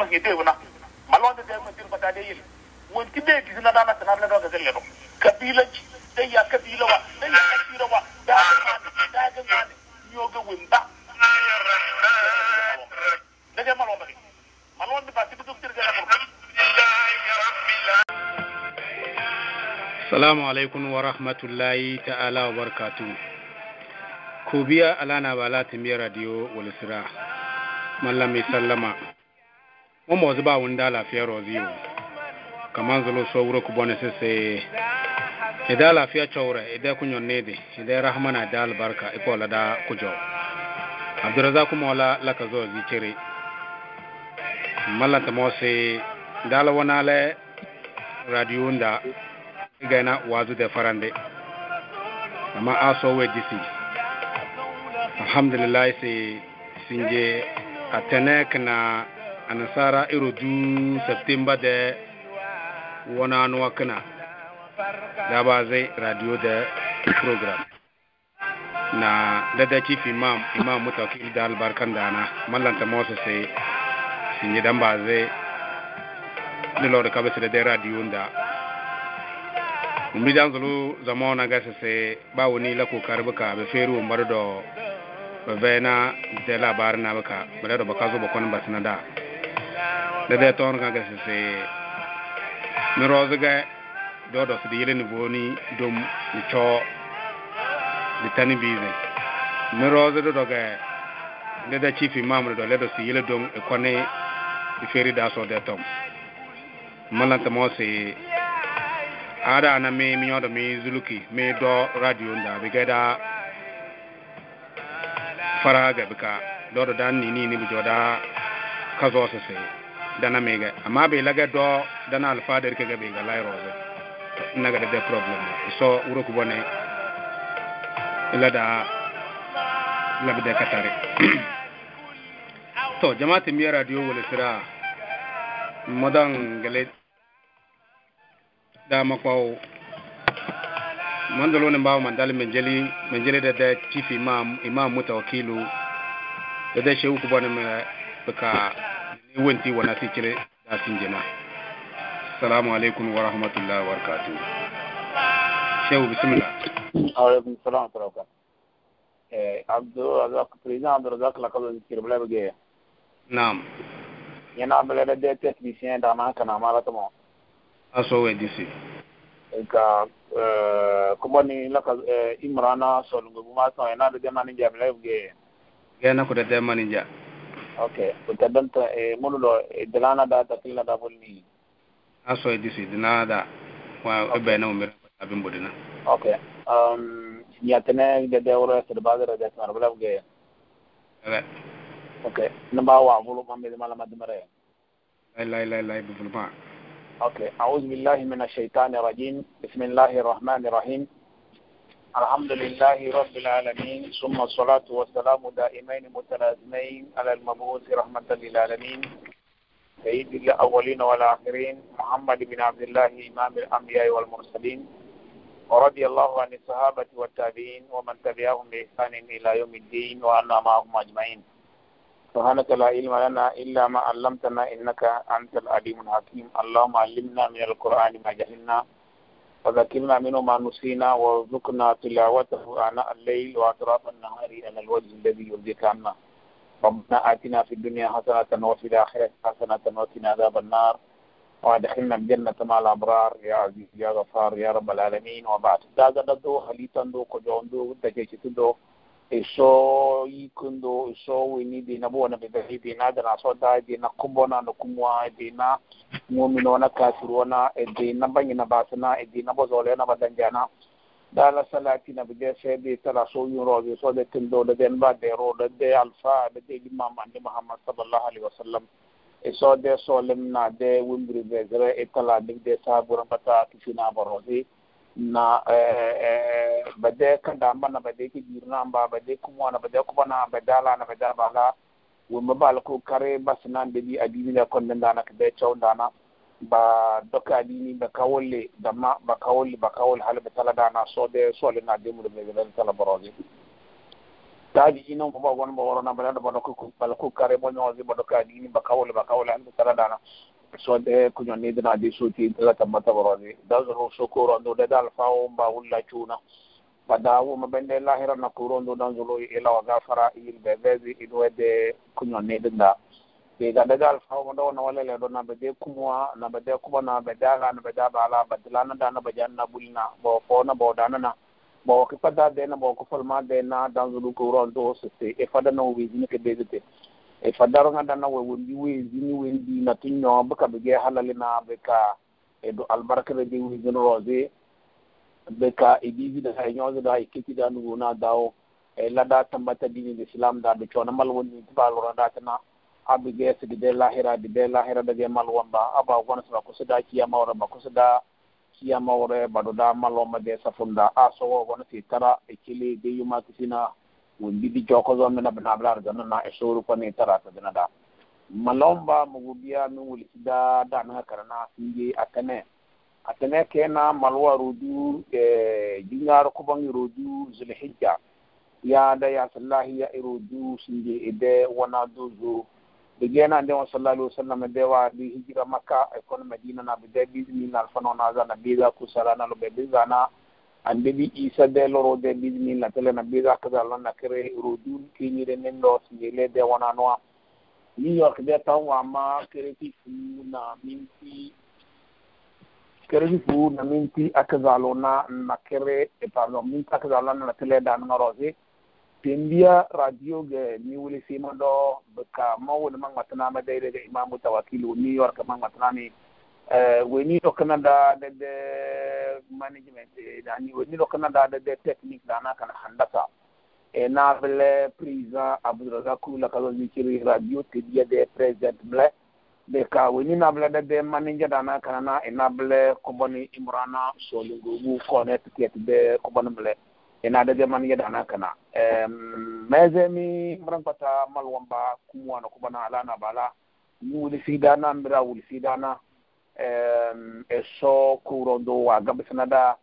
ma ke te wona malonde de ma tirba ta de yele won ki be ki na dana tanam le do gazel le do kabila ci da ya kabila wa da ya kabila wa da ga ma da ga ma nyo ga wimba da ga malonde ke malonde ba ti do tirga na ko salamu alaikum wa rahmatullahi ta'ala wa barkatu ku biya alana bala tamiyar radio walisira mallam mai sallama wo mo ba wunda lafiya rozi yo kaman zolo so wuro ku bone sese ida lafiya chawre ida kunyo nede ida rahmana da albarka iko la da kujo abdurazak mola la ka zo zi chere malla ta mo se dala wona le radio nda gana wazu de farande amma aso we disi alhamdulillah se singe atenek na a nasara iro du septemba da wananuwa kana da ba zai radio da program na dada chief imam imam mutaki da albarkan dana mallanta mawasa sai sun yi dan ba zai dilo da kabe da radio da mbi dan zulu zamona ga sai ba wani la ko karbuka be feru mbar do be na da labarin na baka bare do baka zo bakon basna da dede ton ga ga se mi rozu ga do do sidi yeleni boni dum ni cho di tani bize mi rozu do do ga dede chief imam do le do si yele dum e kone di feri da so de tom malanta mo se ada na mi mi yodo mi zuluki mi do radio nda bi ga da faraga bika do do dan ni ni ni bi joda kazo se se dana mega amma be laga do dana al fader ke gabe ga lay robe naga de problem so wuro ko bone ila da lada de katare to jamaati e mi radio wala sira modan gele dama ko mandalo ne mbaw man dal men jeli men jeli de de chief imam imam mutawakilu de de shehu ko bone me baka wonti wonati kele da sinjena assalamu aleykum wa rahmatullahi wa barakatuh cheikh bisimilla aleykum salam toroka e eh, abdourazak président abdourazak lakaɗon sirblaɓe gueya nam yana belede de technicien dana kana aso we disi ka eh, kuboni laka eh, imrana solungu guma son yana de demani jaɓe leɓe gueya gena ko de Ok, perché dentro è molto dell'ana da tattila da volni. Aso è di sì, di nada. Qua è bene un mero abbiamo bodina. Ok. Um ya tene de de oro es de badra de sar bla ge. Ok. Ok, namba wa volo mambe de mala madmare. La la la la bi fulma. Ok, أعوذ بالله من الشيطان الرجيم بسم الله الرحمن الرحيم الحمد لله رب العالمين ثم الصلاة والسلام دائمين متلازمين على المبعوث رحمة للعالمين سيد الأولين والآخرين محمد بن عبد الله إمام الأنبياء والمرسلين ورضي الله عن الصحابة والتابعين ومن تبعهم بإحسان إلى يوم الدين وعنا معهم أجمعين سبحانك لا علم لنا إلا ما علمتنا إنك أنت العليم الحكيم اللهم علمنا من القرآن ما جهلنا وذكرنا منه ما نسينا وارزقنا تلاوته آناء الليل وأطراف النهار على الوجه الذي يرضيك عنا ربنا آتنا في الدنيا حسنة وفي الآخرة حسنة وقنا عذاب النار وأدخلنا الجنة مع الأبرار يا عزيز يا غفار يا رب العالمين وبعد تاغدا دو خليتا دو كجون دو e so yikundo e so wini dina bona be be dina dana so da dina kumbona no kumwa dina mu'mino na kafiru na e dina bangina basna e dina bozole na badanjana dala salati na bide sai be tala so yun robe so de tindo de den ba de ro de de alfa de de imam andi muhammad sallallahu alaihi wasallam e so de so lemna de wimbri be zere e tala de de saburan bata kifina barozi na eh, eh, bade kadamba na bade ki girnamba bade na bade kubana ala na bade bala wumba bal ko kare nan de bi adini na konde dana ke be chawdana ba doka adini ba da ma ba kawolle ba kawolle hal be tala dana so de so le na de mu de be tala boroge taadi ino ko ba gon bo worona bala do ko bal ko kare mo nyozi ba doka adini ba kawolle ba kawolle hal be tala dana சொன்னேன் கொஞ்சம் நீந்த நாடி சூத்தி இதெல்லாம் தம்மத்த வராது தௌசர் சுக்கூர் வந்து உடதால் ஃபாவும் பாவுல்லா சூனா padawu ila wagafara il bevezi inwede kunyo nidinda bega daga alfa wanda wana wale ledo na bede kumwa na bede kuma na bede ala na na na na e fa daroga dana wa wondi weesini wendi nati ñoobe kaɓe gue halalina ɓe ka e do albarka e e de ge wesin rosé ɓe ka e ɗiiɗiɗa hay ñooseɗo hay kettiɗa ndu wona daw e laɗa tambata dine de slam da ɓe coona mal wondi tubalora datana aɓe gueseɗe ɓe lahira de ɓe lahira ɗage mal wonba aba wona sa ba koseɗa ciyamawre ba koseɗa ciyamawre baɗoɗa mal womba de safunda a sowo wona si tara e keeli de yumakisina wombibi jokozo mina bina ablar gana na e ishuru pani tarata dina da malomba mugubiya min wulisi da da na karana singe akane akane kena malwa rodu e, jingar kubangi rodu zulhijja ya da ya sallahi ya irudu singe ide wana dozo digena nde wa sallallahu alaihi wasallam de wa di hijira makka e kon madina na be de bi min alfano na za na bi kusala na lo be na an beɓi isa de lorode bismi na tele na bida kada lonna kere rodun de nen do ɗo le de wana wonanoa new york de ta wa ma kere kereti fu na min kere kereti fu na min fi akazalo na na kere eh, pardon min fi akazalo na na tele dananga rose tendiya radio ge ni wuli sima do ka mawoni ma gattanama de ge imamu tawakilu new york ma ni Uh, we need to Canada uh, the, the management eh, and we need to Canada uh, the, the technique that na kana handasa e eh, na vile prisa abdurazakulu la kazo zichiri radio tidia de president ble de ka we ni na vile de, de manager da uh, na kana na e na vile koboni imrana solingo mu connect ket de koboni ble e na de manager da na kana um meze mi mran malwamba kumwana kobana alana bala ni wuli sidana mbira wuli sidana ɛsɔ kowurɔ do wa gabisana da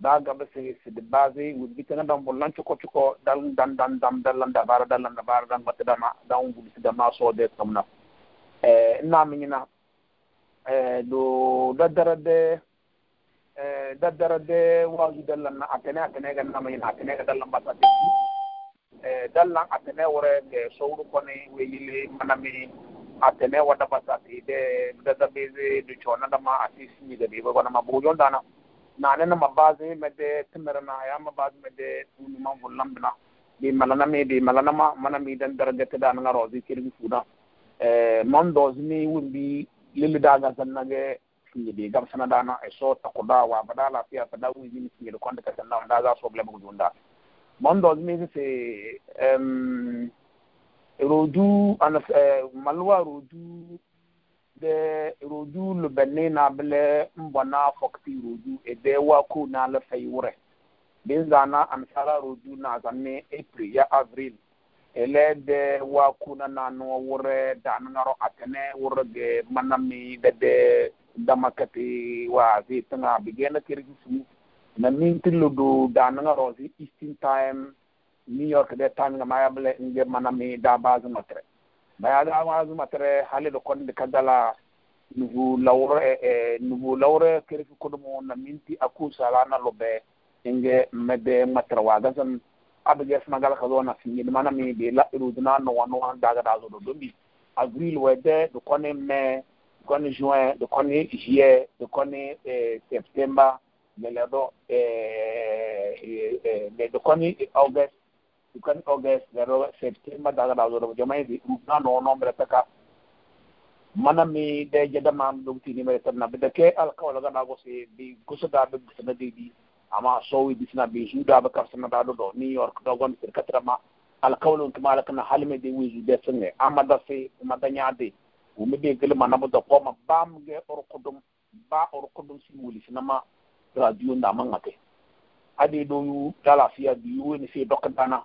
ba gabisi sidi baazi wibitana dan bolan coko coko dan dan dan dan dalan da bara dalan da bara dan mata dama dan gubisi da ma so de kamna eh ina minina eh do daddara de eh daddara de wazu dalan na atene atene ga na minina atene ga dalan ba ta eh dalan atene wore ge sowru koni weyili manami a ateme wada basati de dada beze du chona da ma asisi ni gabe ba na mabujon dana na ne na mabazi me de timera na ya mabazi me de tunu ma bullam bina bi malana me bi malana ma mana mi dan daraja ta dan ngaro zi kirgi fuda eh man dozi ni wumbi lili daga sanna ge ni bi gam sana dana e so takoda wa bada lafiya bada wuji ni ni ko ka sanna da za so blema gudunda man dozi ni se em rodu eh, maluwa erodu de erodu lubenne na bile mbwa na fokti rodu ebe wa ko na le feyure bin zana amsara erodu na zanne april ya avril ele de wa ko na na no wure da ngaro atene wure ge manami de de damakati wa zi tana bigena kirgi su na min tiludu da ngaro zi eastern time new york de tamina mayable nde manami da base matre baya da base matre haalide de kadala nugu lawre e nugu lawre kerfi kodumo na minti aku salana lobe inge mede matre wagasan abege smagal kazo na singi manami de la irudna no wano daga da zo dombi avril wede do kone mai do kone juin do kone juillet do kone september mais le do e, e, e, e de kone august you can progress thereover september dagadaudoro jomai na no nombre peka mana mi de jeda mam dum tini mere tan na de ke al kawla ga nago se eh, bi gusuda be gusna de bi ama sowi bisna bi juda be karsna da do new york dogon sir katrama al kawlun kuma lakna halme de wiji de sunne amada se kuma danya de wumi be gele mana do ko bam ge or kudum ba or kudum si sinama radio na mangate eh. ade do yu dala fiya yu ni se dokdana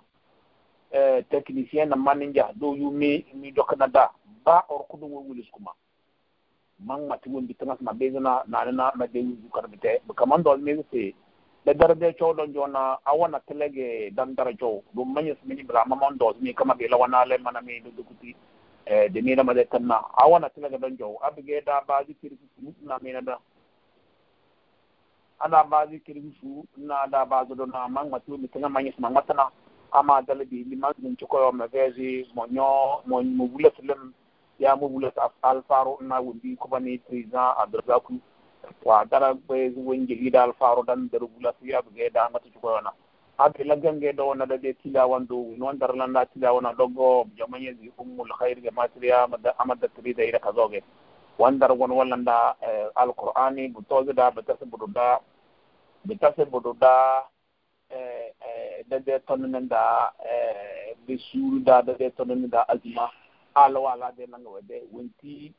Eh, technicien na maninja do yu mi mi dokna da ba or kudu wo wulis kuma man mati won bitanas ma bezana na na ma de yu kar bite ba kaman dol me se da dar de cho don jona awana telege dan dar cho do manyes ni bra ma mon mi kama be lawana le mana mi do dukuti eh, de mi na ma de tanna awana telege don jo abige da ba di kirku na mi na da ada ba di na da ba do na man mati won bitanas ma matana ama dale bi lima min cukoyo me vesi mo ño mo mo wulet lem ya mo wulet alfaro na wundi ko bani président abdrazaku wa dara be wonje ida alfaro dan der wulet ya be da ngati cukoyo na abi la gange do na da de tilawan do non dar lan da tilawan do go jamanye zi ummul khair ga matriya amada amada tri da ira kazoge wandar gon wallanda alqur'ani butoge da betase bududa betase bududa da de nan da bi suru da da de nan da azma ala wala de nanga de wenti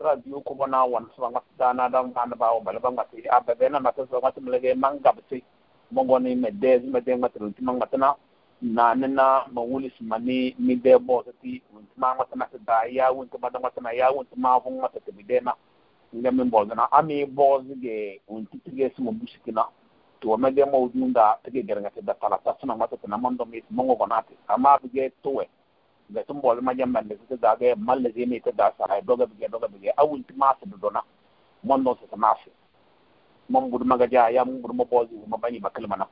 radio ko bona wan so ma da na da ma na ba o bala ba ti a be na ma so ma tumle ge man manga ti mo go ni me de me de ma tumle ma ta na na na na ma wuli ma ni mi de bo ti wenti ma ma ta da ya wenti ba da ma ngatna ya wenti ma ma ta ti de na ngam min bo na a mi bo ge wenti ti ge simo busikina to mege mo dunda tege gerga te da tala ta suna mata tana mando mi mongo gonate amma bige towe ga tun bol ma jamban de te da ge malle je mi te da sa doga bige doga bige awul ti mas do dona mondo se mas mom bud maga ja ya mum bud mo bozi mo bani bakal mana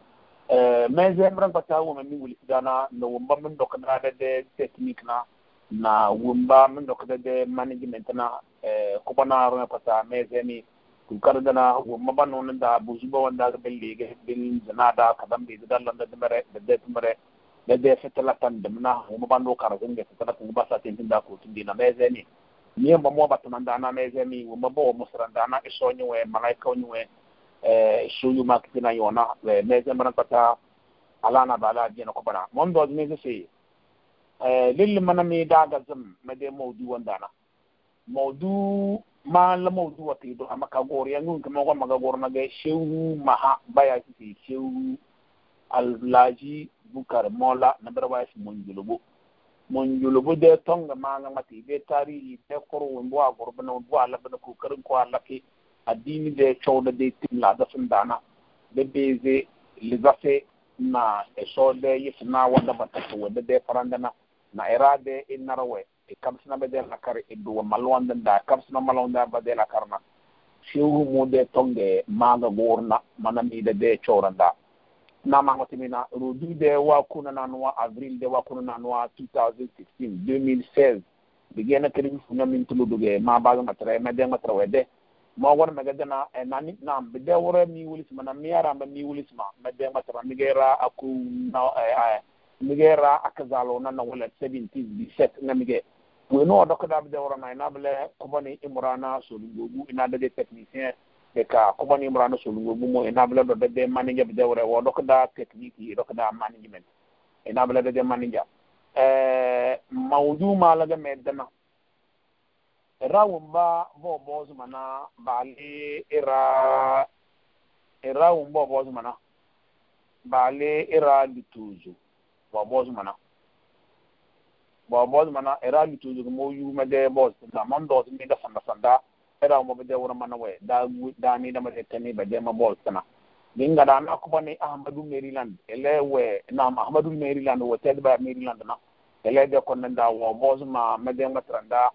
euh mais j'aimerais pas ta wo mi wuli dana no wumba min do kana de de technique na na wumba min do kada de management na euh ko bana ro na pata mais j'aimerais kargana gomma non da buzuba wanda ga belle lege bin zanada kadan be da landa da mare da da mare da da fitala tan da mna gomma bando kargun ga fitala kun ba sa tin da ko tin dina me ne ni yamba mo ba tan da na me zeni gomma bo musran da na iso ni we malaika ni we eh shu yu makitina yona we me zeni ran kata alana bala jena ko bara mon do ni se eh mana manami da ga zum me de modi wanda na maudu ma la maudu wa tido amaka gor ya ngun kama gwan maga gor naga shehu maha baya shewu shehu laji bukar mola na barwa shi monjulubu monjulubu de tonga ma nga mati be tarihi de koru mbo a gor bana mbo ala bana ko karin ko ala ki addini de chawda de timla da sun dana de beze lizafe na eso de yifna wanda batato wanda de farandana na irade narawe e kamsina be dela kar e duwa malwandenda kamsina malwanda be dela lakar na siwru de tonge maga gorna mana miide de choranda coranda namama timina de wa kuna na kunananoa avril de wa kuna na kunananoa 2016 2016 bigena keribi funa min tulu tuluduge ma baga matra ma de matra wede ma wor mega dana e nani nam be de wora mi wulis mana mi ara ma mi wulis ma ma de matra mi gera aku na e ay mi gera akazalo na na wala 17 17 na mi gera wenu odokadab dewrama inabele kobani imrana solungbogu inadede technicien de ka kobani imrana solungbogu mo inabele dodede manager dewre wo dokada technique yi dokada management inabele dede manager eh mawdu malaga medana rawumba bo bozu mana bali ira ira lituzu ba boz mana era mi tuzu mo yu ma de boz da man do mi da sanda sanda era mo be de wona mana we da da ni da ma de tani ba de ma boz kana dinga da na ko bani ahmadu maryland ele we na ahmadu maryland wo ted ba maryland na ele de kon da wo boz ma ma de ma tranda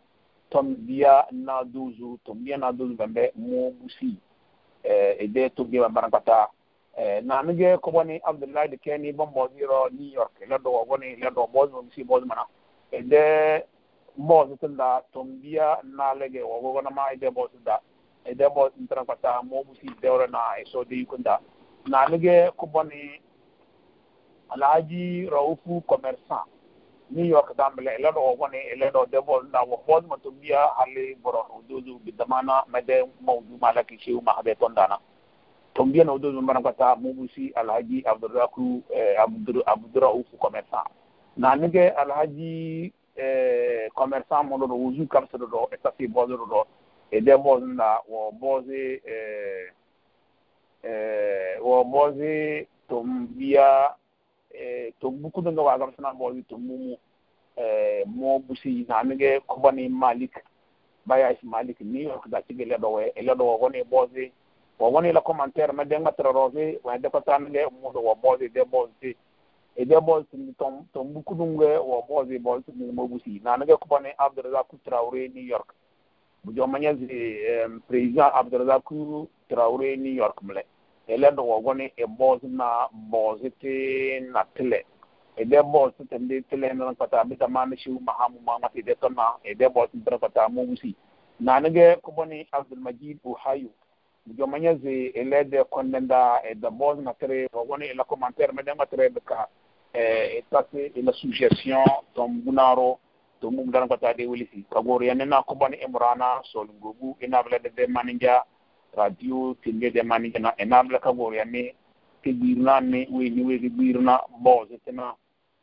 tom biya na duzu tom biya na duzu bambe mo busi eh, e de to biya barankata eh, na mi ko bani abdullahi de keni bombo new york le do woni le do mo mana ede bos tunda tombia nalege wogogona ma ede bos da ede ntara na eso de yukunda nalege kuboni alhaji raufu commerçant new york dambele ele do woni ele do da wo bos mo tombia hali boron mede tombia na naanige alhaji eh, commerçant mo ɗo ɗo wuju kamseɗo ɗo e tasi bose ɗo ɗo e nde bose nda wo bose eh, eh, wo bose to mbiya to bukkudondo wa kamsana bose to mo busi naanige kobani malik bayas malik new york da cigi we e leɗo wo woni bose wo woni la commentaire ma de gattere rose wa de ko wo bose de bose ebe bol sin tom tom buku dungwe wo bozi bol sin mo busi na nga ko ne abdurrazak traoré new york bu jo manya zi président abdurrazak traoré new york mle ele do wo gone e bozi na bozi te na tele e de bol sin tem de tele na nga pata mi tama mi shi mahamu ma ma fi de to na e de bol sin pata mo busi na nga ko ne abdul majid uhayu jo manya ze ele de konnda e da bol na tere wo gone la commentaire me de ma tere ka Eh, e tracé ila e suggestion to munaro to mum dan ko tade welisi kagoro yanena ko bon imrana e sol gogu inabla e de de manja radio tinge de manja na inabla kagoro yanne ke birna ne we ni we birna boz tena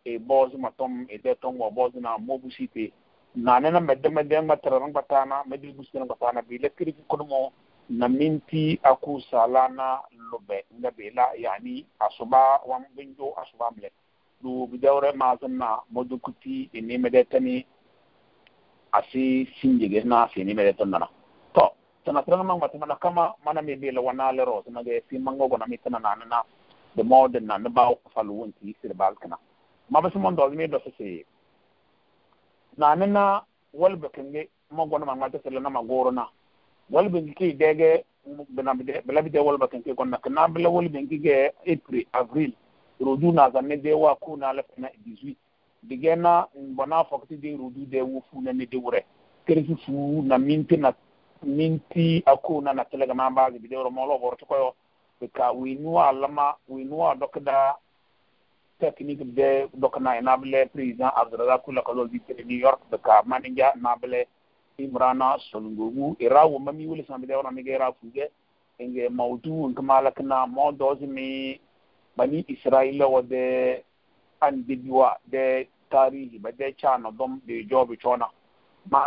e boz matom e de ton wa boz na mobusite nanena medde medde matara ran batana medde gusten batana bi lekri ko mo na minti aku salana lobe ngabela yani asuba wam asuba mlek ɗu bidawre masunna modu kuti ini medetani asi sinjige na sini medetan nana to tana tana mang mata mana kama mana mi bila wana lero tana ge si mango gona mi tana nana na de modern na na bawo falu wonti sir balkana ma basu mon dol mi do se na na nana wal bakenge mango na mangata sala na goro na wal bakenge dege bena bide bi bide wal bakenge gonna kana bela wal bakenge ge april avril rodu na zame de wa ko na le na 18 dige na bana fakati de rodu de wo fu na ne de wore keresi fu na minti na minti ako na na tele ma ba de ro mo lo bor to ko ka wi nu alama wi nu dokda technique de dok na na ble president abdurrazak la ko di new york de ka manija na ble imrana solungugu irawo mami wuli sambe de ro mi ge ra fu ge nge mawdu ngamala mo dozi mi bani israila wa de an de tarihi ba de chana dom de jobi chona ma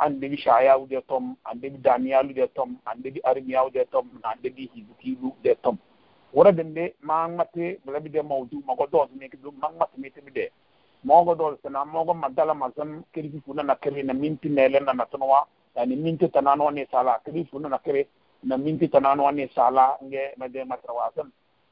andemi shaya u de tom andemi daniyalu de tom armia u de tom na andemi hizikilu de tom wara dende ma ngate bla bi de mawdu mago dos me dum ma ngate me tibide mogo dol sana mo go madala mazan kiri fu na kere na minti nele na natunwa yani minti tanano ne sala kiri fu na kere na minti tanano ne sala nge ma de matrawasan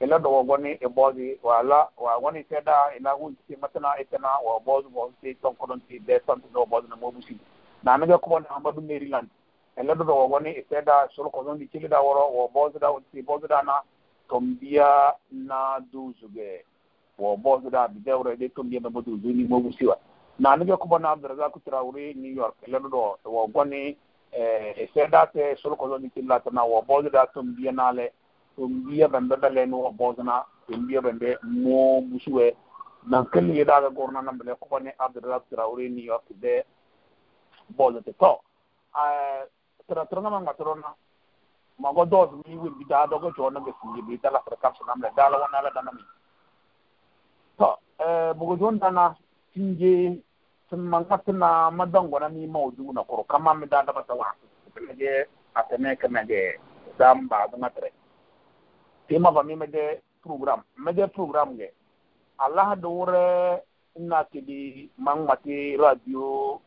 ila da wagwani ibozi wala wagwani seda ila hunti matana itana wa e bozu wa hunti ton kodon ti de ton do bozu na mobusi na na ga kuma na amadu maryland ila da wagwani seda sul ko di chili da woro wa bozu da hunti bozu da na tombiya na duzuge wa bozu da bi dawra de e tombiya na bozu ni mobusi wa na na ga kuma na abdurazak traore new york e, ila da wagwani eh seda te sul ko zon di wa bozu da tombiya na le ngiya bende bele no bozna ngiya bende mo musuwe na kan ye daga gorna na bele ko ne abdulla traore ni yo de bolo de to a tra tra na ma trona ma go do mi wi bi da do go jona be fi bi ta la tra kap na me da la wana la dana mi to e bu go jona na tinje tin ma ma tin na ma dan gona mi ma odu na koro kama mi da da ba ta wa ke ne ge a teme ke ne ge dan ba da ma tre tema fami mede program mede program ge allah dore ina kedi mangmati radio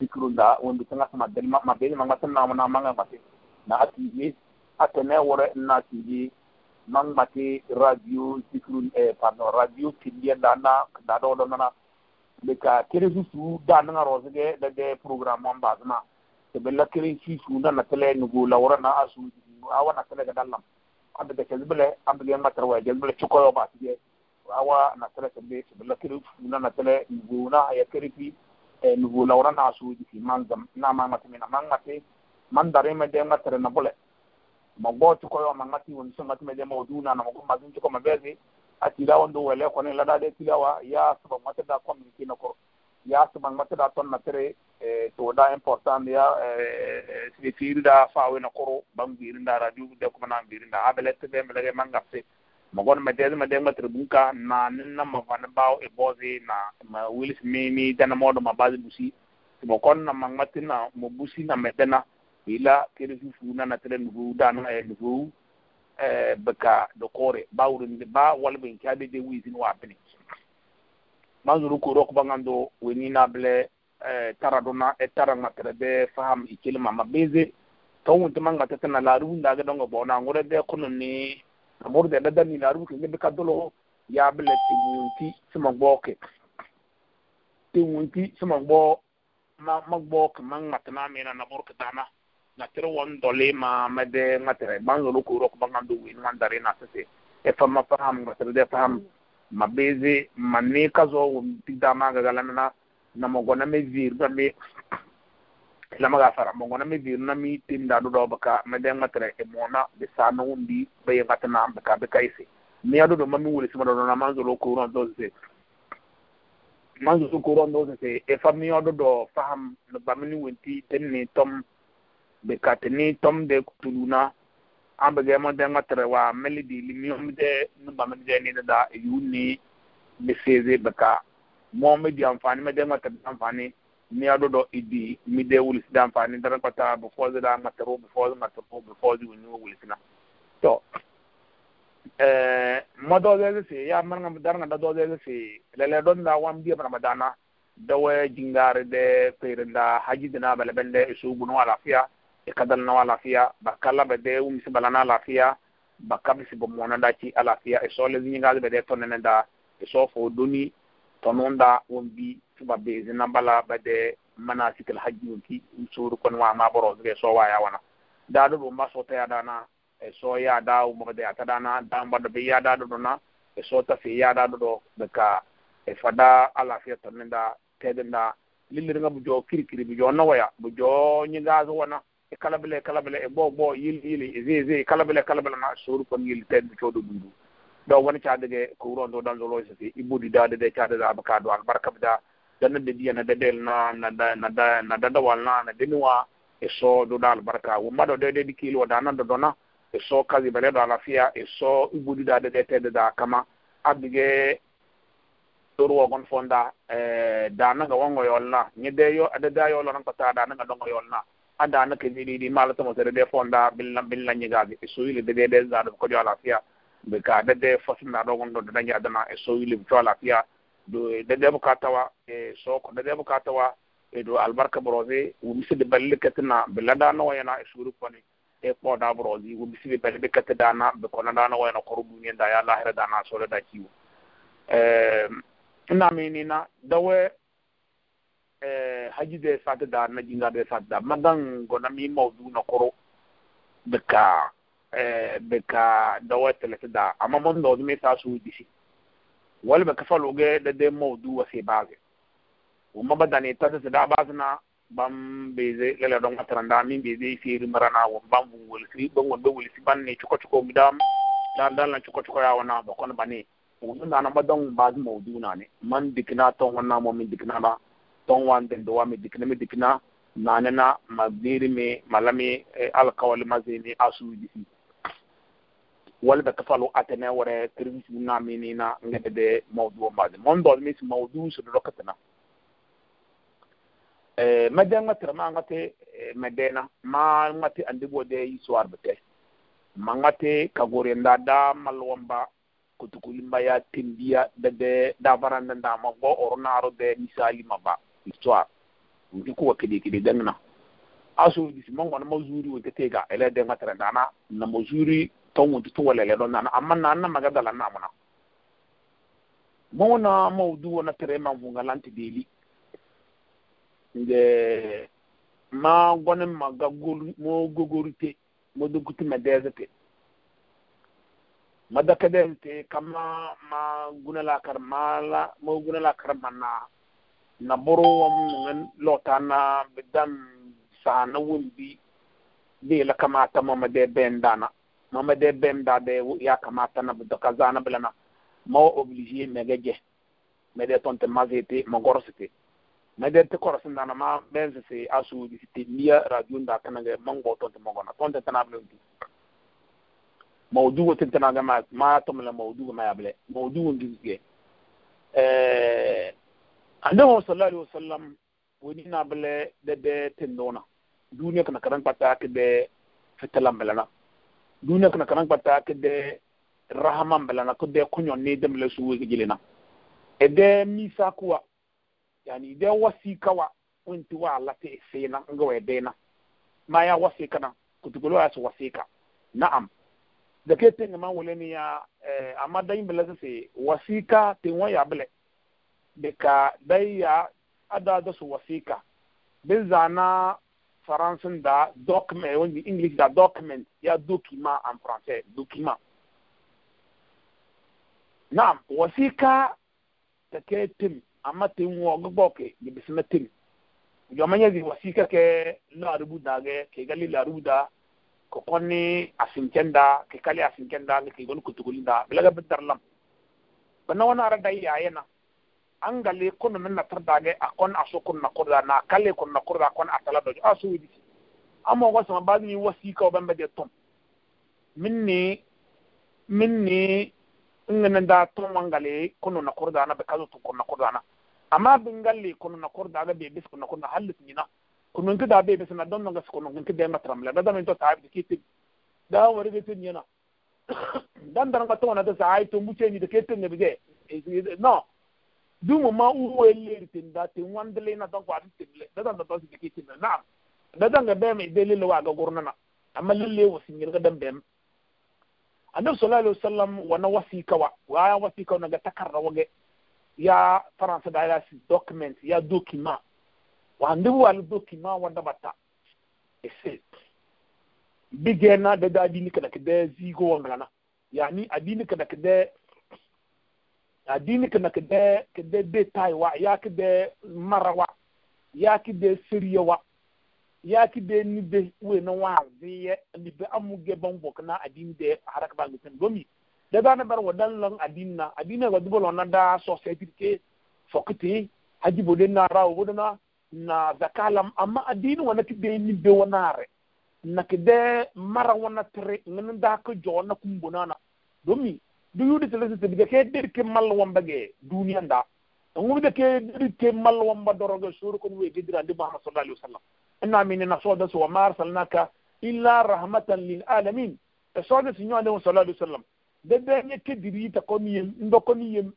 zikru da wonde tanga sama del ma be mangmati na mana mangmati na ati ye atene wore ina kedi mangmati radio zikru eh pardon radio kidi da na da do do na de ka kere su su da na roze ge da de program mon bazma to la kere su su na na tele la lawra na asu awana tele ga dallam abda kezbele abda matar wa kezbele chukoyo ba tige awa na tele kebe sibla kiri na na tele nugu na ya kiri fi nugu laura na su di fi manzam na ma mati mina ma mati mandare me de matar na bole ma go ma mati won so mati me de ma oduna na ma go mazin chuko ma bezi a wondo wele ko ne lada de tilawa ya da community kina ko ya sabang mati da ton na Eh, da important ya eh, eh, fa we na koro ban biirinda radio de kuma nan abele te be melege mangafse magon ma des ma dema tribunka na na ma van ba e boze na ma wilis mimi na modo ma bazi busi mo kon na ngati na mo busi na na ila re fu na na tere da na e nugu e baka do kore bawrin de ba wal ben kabe de wizin wa ma zuru ko rok ni na ble E taraduna e taramatere be faham i e kilima ma bese towuntimanga tetena laaru wundage ɗonga bonagure de kono ni aburde ɗaddani laaru ke gebe kaddolo yabele tewunti sima gboke tewunti sima gbo ma gboke ma gatena mina naburke dana natere won dole ma mede gatere ɓangelo kuroko ɓagandu win gandare na sese e fama faham gatere de faham ma bese ma ni kaso wun tigdamaga galamena namo gona mi vir nami lama ga fara mo gona mi vir nami tin da do baka me den matre e mona be sanu ndi be yata na baka be kaisi mi adu do mami wuli sima do na manzo lo ko ron doze manzo ko ron doze se e fami adu do faham no bamini wenti tin ni tom be katni tom de kutuluna ambe ge mo den matre wa meli di limi mi de no bamini de ni da e yuni be seze baka mo mi di amfani mi den wata amfani ni ado do idi mi de wuli si amfani dara kota before the da mataro before the mataro before the wuni wuli sina to eh mo do de se ya man ngam dar ngam do de se lele don da wam di ramadana da wa jingare de perinda haji dina bale bende isu bunu ala fiya e kadal na ala fiya bakala be de wumi si balana ala fiya bakabisi bo mona da ci ala fiya e so le zinga be de tonne da e so fo doni tonunda won bi tuba be zina bala bade manasik al hajji won ki suru kon wa ma boro ge so waya wana da do ma so ta da na e so ya da u mo de ata da mba do be ya da do na e so ta fi ya da do da ka e fada ala fi tonunda tedenda lilir nga bu jo kiri kiri bu jo na waya bu jo nyi ga zo wana e kala bele kala bele e bo bo yili yili e ze e ze kala bele kala bele na suru kon yili ted do ɗo woni caadege ko wuro ndo ɗalɗolo so fi ibbudidade de da abaka do albarka da dan dannade ndiya na dadel na na dadawal na da da na deniwa e so ɗoɗa albarka wummaɗo de dedi kilo da nan nando dona e so kasi beleɗo ala fiya e so ibbudidade ɗe da kama abige abdige ɗorwo gon fonda da e, ga wongo yolna de yo adada yolo nan kota danaga ɗongo yolna a danake jiɗiɗi malatamo mo de fonda billa billa ñigagi e soyile yi de de za zaɗum koƴo ala fiya ɓe ka dede fotinnaɗo gonɗo nde dañi adana e sowilim coola fiya ɗo e deɗeɓo ka tawa e soko deɗeɓo ka tawa e dow albarka brosé wo misiɓe balliɗe kettina ɓe ladano wayana e suru koni e ɓooda brosi wo misiɓe balliɗe kettedana ɓe konadano wayana koro duniya da ya lahira dana soleda kiwo naminina dawe hajide sate da najingade sate da madan gonami mawdu na e, koro ɓe ka Eh, bika dawatala da amma mun da wani ta su disi walima baka falo ga da dai mawdu wa sai baze umma badane ta ta da bazna bam be zai lala don ataranda min be zai firi marana wa bam wul fi ban wa be wul fi ban ne chuko chuko gidam dan dan na chuko chuko ya wana ba kon bane mun da na madan baz mawdu na ne man dikna ton wannan mo min dikna ba ton wan den do wa mi dikna mi dikna na na na madiri me malami eh, alkawali mazini asu disi walba tafalo atene wore kirgis na minina ngede de mawdu mbade mon do mis mawdu su do katana e madan ngatra ma ngate e, medena ma ngate andibo de iswar arbete. ma ngate kagore ndada da malwamba kutukulimba ya timbiya da de da varanda nda ma go ornaro de misali maba ar. ndi ko kede kede dangna Asu dis mon ngona mawzuri wote tega ele de ngatra ndana na mawzuri tɔn wo tutu wɛlɛlɛ dɔ nana a ma na ana maga dala na muna mɔgɔ na ma o du wɔna tere ma ŋun kala deli nge ma gɔne ma ga gori mo gogori te mo dugu ti ma dɛsɛ te ma dakɛ dɛsɛ te ka ma ma gune la kari ma la ma gune la kari ma na na boro wa mu ŋun lɔta na bi dan saana wɔn bi bi la kama a ta ma ma dɛ bɛn dana. mama de bem da de ya kamata na bu ka zana blana mo obligé me gege me de tonte mazete mo gorosite me de te korosin na ma benze se asu di te mia radio nda kana ga mango tonte mo gona tonte tana blo di tonte na ga ma ma to mala mawdugo ma yable ndi ge eh annabi sallallahu alaihi wasallam woni na bale de de tendona duniya kana karan pata ke de fitalam belana duniya kana kana kpata kede rahama mbelana kede kunyon ne demle suwe gilena ede misa kuwa yani de wasi kawa unti wa lati na ngawe dena na ya wasi eh, kana kutukulo ya wasi ka na'am da ke tin ma wuleni ya amma dai mbele se wasi tin wa ya bele de ka dai ya ada da su wasika bin zana faransan da document wani english da document ya document en français document na'am wasika ta ke tim amma tin wo gbogbo ke bi bisna tim yo manya di wasika ke la da ge ke gali la rubuda ko konni asinkenda ke kali asinkenda ke gon kutugulida bilaga bidar lam banna wana ara dai ayena an gale min natardage a kon aso konna kurda na kalle konna kurda kon a tala dojo aso widiti amma go sama badi ni wasika obambe de tom minni minni ngana da tom angali kono na kurda na be kazo to konna kurda na amma bingalli kono na kurda ga be bis kono konna halit nina kono ngi da be bis na don nga kono ngi de matram la da min to taab dikiti da wari de tin dan dan ka to na da sai to mutenyi de ne dumu ma uwe lir tin da tin wandele na don kwa tin le da dan da to sike tin na da dan ga bem idele le wa ga gurna na amma le wa sin ga dan bem annabi sallallahu alaihi wasallam wa na wasika wa wa ya wasika na ga takarra wage ya faransa da ya si document ya dokima wa andi wa al dokima wa da bata ese bigena da da dini kada kada zigo wangana yani adini kada kada addini kana kede kede betai wa ya kede marawa ya kede wa ya kede de we na wa ziye amu amuge bambo kana addini de haraka ba ngitan gomi da ba na bar wadan lan addini na addini ga dubo lona da society ke fokiti haji bodin na rawo bodina na zakalam amma addini wana kede nibe wanare na kede mara na tre ngin da ka jona kumbona na domi du yudi ci lesse bi ke dir ke mal wamba ge duniya nda ngum de ke dir ke mal wamba doroge suru ko we gidira di muhammad sallallahu alaihi wasallam inna minna nasuda wa ma arsalnaka illa rahmatan lil alamin e ci si nyande sallallahu alaihi wasallam de be ne ke diri ta ko mi ndoko ko ni yem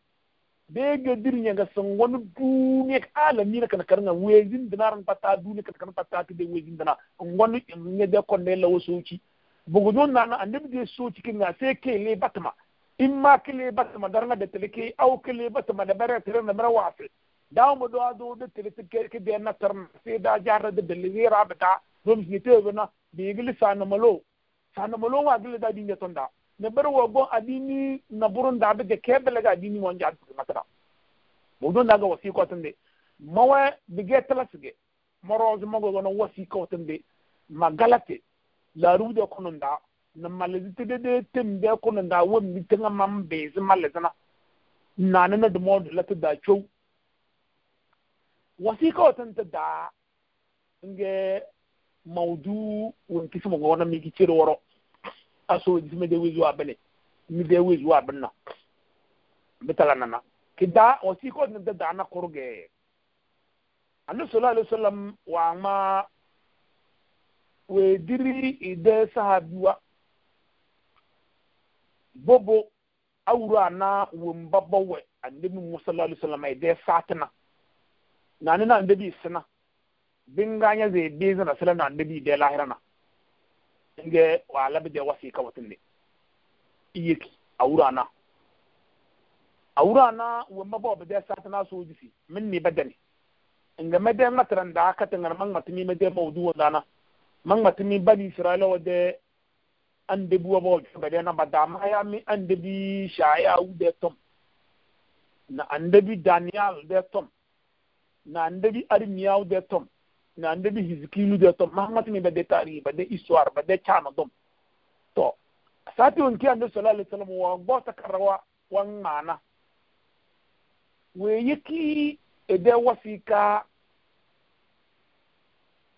de ge dir nya ga san wonu duniya alamin kan karna we zin dinaran patta duniya kan kan patta ti de we zin dana ngonu ne de ko ne lawo suci bugu non na annabi de suci kin na sai ke le batma imma kile bata madarna da tilike au kile bata madabara tire na mara wasi dawo mu do adu da tilike ke biyan na tarna sai da jahar da dalili rabata dum ni te bana bi igli sana malo sana malo wa gili da dinya tonda ne bar wa gon adini na burun da bi ke bele ga adini won ja matara mu don daga wasi ko tunde mawa bige talasige moroz mago gono wasi ko tunde magalate la de konunda na malezi te de de tem de ko na da wo mi tenga mam be zi malezi na na ne na dumo la te da chow wasi ka watan te da nge maudu won kisi mo gona mi ki ciro woro aso di me de wizu abele mi de wizu abena betala nana ki da wasi ka watan te da na korge annabi sallallahu alaihi wasallam wa ma we diri ide sahabiwa bobo awura na wumba bawe annabi musa sallallahu alaihi wasallam da satina na ni na annabi sina binganya zai be zana sallallahu annabi da lahirana nge wa bi da wasi ka watin ne iyeki awura na awura na wumba bɛ dɛ satina so jisi min ne badani inga madan mataran da o tangar man matumi madan mawdu wadana man matumi bani israila wadda an debi wa bawa bɛdɛ na ba dama ya mi an shaya shaayawu dɛ tom na an bi daniel de tom na an arimiya arimiyawu de tom na an debi hizikilu dɛ tɔm mahamadu mi bɛdɛ tarihi bɛdɛ isuwari bɛdɛ caana dɔm tɔ sati wani kiyan de sɔlɔ alayisalaam wa gbɔ ta karawa wa mana wee yaki ede edɛ wasi ka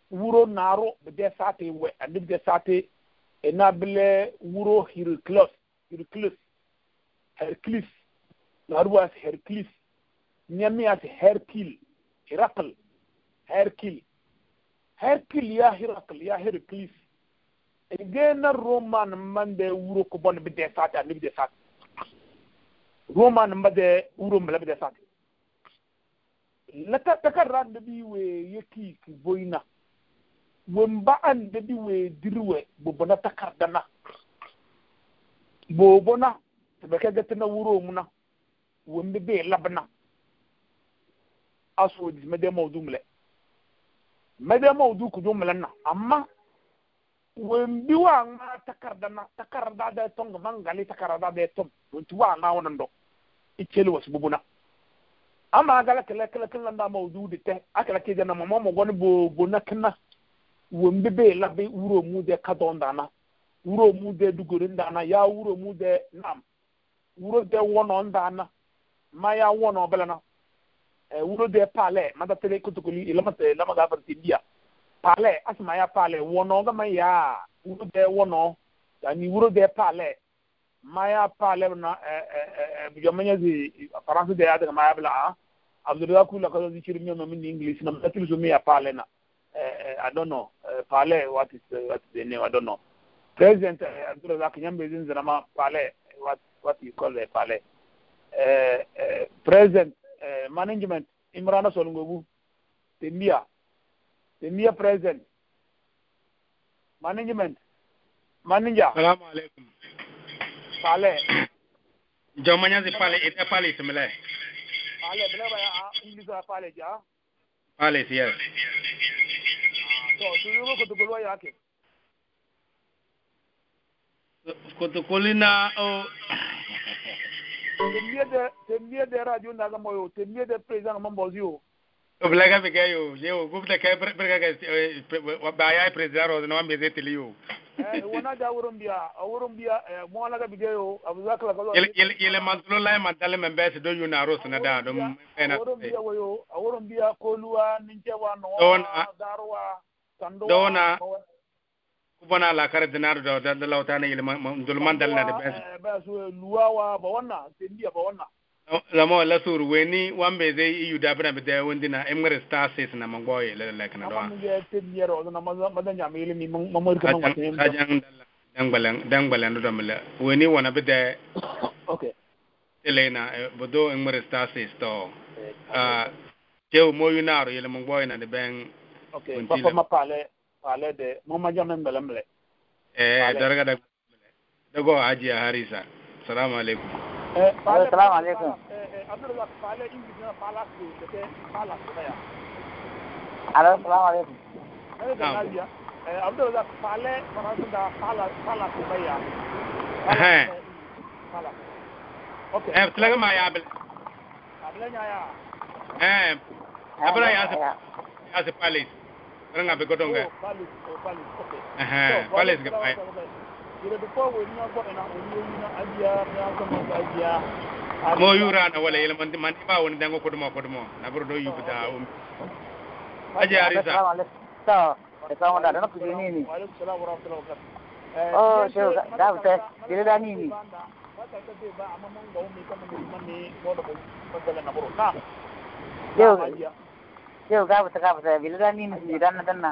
wuro naaro bɛdɛ sati wɛ an debi dɛ sati. ena bile wuro Hercules Hercules Hercules narubu as Hercules nyami as Hercule Herakl Hercule Hercule ya Herakl ya Hercules egena Roman mande wuro ko bon bi de sata ni bi de sata Roman mande wuro mbala bi de sata lata takarra bi we yeki ki boina. wemba an da di we dirwe bobo na takarda na bobo na tabaka ga tana wuro muna wembe be labna aso di mede mawdu mle mede mawdu na do mlanna amma wembi wa ma takarda na takarda da tong mangali takarda da tom wonti wa ma wonan do ichelu was bubuna amma gala kɛlɛ-kɛlɛ na da mawdu de tɛ te akala ke ma mama mo gon bobo na kana wo la be wuro mu de kadon dana wuro mu de dugore dana ya wuro mu de nam wuro de wono dana ma ya wono belana e wuro de pale mada tele kutukuli ilama te lama ga farti dia pale asma ya pale wono ga ma ya wuro de wono yani wuro de pale ma ya pale na e e e, e bijomanya zi faransa de ya daga ma ya bela a abdurrazak kula kazo zikir mi no min english na matatil mi ya pale na Eh, eh, I don't know, eh, Pale, what is what is the name? I don't know. President Abdullah Kinyambe Zinzanama Pale, what what you call the Pale? President management Imrana Solungogu, Tembia, Tembia President management manager. Salaam alaikum. Pale. Jomanya si Pale, ite Pale isimile. Pale, bila ba ah, English Pale ja. Pale siya. To, tuliwe kutukulwa yake. Kutukulina o... Temye de radyo naga moyo, temye de prezan mambozi yo. Oblaga peke yo, yo, gufte kaya prezan, baya prezan rozi na wambeze tili yo. Eh, wona da wurum biya a wurum biya eh, mo wala ga bideyo abu zakala kalo yele yele mazulo la ma dale men be do na ros na da do biya a biya ko luwa wa no darwa la kare dinar do da lawta ne yele man man dal na de be eh, luwa wa ba wanna ba wanna lamo la sur weni wambe ze iyu dabra be de wondi na emre stasis na mongo ye le le kana doa amuje te miero na ma ma da nyame ile mi ma mo ka ma te dang balang dang balang do mala weni wona be de okay telena bodo emre stasis to a te mo yu na ro ile mongo ye na de ben okay papa ma pale pale de mo ma jame mbele mbele eh daraga da dago aji harisa assalamu alaikum Eh, eh, assalamu alaikum. Alo, assalamu alaikum. Abdulrazak Fale Farasunda Fala Fala Kubaya. Eh. Fala. Eh, okay. Eh, tulaga ma ya bil. Abla nya ya. Eh. Abla ya se. Ya se Palace. Ranga be godonga. Oh, Palace, oh, Palace. Okay. Eh, Palace ga. mo yurana wala yele man man ba woni dango kodumo kodumo nabro do yubuta um aji arisa ta ta wanda da ku ni ni oh shehu da ta dire da ni ni yau yau ga ta ga ta bilda ni ni dan dan na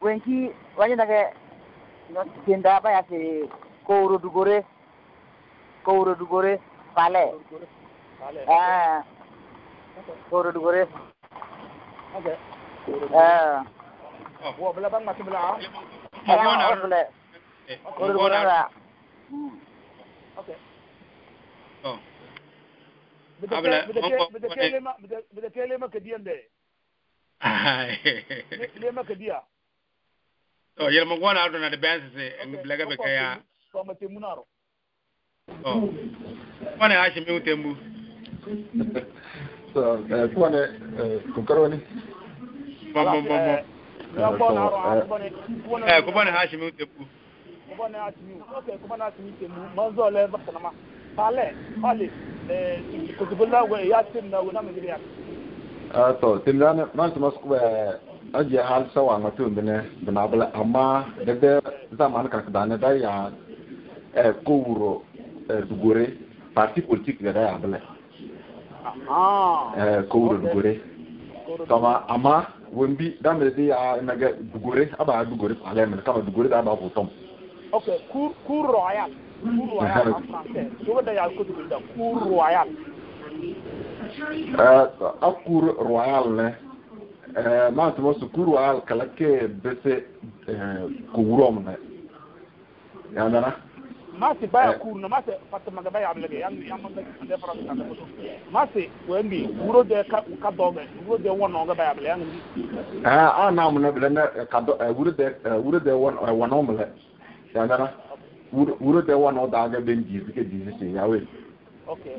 wengi wajendaga genda bayasi kouro dugore kouro dugore pale eh kouro dugore eh wo bela bang mati bela ah eh kouro dugore la okay oh bida kelema kadiyan de lema kadiya oh yel mo gona do na de ben se en blaga be kaya ko ma temu naro oh wane ashi mi utembu so eh kuane ko bom bom bom bom eh ko bone ashi mi utembu ko bone ashi mi okay ko bone ashi mi temu manzo le bakanama pale pale eh ko tibula we ya tim na wona mi ya ah to tim na ma mas ko aje hal sawa ma to mene da na bala amma da da zaman ka da na da ya e eh, ko wuro e eh, dugore parti politik da ya bala ah e eh, ko wuro dugore kama amma wembi da me da ya na ga dugore aba dugore ala me kama dugore da ba ko tom ok cour cour royal cour royal en français to da ya ko dugore da cour royal eh a cour royal ne Eh, maanta waa sukuur waa kalake bese kuwuromne eh, eh. yandana masi baya kurna masi fata maga baya ablage yan yan manda ande farata kanda kutu masi wendi wuro de ka ka doge wuro de won noga baya ablage yan ah ah na mun bele na ka do wuro de wuro de won won omle yandana wuro de won oda ga ben ji ke ji se yawe okay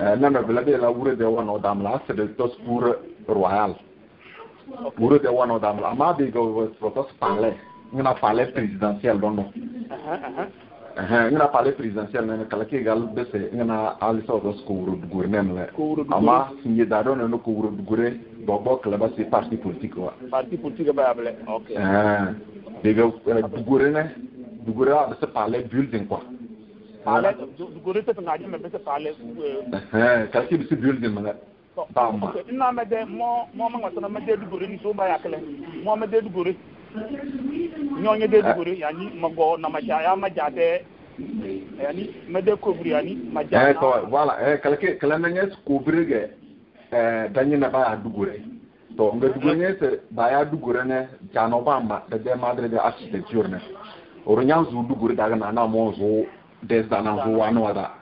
eh na na bele de la wuro de won oda mla se de tos royal Moro tɛ wɔnɔ d'a ma a m'a bɛ gɔvɔtɔ palais n bɛna palais présidentiel dɔn dɔn n bɛna palais présidentiel nɛnɛ kalaki egal bɛ fɛ n kana alisa dɔ koworo dugure nɛnɛ lɛ a ma sinye da dɔ nɛnɛ koworo dugure bɔ bɔ kɛlɛba se parti politique wa. parti politique bɛ yabilɛ. ɛɛ dege uh-huh. eh, dugure nɛ dugure a bɛ se palais building quoi. palais dugure tɛ fɛ k'a jɛ mɛ bɛ se palais. Eh. Uh-huh. kalaki bɛ se building mɛ ina mede mo mo ma ngwasana mede dugore ni so ba yakle mo mede dugore nyonye de dugore yani mago na maja ya maja de yani mede kobri yani maja eh to voilà eh kalke kalana nyes kobri ge eh danyi na ba dugore to nga dugore nyes ba ya dugore ne jano ba ma de de madre de accident journée oronyanzu dugore daga na na mo zo desda na zo wanwa da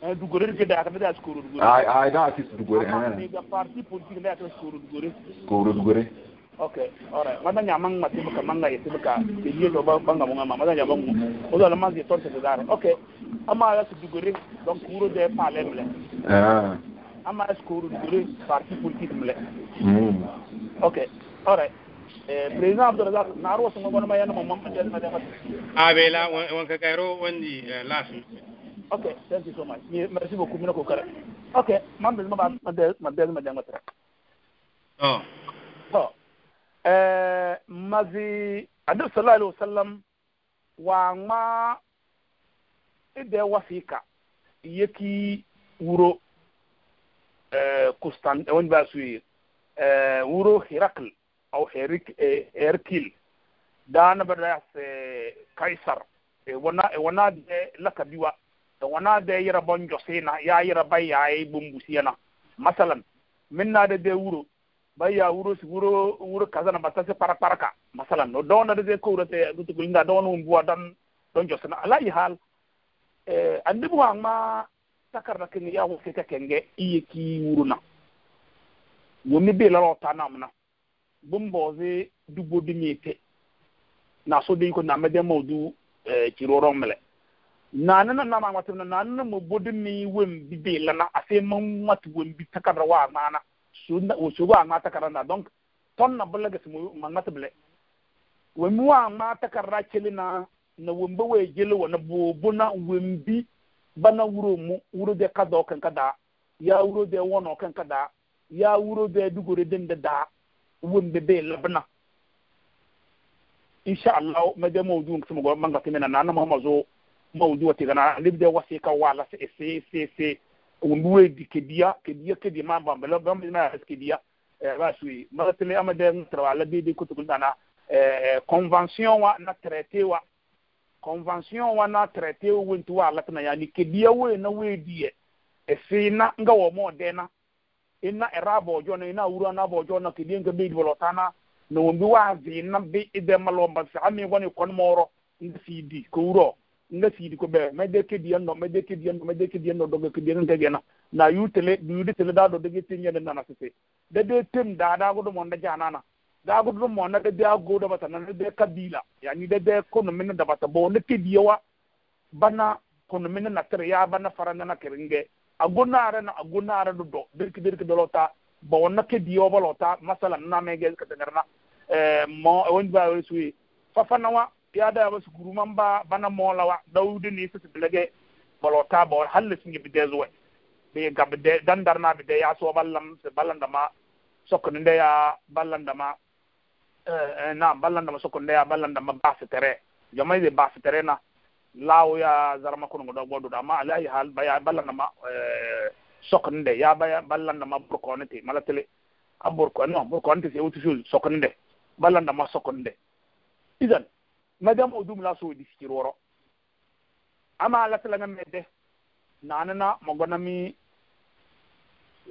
Eh, dugorer ke ah, ah, eh. da akada skoro ay ay da atis dugore ana ni ga parti politique da atis skoro dugore skoro dugore okay all right. manda nyamang mati buka manga yesi buka ke ye do ba banga munga mama da nyamang mu o da lama ke torse da dare okay ama ya su dugore donc kuro de palem le ah ama skoro dugore parti politique mle mm okay ora président abdourazak naaru wasu ngogona ma yana mamam ma jeli ma jeli abela wanka kairo wandi lasu ok thank you so much merci beaucoup mina ko kare ok man bɛ ma ma bɛ ma bɛ ma jangɔ tɛrɛ ɔ ɔ ɛɛ mazi sallallahu alaihi wasallam wa ma i bɛ wafi ka i wuro ɛɛ eh, kustan ɛwɔn eh, b'a su ye eh, wuro hirakl aw herik herkil daana bɛ da kaisar ɛɛ wana ɛɛ wana bɛ lakabiwa. da wana ya yira bon na ya yira bay ya yi na masalan minna da de wuro bai ya wuro su wuro wuro kaza na se para para ka masalan no dona de ko wuro te gutu gulinga dona wani buwa don don na ala yi hal eh andi buwa ma da kin ya wuce ke kenge iye ki wuro na womi be la ta nam na bumboze dubo dimite na so de ko na mede mawdu eh, kirorong mele nana na nama ngwatu na nana na mo bodu mi wem bi be la na ase ma ngwatu wem bi takara wa mana su na o su wa ngata takara na donc ton na bala ga mu ma ngata bele wem wa ma takara chele na na wem ba we jele wa na bo bo na wem bi bana wuro mu wuro de ka do kan kada ya wuro de wono kan kada ya wuro de dugore den da da wem be be labna insha Allah ma de mo dum kuma mangati mena nana ma ma zo mawdu wati gana libde wasi ka wala se se se se unduwe di kedia kedia kedia ma bam bela bam na kedia ba sui ma tele ama de trawa la bi de kutu dana convention eh, wa na traité wa convention wa na traité wa ntu wa la kana yani kedia we na we die e se na nga wo mo de na ina erabo jo na ina uru na bo jo na kedia nga bi bolotana na wombi wa zi na bi ide malomba sa ami woni kon moro ndi cd ko uro nga sidi ko be me de kedi yanno me de kedi yanno me de kedi yanno dogo kedi yanno tege na na yu tele du de tele da do dege tin yene nana sese de de tem da da go do mon da jana na da go do mon de da go do bata na de kabila yani de de ko no min da bata bo ne kedi yawa bana ko no min na tere ya bana faranga na keringe agunara na agunara do do dirki dirki do lota ba na kedi yawa lota masalan na me ge ka tangarna eh mo e on ba o suwi fa fanawa ya da ba su guruman ba bana mola wa dawudi ni su bilage balota ba halle singi bide zuwa ga gab de dar na bide ya so ballan su ballan da ma sokon da ya ballan da ma na ballan da ma sokon da ya ballan da ma ba su tere jama'i de ba su tare na lawo ya zarma kun da godo da ma alai hal ba ya ballan da ma eh, sokon da ya ba ballan da ma burkon te malatele a burkon no burkon te se wutu sokon de ballan da ma sokon da idan madam odum la so diskiroro wɔrɔ ama la tala ŋa mɛ dɛ naani na mi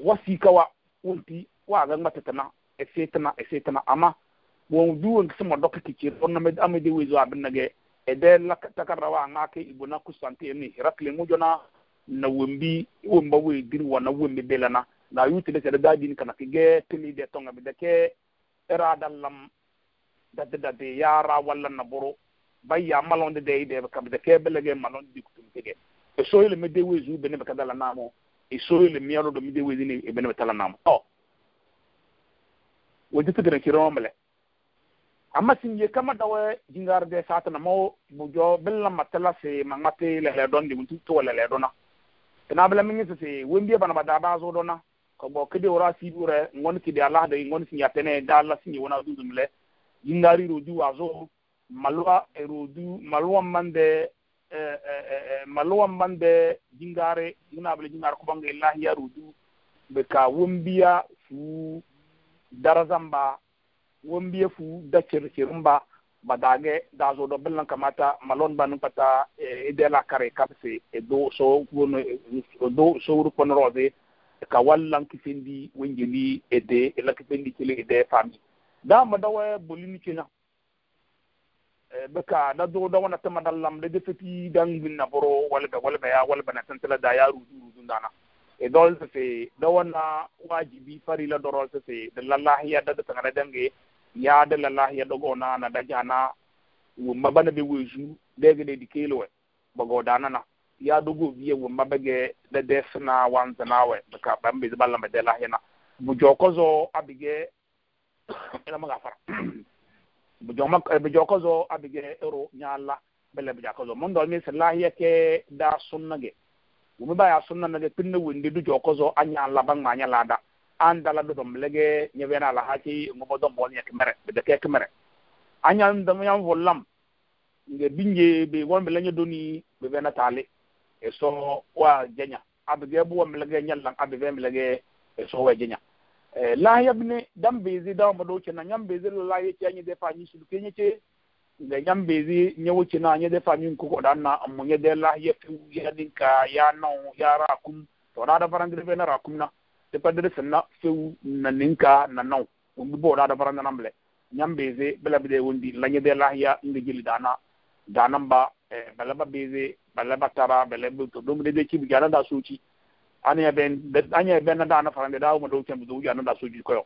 wasi kawa wa wonti wa ga ngata tana ɛsɛ e tɛna e ama wɔn du wɔn ma doka kɛ kikiri wɔn na mɛ ama wezo a bɛ nɛgɛ ɛdɛ la takara wa ŋa kɛ ibona kusante ni hirakile ŋo jɔna na wembi wemba we dir wa na wembi bela na na yuti de sɛdɛ daa kana ke ge teli de tonga bi de kɛ ɛra e dati dati yara walla na boro bayya malonde de de kam de kebele ge malonde di kutum tege e soyle me de wezu be ne be kadala namo e soyle mi yaro do me de wezi ne e be ne tala namo to oh. wodi tigre ki romle amma sin ye kama dawe jingar de sata na mo bujo bella matala se mangate le le don di mutu to le le dona tana bela mingi se se wembi bana bada bazo dona ko bo kede ora si dure ngon kidi allah de ngon sin yatene dalla sin yona dudumle yingari rodu wazo malwa erodu malwa mande eh, eh, e, e, malwa mande jingare yuna bele jingare kubange lahi ya rodi beka wombiya fu darazamba wombiya fu da cercerumba badage dazo do belan kamata malon banu pata e, e de la kare kapse e do so wono do so ru rode ka wallan kifindi wengeli e de e la kifindi tele e de famille da ma da wa boli ni kenya eh, baka da do da wana tama da lam da fiti dan bin na boro wala ga wala ya wal bana tantala da ya ru dun dana e dol se da wana wajibi fari la doro se da lallahi ya da da tangara dange ya da lallahi ya go na na da jana wumma mabana be de dege de dikelo go dana na ya dogo biye wumma bege da desna wanzana we baka bambe ziballa medela hena jokozo abige ina maga fara bejoma jooko zo abige euro ñalla bele bejako zo mon dol mi se lahiya ke da sunnage wumi ba ya sunna nage pinne windi du jooko zo a ñalla ban ma ñala da an dala do dom lege ñewena la haki ngobo dom bol ñe kemere be de ke kemere a ñan dom ñan volam nge binje be won be lañu doni be bena tale e so wa jenya abige bu won lege ñalla abive mi lege e so wa jenya E, layabne dam beesi dawma ɗo cena ñam beesi la laye ci añede fañi sulke ñece nde ñam beesi ñewo cena añede fañi kokoɗanna mo ñede laye few yanin ka ya naw ya rakum to ɗaɗa farandire fe na rakum na te padere senna few na nin ka na naw ɗum ɗi bo ɗaɗa farandanam le ñam beesi ɓelaɓide wondi lañede lahya nde jeli dana danamba ɓelaɓa e, beesi ɓelaɓa tara ɓelaɓ to ɗomɗede cibi janada suuci anya ben anya ben na da na farande da mu dokin buzu ya na soji koyo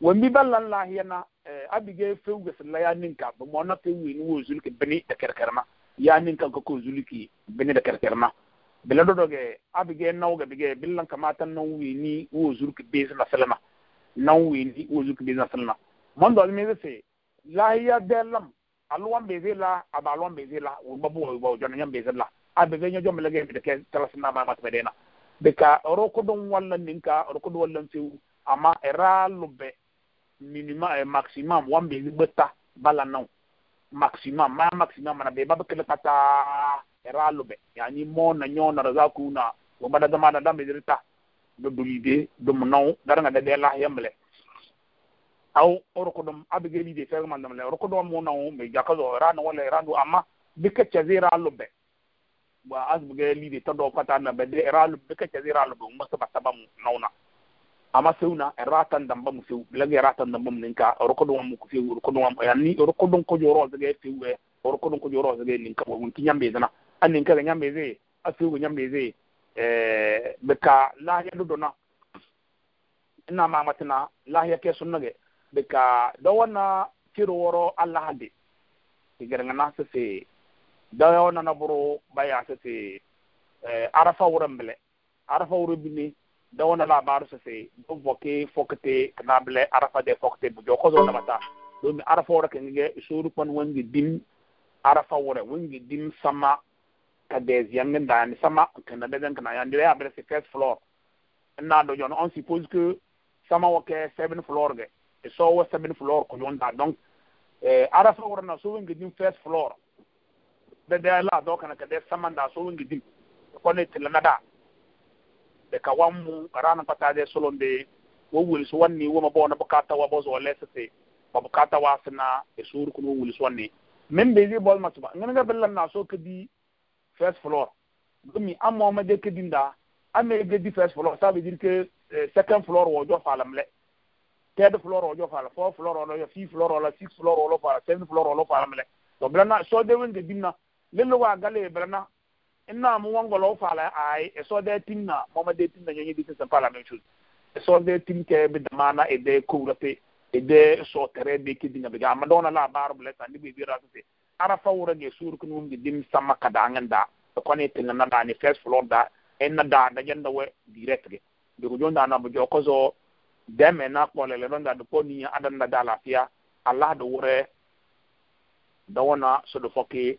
won bi ballan lahiya na abige fewga la ya ninka ba mo na wi ni wo zulki bani da kerkerma ya ninka ko ko zulki bani da kerkerma bila do doge abige na nawga bige billan kamata na wi ni wo zulki bezi na salama na wi ni wo zulki bezi na salama mon do mi se lahiya delam alwan bezi la abalwan bezi la wo babu wo jona nyam bezi la abege ño jom lege de ke na ma mat medena de ka oro ko don walla ninka oro ko don walla siw ama era lubbe minima e eh, maximum wambe betta bala naw maximum ma maximum mana be babe kele kata era lubbe yani mo na nyo na raza kuna wo bada dama na dambe dirta do do lide do mo naw dara nga de la lah yamle aw oro ko dum abege li de ferma ndamle oro ko dum mo naw me jakazo era na wala era do ama bikke chazira lobe ba asbuga li ta tado kwata na be de ralu be ka ce ralu bu musu ba mu nauna amma seuna ratan dan ba musu lagi ratan dan ba ninka rokodo wa muku feu rokodo wa yani rokodo ko joro daga feu e eh, rokodo ko joro daga ninka wa mun kinyambe zana an ninka le nyambe zai asu nyambe ze eh be ka la ya do dona ina la ya ke sunnage be ka do wana tiro woro allah hade igara na se dayo nana boro baya sese eh, arafa wurembele arafa wurebini dawo nala baro sese do voke fokete kana bele arafa de fokete bujo kozo nabata domi arafa wore kengege suru kwan wangi dim arafa wore wangi dim sama ka des yangen dayani sama kana beden kana yandire abele se first floor na do jon on suppose que sama woke seven floor ge e so wo seven floor ko yonda donc eh, arafa wore na so wangi dim first floor dede la dɔ kana ka dɛ saman da so ngi dim ko ne tilana da de ka wan mu rana pata de solon de wo wul so wanni wo ma bona bukata wa bozo lesa se ba bukata wa sina e suru kun wo so wanni min be zi bol matuba ngana ga bellan na so di first floor dumi amma ma de kadi nda ame ga di first floor ça veut ke eh, second floor wo do falam le third floor wo do falam fourth floor wo do fifth floor wo do sixth floor wo do falam seventh floor wo do falam le to bellan na so de wen de dimna lele wa gale brana ina mu wangolo fala ai eso de tin na mama de tin na nyenye di sen pala men chus eso de tin ke be da mana e de ko e de so tere de ki dinya be ga dona la baro blesa ni be bira se ara fa wura ge sur kun mum dim sama kada nganda ko ne tin na da ni first floor da en na da da jenda we direct ge de ko jonda na bo jo zo deme na ko le le ronda de ni adan na da lafiya allah do wure da wana so do fokke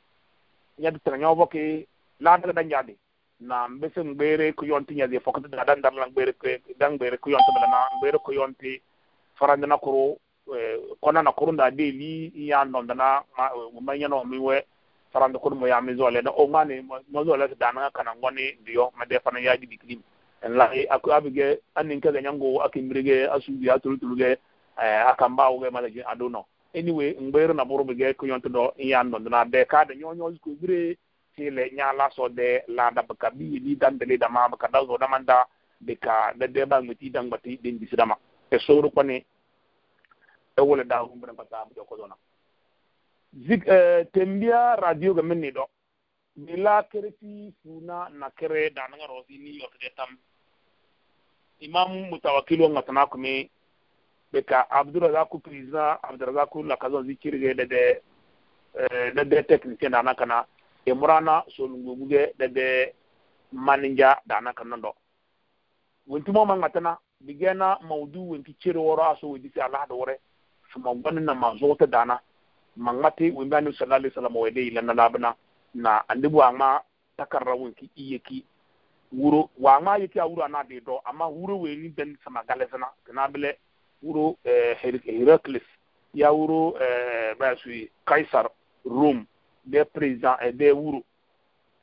yadi tara ñowo ke laadaga dañjaadi na mbese mbeere ko yonti ñadi fokkati da dan darla mbeere dan mbeere ko yonti mbela na mbeere ko yonti farandina koro eh, konana koro nda de li yandondana ma ñano mi we farande koro mo yami zole da o mani mo zole ko dananga kana ngoni ndiyo ma de fana yaaji di klim en la ako abige anin ka ñango akimbrige asubi atulutuluge eh, akambawuge malaji aduno anyway ngbere na buru bige ko yonto ya no na de ka de nyonyo ko gire tile nya la so de la da baka bi ni dan de da ma baka da zo da man da de ka da de ba muti dan bati din di sidama e so ru ko e wala da hum ban bata bu ko zona zig eh tembia radio ga menni do ni la funa na kere da na rosi ni yo de tam imam mutawakkilu kuma ɓe ka abdourazaku président abdourazaku lakazon zikirge ɗeɓe technique technicien na kana e murana so solungoguge ɗeɓe maninja na kana ɗo mo ma gatana bigena mawdu wenti cere woro aso allah da wore soma gwanina ma zogote dana ma gati wembe anibi sala alah w sallam wede yilana labana na andibu ama takarra wenki iyeki wuro wa ma yiti awuro na de do amma wuro werin den sama galesana kana bile wuro eh, Heraclius ya wuro eh, ba su kaisar rome bɛ président eh, bɛ wuro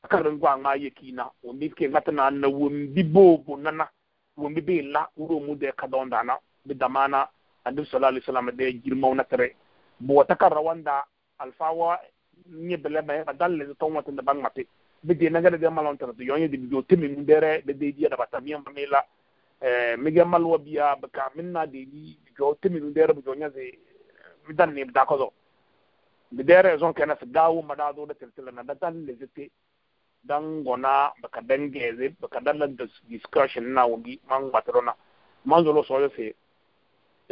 akarin gwa nga ye kina o mi ke ngata na na won bi bobo nana won bi be la wuro mu de ka don dana bi damana annabi sallallahu alaihi wasallam de jirma na tare bo ta karra wanda alfawa nye bele mai dalle to wata da bang mate bi de na ga de malon tare to yonye de bi o temi mu dere de de dia da batamiyan la. Eh, mige malwa biya baka minna de ni jo timin der bu jonya ze midan ne da kozo bi dere zon kana fidawu mada do da tiltila na datan le zete dan gona baka dan geze baka dan da discussion na wogi man matrona man zolo so yo e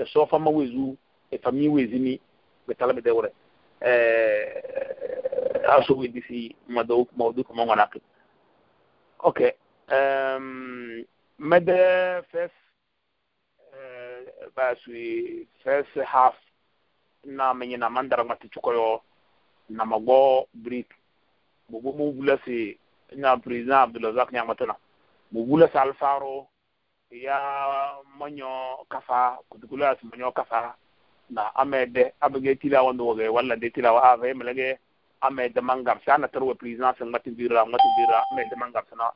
so fa ma wezu e fa mi wezi ni be tala be dewre eh aso we disi mado mawdu ko mon wanaki okay um made first uh, basui first half na menye na mandara ngati chukoyo na mago brit bobo mo bula si na president abdulrazak nyamatona mo bula sa alfaro ya manyo kafa kutugula si manyo kafa na amede abege tila wando woge wala de tila wa ave melege amede mangam sana tarwe president ngati bira ngati bira amede mangam sana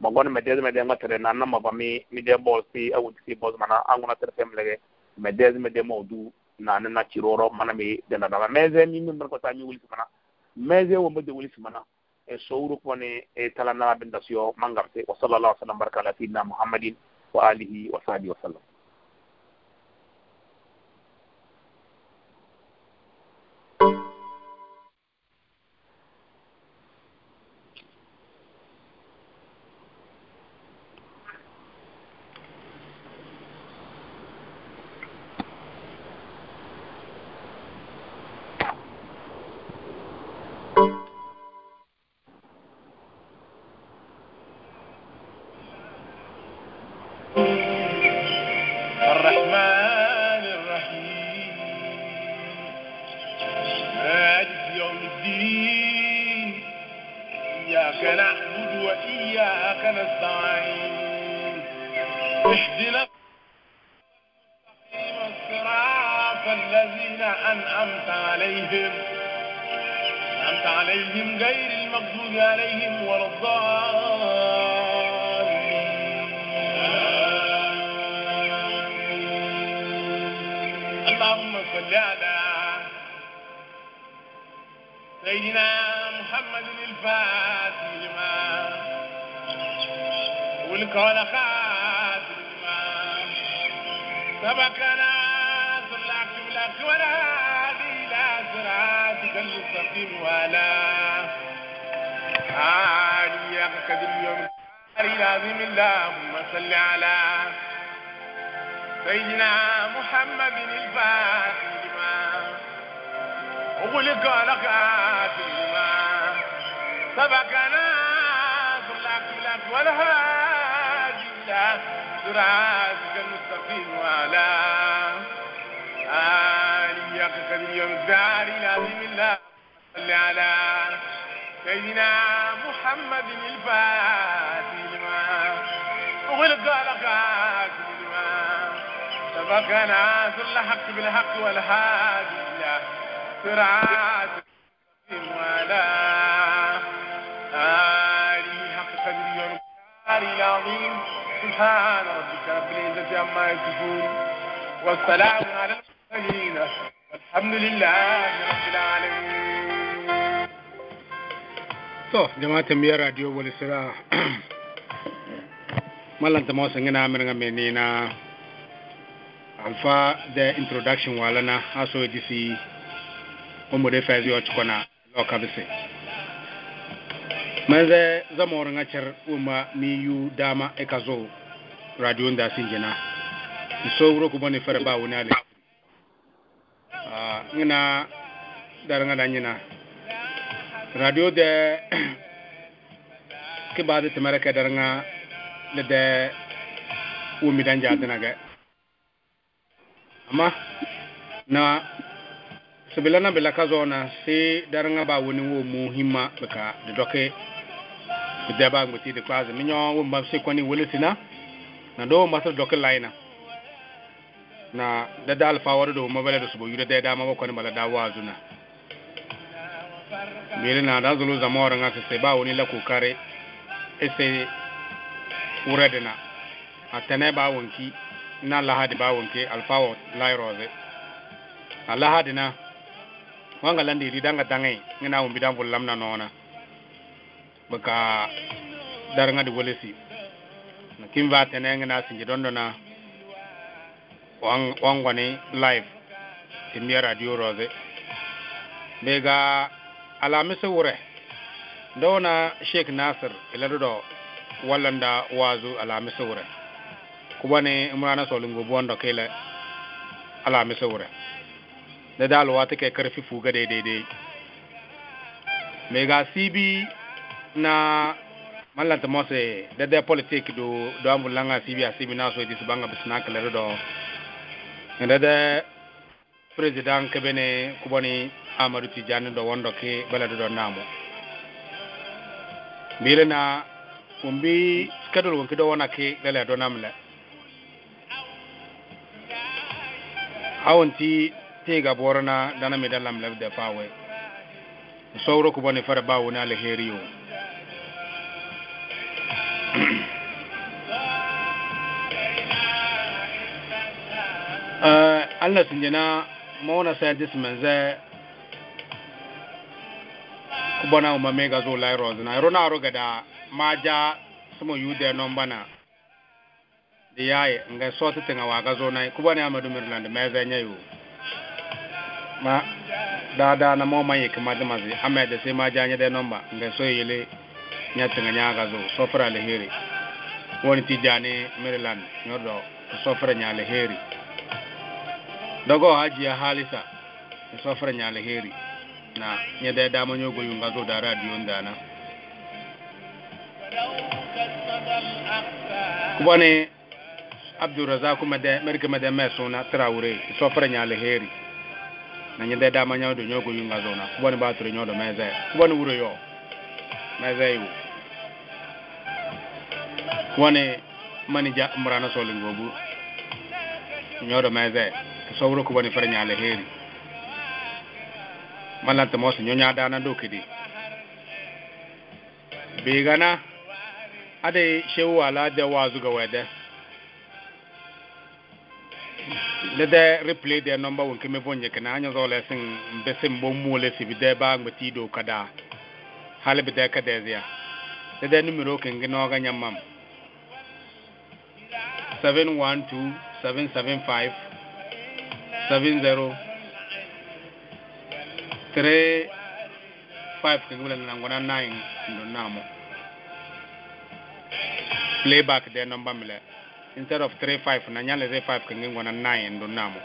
magon medez mede nga tere na na maba mi mi de bol si a awuti si bol mana angu na tere fem lege medez mede mawdu na na na chiroro mana mi de na dala meze mi mi mberko kota mi wuli si mana meze wo mede wuli si mana e sowru kone e tala na bindasio mangamte wa sallallahu alaihi wasallam baraka ala sayyidina muhammadin wa alihi wa sahbihi wa sallam miya radio wala sira malanta mo sangina amenga menina alfa the introduction wala na aso disi omo de fazi o chukona loka bise manze zama wurin acar umma miyu dama ikazo e radio da sinjina so wuro ku bane fara ba wani ale ah, ngina daranga da radio de ke baade temere ke daranga le de wumi dan jadina ga ama na sibila na bila ka na si daranga ba woni wo muhimma baka de doke de ba ngoti de kwaze minyo wo mbam se kwani woletina na do masar doke laina na da da alfawar da mabala do su bayu da da ma bakwani bala dawa zuna mere na da zulu zama warin aka sai ba wani lako kare ese wura dina a ba wanki na lahadi ba wanki alfawo lairoze a lahadi na wanga landi ri danga dangai ngina wumbi dan vullam na nona baka daranga di wolesi na kimva tene ngina sinji dondo na wangwani live timbiya radio roze bega alamisa wure downa cheikh nasir e landuɗo wallanda waasu alaami sowre ko wone mourana sohli ngu bondo kele alaami sowre nde daal waata ke kara fifu gade e dey dey mais ga siibi na mallanta mose dede politique du do ambu langa siibi a siibi naso e disu banga bisnaka lerudo ndede président keɓene ko woni amadou ti diane ɗo wondo ke ɓeledeɗo namo mbila na umbi schedule wonki do wana ke lele ado namle awonti tega borna dana mi dalam le de fawe sawro ko bone fara bawo na le heriyo uh, eh, alna sinjana mona sa dismanza kubona uma mega zo lai roz na ro na ro gada ma ja sumo yude no bana di yaye nga so ta tinga wa ga zo na kubona amadu mirland me za nya yu ma da da na mo ma yake madu mazi amma da sai ma ja nya de nomba nga so yele nya tinga nya ga zo so fara le heri woni ti jani mirland nyodo so fara nya le heri dogo haji ya halisa so fara nya le heri na nyede dama nyogo yunga zo da radio ndana kubone abdurazak mede merke mede mesuna traure so pre nyale heri na nyede dama nyodo nyogo yunga zo na kubone bature nyodo meze kubone wuro yo meze yu kubone manija mrana solingobu nyodo meze so wuro kubone pre nyale heri malanta mo sun nyonya dana dokidi bigana ade shewu ala de wazu ga wede le de replay de number won keme bonye kana anya zo le sin mbese mbo mule si bi de ba ngati do kada hal bi de kada le de numero ken gi no ga nyamam 712 775 70 3 5 kegula nangona 9 ndo namo playback de number mile instead of three five na nyale ze five kengi ngona nine ndo namo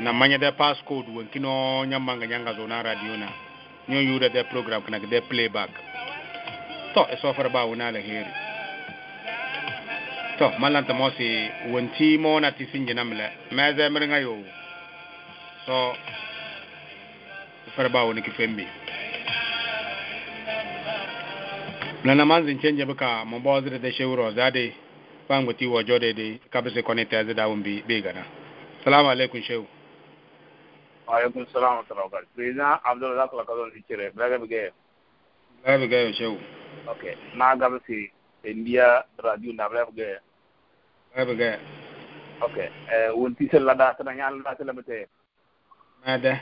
na manya de passcode wen kino nyamba nga nyanga zona radio na nyo yura de program kana de playback to e sofar ba wona la heri to malanta mosi wonti mo na tisinje namle meze mringa yo so faraba woni ki fembi nana manzin chenje bika mo bozre de shewro zade pango ti wo jode de kabse connecte az da wumbi be salam alaikum shew wa alaikum salam wa rahmatullah president abdul razak la kadon dichere blaga bige blaga bige shew okay ma gabsi india radio na blaga bige blaga bige okay eh won ti la da tan nyal la tan mate made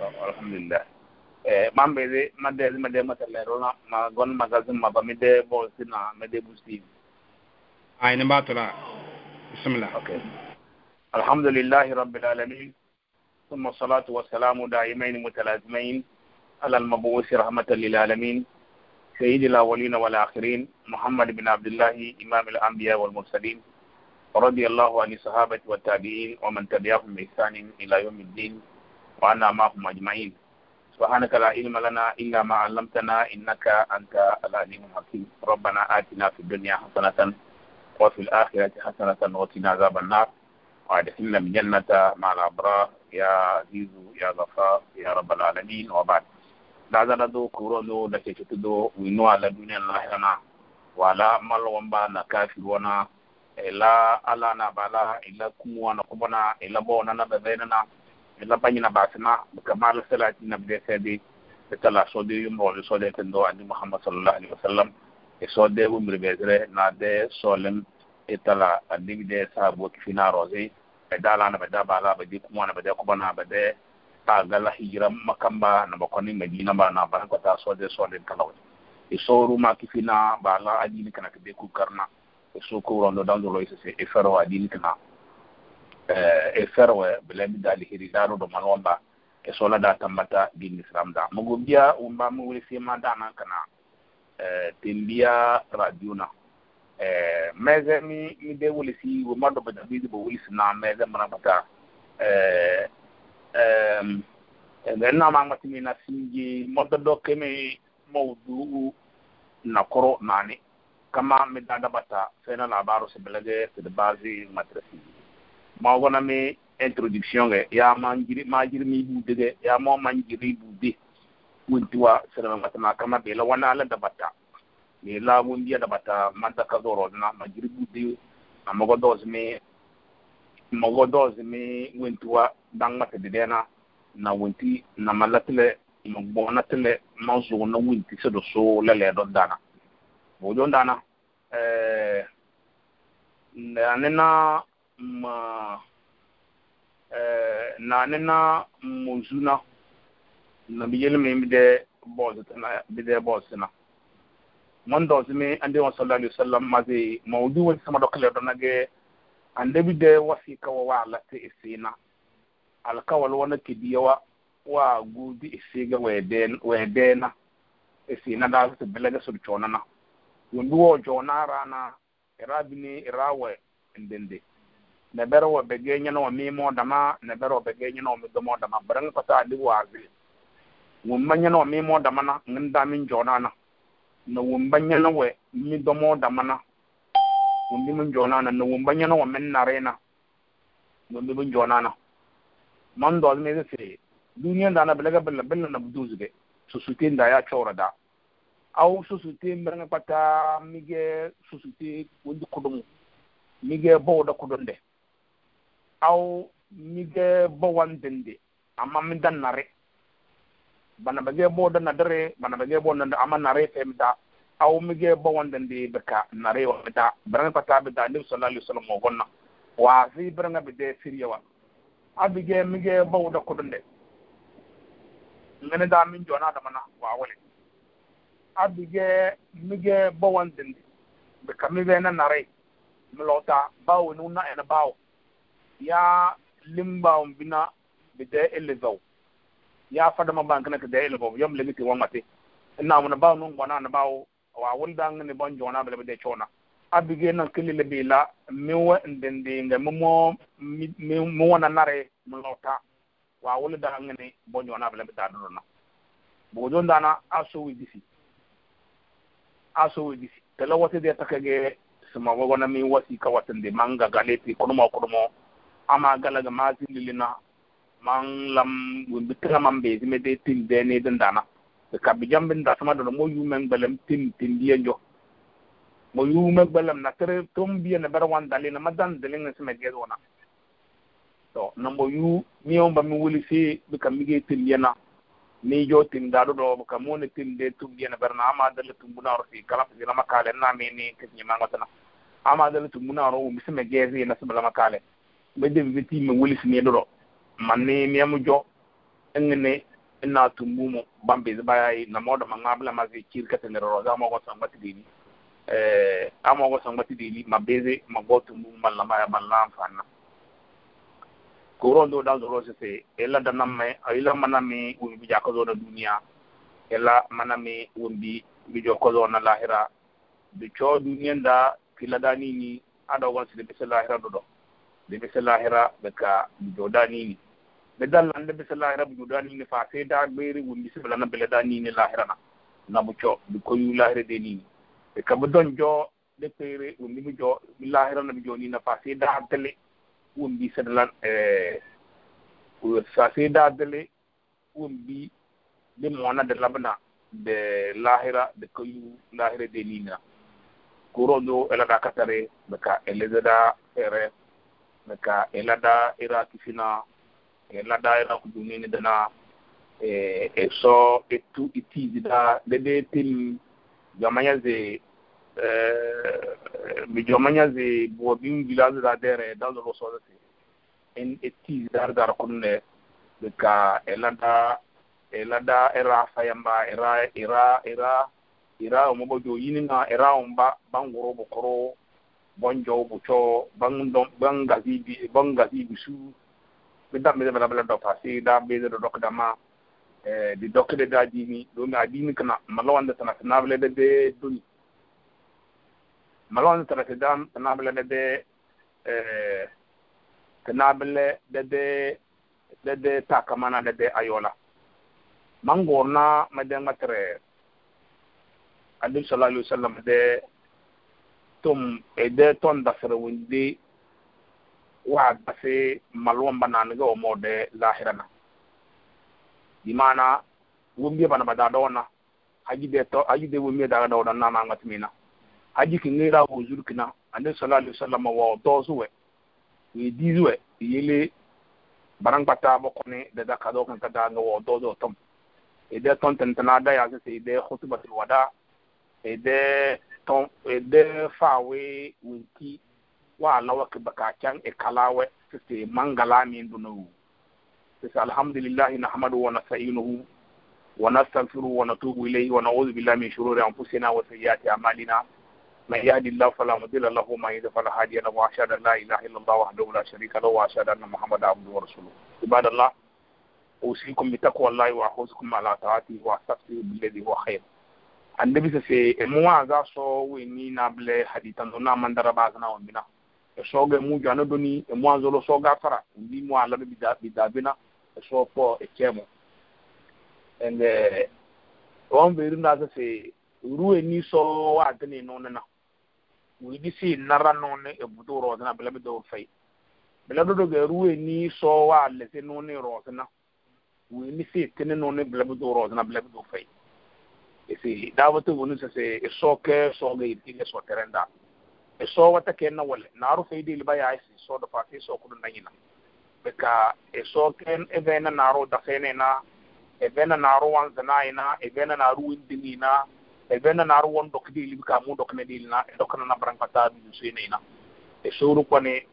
الحمد man ɓe de madde mede ma gon ma ba ثم الصلاة والسلام دائمين متلازمين على المبعوث رحمة للعالمين سيد الأولين والآخرين محمد بن عبد الله إمام الأنبياء والمرسلين رضي الله عن الصحابة والتابعين ومن تبعهم بإحسان إلى يوم الدين وعنا معهم أجمعين سبحانك لا علم لنا إلا ما علمتنا إنك أنت العليم الحكيم ربنا آتنا في الدنيا حسنة وفي الآخرة حسنة وقنا عذاب النار وأدخلنا من جنة مع الأبرار يا عزيز يا غفار يا رب العالمين وبعد لازم ندو كورولو نشيشتو تدو وينو على الدنيا الآخرة ولا مال ومبا نكافر ونا إلا ألا نبالا إلا كموانا قبنا إلا بونا نبذيننا ila bañina basina ka mala salati nabde sedi e tala sode yumroɗe soode ten ɗo andi mouhammad sallllahu alayhi wa sallam e soode wumri ɓetere naade solen e tala andigi de saaboki finarose ɓe dalana ɓe da bala ɓe di kumana ɓe de kubana ɓe de tagala hijira makamba naba koni medina mba na bana kota soode soden talawde e soruma ki fina bala adini kana ke be kukarna e sokourando dandoloy sese e fero adini kana e eh, eh, ferwe eh, bilamide alihiri daɗoɗo do walla e solada tammata din islam da mogo umba mbami wuri sima dana kana te mbiya radio na maise mi mi de wuli si wo maɗɗo bata bidi ɓo wuli sina maise mana bata nama ngatimi na sinji moddo do kemi mawdu'u na koro nani kama mi dadabata fena labaro sebelege sede basi matresi ma wona mi introduction ge ya manjiri majiri mi bude ge ya mo manjiri bude wuntuwa sirma matana kama be wana ala dabata mi la wundiya dabata manta ka doro na majiri bude amago dozi mi mago dozi mi wuntuwa dang mata didena na wunti na malatile magbona tile ma na wunti sido so lele do dana bo don dana eh na ma eh, naane na mo zuna no mi yelmi mbide bosetna mbide bosetna mon dose mi andimo sallah alih wa sallam masi mawdi woni sama ɗo kalerɗo nage andemi de wasikawa walate e sina alkawal wona kediyawa wa guudi e siga wede we deena e sina dal so belege soɗo coonana yonɗu wo jonarana e rabini e rawa ndende na bɛrɛ wa bɛgɛ nyɛ wa mi mɔ dama na bɛrɛ wa bɛgɛ nyɛ wa mi dɔmɔ dama bɛrɛ ka taa wa gili wun ba wa mi mɔ dama na ŋun da mi jɔ na na na wun ba wa mi dama na wun bi mi na na wun ba wa mi nare na wun bi mi jɔ na man dɔ mi se se duniya da na bɛlɛ bɛlɛ bɛlɛ na bu zuge susute da ya cɔra da aw susute bɛrɛ ka mi wundi kudumu mi gɛ bɔw da au mige bo wandende amma mi dan nare bana bage bo dan nare bana bage bo nan amma nare fe mi da au mige bo wandende beka nare wa da baran pata bi da nabi sallallahu alaihi wasallam gonna wa fi baran bi de firyawa abige mige bo da kudunde ngene da min jona da mana wa wale abige mige bo wandende beka mi be na nare mi lota bawo nuna na ena bawo yaa limbaawum bina bi dee elle zaw yaa fadama baan kene ko dee elle boobu yom lemi ki wamate naamu na baaw noon gona na baaw waa wuldaang ne bon joonaa bele bi dee coona abige nan kili le bii la mi wa ndendinge mi mo mi mi wona nare mi lawta waa wuldaang ne bon joonaa bele bi daadodona bogo joon daana a sowi disi a sowi disi tele wasi de takege sima wagona mi wasi ka wasindi manga galeti kunumo kunumo ama galaga ma zililina man lam wimbi tiga man be zime de tin de ne den dana de kabi jambin da sama do mo yumen gbalem tin tin diye jo mo yumen gbalem na tere tom biye ne bar wan dalina madan dalina sime de wona to na mo yu mi on ba mi wuli fi bi kam mi ge tin yana ni jo tin da do do ka mo ne tin de tum diye ne bar na ama dal tum buna ro fi kala fi na makale na me ni tin ni ma ngotana ama dal tum buna ro mi ge na la makale ba def ɓe dewi ne timme wolisiniɗoɗo manni miyamujo engene na tumbumo bambe zibaya na moda mangabla mazi ne tenero za mo ko sangati ni eh amo ko sangati dini la ma tumbumo malla maya malla ko ron do dal do ro se ella danamme ella manami won bi jakko do na duniya ella manami won bi bi jo ko do na lahira bi cho duniya da dani ni ada ado gon sibe lahira do do be se lahira be ka jodanini ɓe dallande be se lahira mo nini fa da seeda ɓeyri wondi sibalana bele da nini lahira na na namo co mi koyu lahira de nini ɓe kamo don jo de peyre wun mi jo mi lahira na bi mi jonina fa seeda haddele wondi sedalan e sa seeda haddele wondi ɗe monade labna de lahira de koyu lahira de na kuro do elada katare ɓe ka elezeda ere meka elada iraki fina elada iraki dunini dana e, e so etu itizida e dede tim jamanya ze e uh, jamanya ze buwabin village da dere da zolo so zati en itizida e dar kunne meka elada elada era fayamba era era era era omobo jo yininga era umba bangoro bokoro bonjowɓo to bangdon bangasiɓi bangasiɓi suu ɓeddam ɓe ɓeɗa ɓeɗa dokka seeda ɓeydeɗo dokkada ma e eh, de dokkede de a dini ɗomi a dini kana malowande tana ta naɓelede de doni malowande tana ta dam ta naɓelede de ta naɓele dede dede takamana dede ayola mangorna maɗe ngatere alim sallah alih wa sallam de tum ede ton dasara wende wa base malwan banani ga omo de lahira na imana wumbi bana bada dona haji de to haji de wumbi da da dona na ngat mina haji ki ngira wo zurkina ande sallallahu alaihi wasallam wa to suwe ye dizwe yele barang pata bo kone de da kado kan kada no wo do do tom ede ton tan da ya se ede khutbatul wada ede ton eh, de fawe winki wa lawa ke baka kan e kalawe se mangala min mi dunu se alhamdulillah nahmadu wa nasta'inu wa nastaghfiru wa natubu ilayhi wa na'udhu billahi min shururi anfusina wa sayyiati a'malina man yahdihillahu fala mudilla lahu wa man yudlil fala hadiya lahu wa ashhadu an la ilaha illallah wahdahu la sharika lahu wa ashhadu anna muhammadan abduhu wa rasuluhu ibadallah أوصيكم بتقوى الله وأحوزكم على طاعته وأستغفر بالذي wa خير annabi sa se mu wa za so we ni na ble hadita no na mandara ba na omina e so ga mu jana do ni e mu anzolo so ga fara ndi mu ala bi da bi da bina e so po e chemo and eh on be na sa se ru e ni so wa de ni no na wi di si nara no ne e budo ro na bla bi do fai bla do do ga ru e ni so wa le se no ni ro na wi ni si tene no ne bla bi do ro na bla bi do fai e si dawatu wonu sase e soke soga yirtinge so terenda e sowata kenna wolle naaru feydil baya si sodo fati sokudu nayina ɓe ka e soken e vena naaru dasenena e vena naaru wanzanayina e vena naaru na e vena naaru won dokdili ɓe ka na dokne dilina e doknana brankataɓe yusuinayina e sowru kone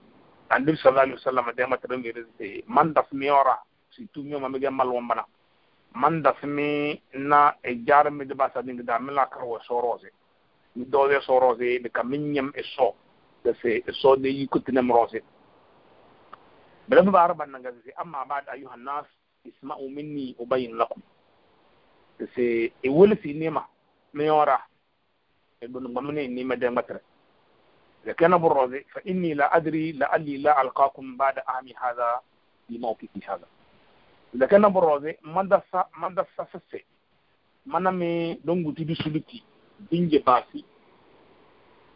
annabi sallah alih sallam man mi na e jarmi de basa ding da la kar e so rose mi e so rose de min nyam e so de se e so de yikutina rose bala fa barba nan ga se amma ba da ayuha nas isma'u minni ubayyin lakum de se e wol fi nema mi yora e don ngamne ni ma de matre de kana burrose fa inni la adri la alli la alqakum ba'da ami hadha bi mawqifi hadha zakena borose manda sa manda sa sese mana mi donguti du suluti dinje basi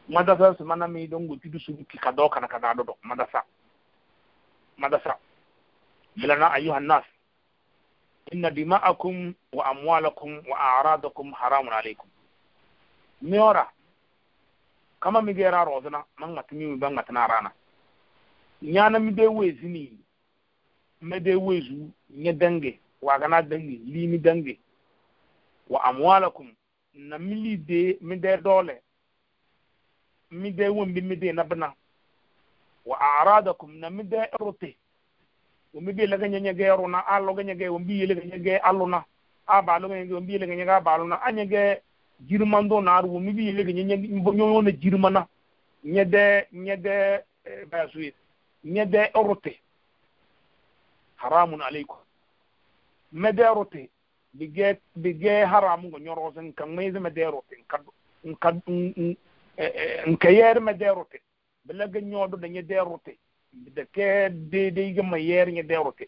manda sa sese mana mi donguti suluti kado kana kana dodo manda sa manda sa milana ayuha nas inna dima'akum wa amwalakum wa a'radakum haramun alaykum miora kama mi gera rozana man matimi ban rana nyana mi wezini mede wezu nye dange wagana dange limi dange wa amwalakum na mili de mide dole mide wumbi mide na bana wa aradakum na mide rote wumbi be laga nye ge runa allo ga nye ge wumbi yele ga nye ge allo na aba allo ga nye ge wumbi yele ga nye ga aba allo na anye ge jirmando na aru wumbi yele ga nye nye nyona jirmana nye de nye de eh, bazuit nye rote haramun alaikum mederote bige ge haramun go nyoro sen kan meze mederote kan kan nka yer mederote bela ga nyodo da nyederote da ke de de ga ma yer nyederote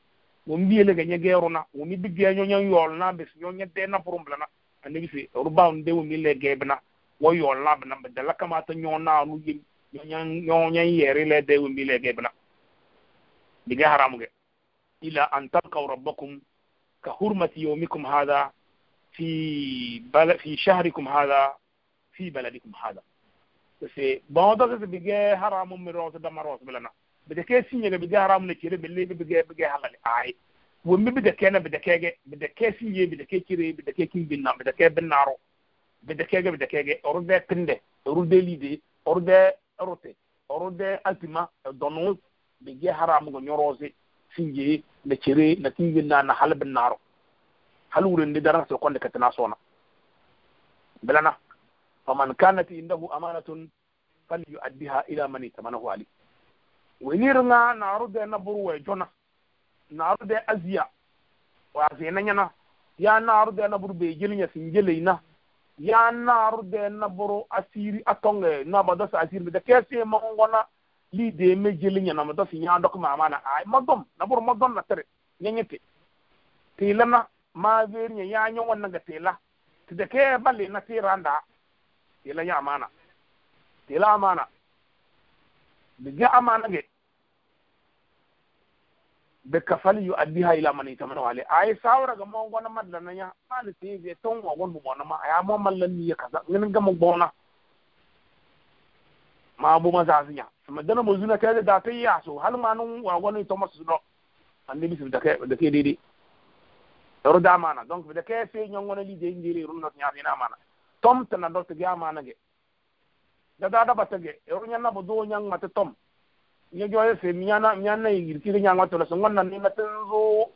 wo mbi le ga nyegero na wo mi bige nyo nyo yol na bis nyo nyede na problem na anabi fi rubaun de wo mi le ga bna wo yol na bna da la kamata nyo na nu yim nyo nyo nyo yeri le de wo mi le ga bna ge haramu ge إلى أن تلقوا ربكم كحرمة يومكم هذا في بل في شهركم هذا في بلدكم هذا بس بعض الناس بيجي حرام من راس دم راس بلنا بده كي سيني بيجي حرام كيري بلي بيجي بيجي حلال اي ومي بده كان بده كي بده كي سيني بده كي كيري بده كي كين بينا بده كي بنارو بده كي بده كي اورده بنده اورده ليدي اورده اورته اورده التما دونوز بيجي حرام غنيروزي tiye na cire na tiye na na halbin naro halurin ni daran sai kwanda katina sona bilana kana ti indahu amanatun yu'addiha ila man tamanahu ali wenir na naru da na wai jona naru da aziya wa zena nyana ya naru da na burbe gilnya singeleina ya naru da na buru asiri atonge na badasa asiri da kese mangona li de me jeli nyana mo dofi nya dok ma mana ay modom na bur modon na tere nyenyete tila lana ma ver nya ya nyon wannan ga tila de ke bali na randa tiranda tila nya mana tila amana biga amana ge da kafali yu adiha ila man itamana wale ay sawra ga mo ngona madla nya mali tibe ton wa gon mo na ma ay mo mallan ni kaza ngin ga mo bona ma bo ma za zinya ma dana mo zuna kare da ta ya so hal ma nun wa wani to masu do annabi su da kai da kai daidai ro da mana donc da kai sai nyon wona li de ndiri run not nya fina mana tom ta na dot ga mana ge da da da bata ge ro nya na bo do nya ma ta tom nya jo ye se nya na nya na yir ki nya ngwa to la so ngonna ni na tin zo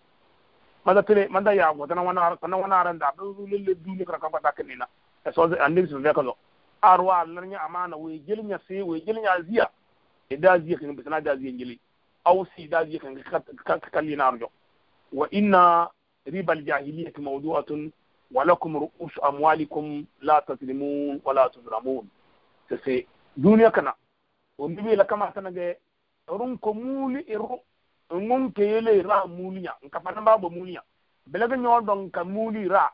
manda tele manda ya go ta na wana na wana ran da do lele du ni kra ka ta kenina so annabi su da kalo arwa larnya amana we gilnya se we gilnya e da ziya kan bisna da ziya gili aw si da ziya kan ka kalli na arjo wa inna riba al-jahiliyyah mawdu'atun wa lakum ru'us amwalikum la tazlimun wa la tuzlamun se duniya kana o bai la kama tan ga run ko muli iru e ngun ke yele ra muliya nka fa na ba muliya belaga nyon don ka muli ra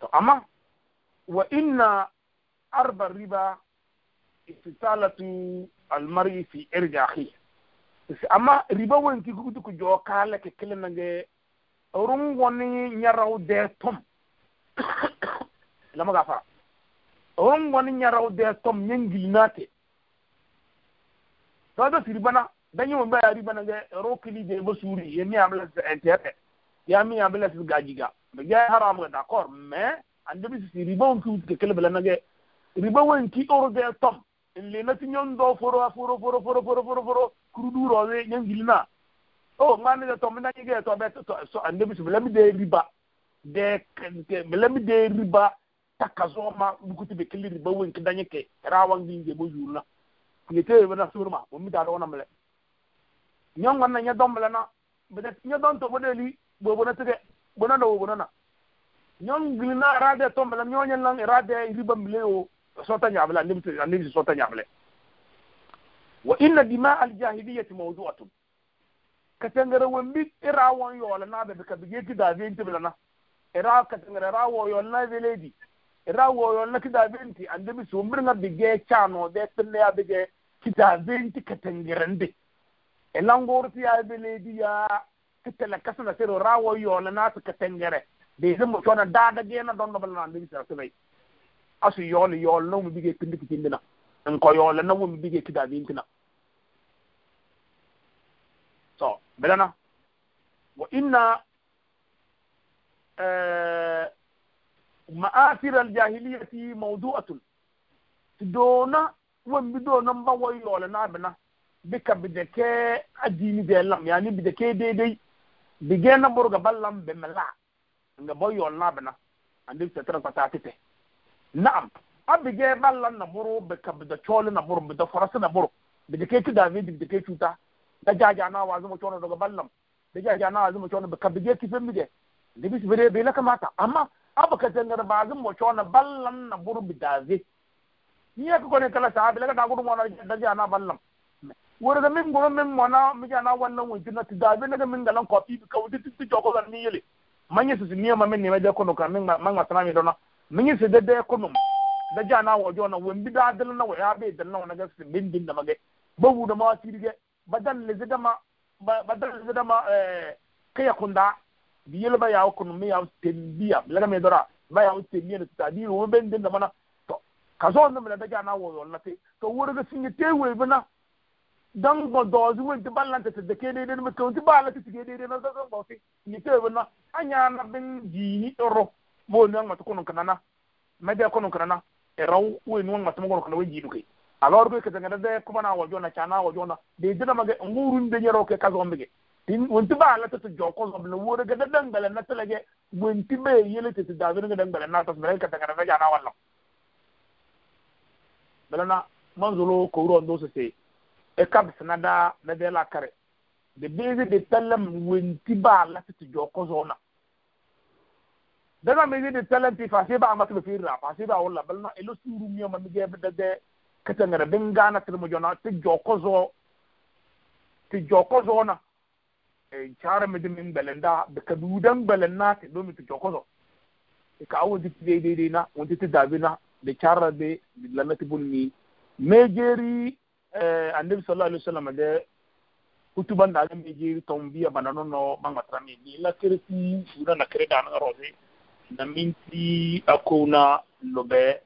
to amma wa inna arba riba istitalatu almari fi irga akhi amma riba wonti ko ku jo kala ke kelenange run wani nyarau de tom lama ga fara run tom nyaraw de tom nyengil nate to da na, danyi yiwon ba riba nange rokili de basuri yemi amla internet yami amla gajiga meyɛ haram wɛ d'accord mais ande bi sisi riba wɔn ki wusu kekele bɛ lɛnɛgɛ riba wɔn ki ɔrɔ bɛ tɔm nle na ti nye ŋdɔ foro foro foro foro foro foro foro kuru du rɔ ye nye ŋgiri na o ŋa ne yɛ tɔm na nye yɛ tɔm bɛ tɔ sɔ ande bi sisi bɛlɛ mi de riba de kɛ bɛlɛ mi de riba ta kazɔ ma bukuti bɛ kele riba wɔn ki da nye kɛ kɛra wa ŋgiri de bo yuuru na kunye te bɛ na sori ma o mi da dɔgɔ na mɛlɛ nye ŋ gonana wo gonana ñon gilina arade tombe la ñoñen lan arade riba mbile o sota ñabla nimti nimti sota ñable wa inna dima al jahiliyyati mawdu'atun katangara wambi ira won la na be ka bigeti da venti na ira katangara ra wo yola na veledi ira wo yola na kida venti ande bi sumbir na bige chano de tinne ya bige kida venti katangara ndi elangorti ya veledi ya tele kasna sero rawo yo la na ka tengere de zumbu tona da da gena don do balna ndi sa sunai asu yol yol no mu bige kindi kindina en ko yol na mu bige kida bintina so belana wa inna ma'asir al-jahiliyyati mawdu'atun dona wambi dona mba wayo la na bana bika bidake adini de lam yani bidake daidai bigena boro ga ballam be mala nga boy yon labna andi se tra ko taatite na'am bige ballan na moro be da chole na moro be da forasa na moro be de ketu david be de ketu ta da jaja na wazu mo chono daga ballam da jaja na wazu mo chono be kabige ti fe mige de bis bere be la kamata amma ka abaka tangar bazu mo chono ballan na moro be david ni ko ne kala sa be la ga da gudu mo na da na ballam wurga min guru min mana mija na wannan wunti na tidabi na min galan bi kawo duk duk joko zan ni yele man yi sisi niya ma min ne ma de kono min man ma sanami dona min yi sisi de de kono da ja na wajo na wun bi da dal na waya be dal na ga sin min din da mage ba wu da ma tirge badal le zida ma badal le zida ma kaya kunda bi yele ba ya ko mi ya tembiya la ga dora ba ya tembiya da tidabi wo ben din da mana to ka na mi da ja na wajo na te to wurga sin te bi na. dan go dozi wen ti balan te te ke de den mekon ti bala ti ke de den na zo bo fi ni te wona anya na bin ji ni ro bo ni ngat ko non kanana me de ko non kanana e raw wen non ngat mo ko kanana wen ji du ke alor que ke tanga de ko bana wo jona chana wo jona de de na ma ge ngurun de nyero ke ka zo ge tin won ti bala te te joko zo no wo de de dan bala na tele ge wen ti be yele te te da zo dan bala na to bala ke tanga de jana na wallo balana manzulo ko ro ndo se e kabsi na da na de la kare de bezi de telem wenti ba la ti jo ko zona dana mezi de telem ti fa ba ma ti fi ra fa ba wala bal na elo suru mi ma mi ge de de katangara bin gana ti mo jona ti jo ko zo ti jo ko zona e chara mi de min belenda de kadudan belenna ti do mi ti jo ko zo e ka awo di de de na wonti ti davina de chara de lamati bunni mejeri Eh, annabi sallallahu alaihi wasallam de kutuba ndaga mi jiri tom biya banano no manga trami ni la kirti suna na kreda na rozi na minti akuna lobe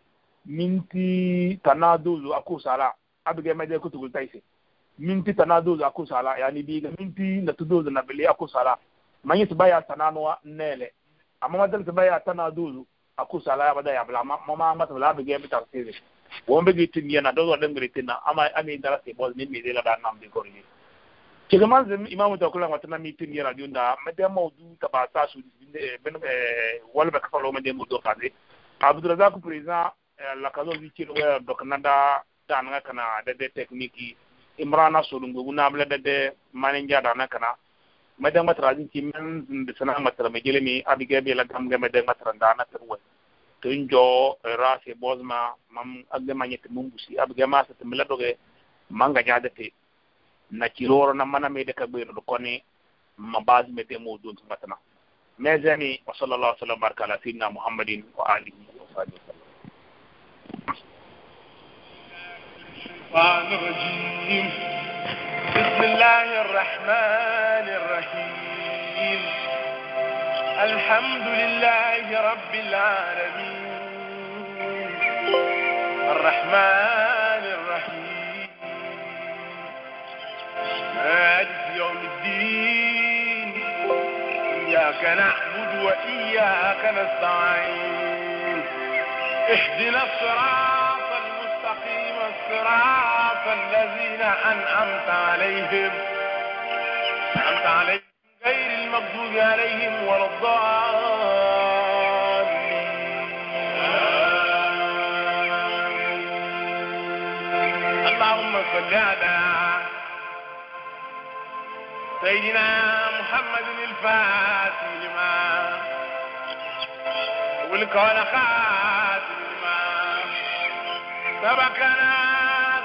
minti tanaduzu akusala abige mede kutugul taisi minti tanaduzu akusala yani biga minti na tuduzu na bele akusala manyi tibaya tananwa nele amma madal tibaya tanaduzu akusala ya bada ya bla mama mata bla abige bitar sirri won be gitin yana do do den gitin na ama ami dara se bol ni mi dela da nam de gori ke ga man zim imamu ta kula wata mi tin yana di unda madan mawdu ta ba sa su ben eh, eh, wal ba kafalo madan mawdu ka de abdul razak president eh, la kazo di ti ci do kanada da na kana da de tekniki imrana solungu na bla da de manager da na kana madan matrajin ti men de sana matra me gele mi abiga be la gam gam ga madan da na tarwa tunjo rase bozma mam agge manyete mumbusi abge masate miladoge manga jadete na ciloro na mana mede ka gbeeno ɗo kone ma base mete mo don tumatana mes amis wa sallallahu sallam baraka ala sayidina muhammadin wa alihi wa sahbihi wa sallam الشيطان الرجيم بسم الله الرحمن الرحيم الحمد لله رب العالمين الرحمن الرحيم مالك يوم الدين إياك نعبد وإياك نستعين اهدنا الصراط المستقيم الصراط الذين أنعمت عليهم أنعمت عليهم غير المغضوب عليهم ولا الضالين اللهم صل على سيدنا محمد الفاتح لما والكون خاتم لما سبقنا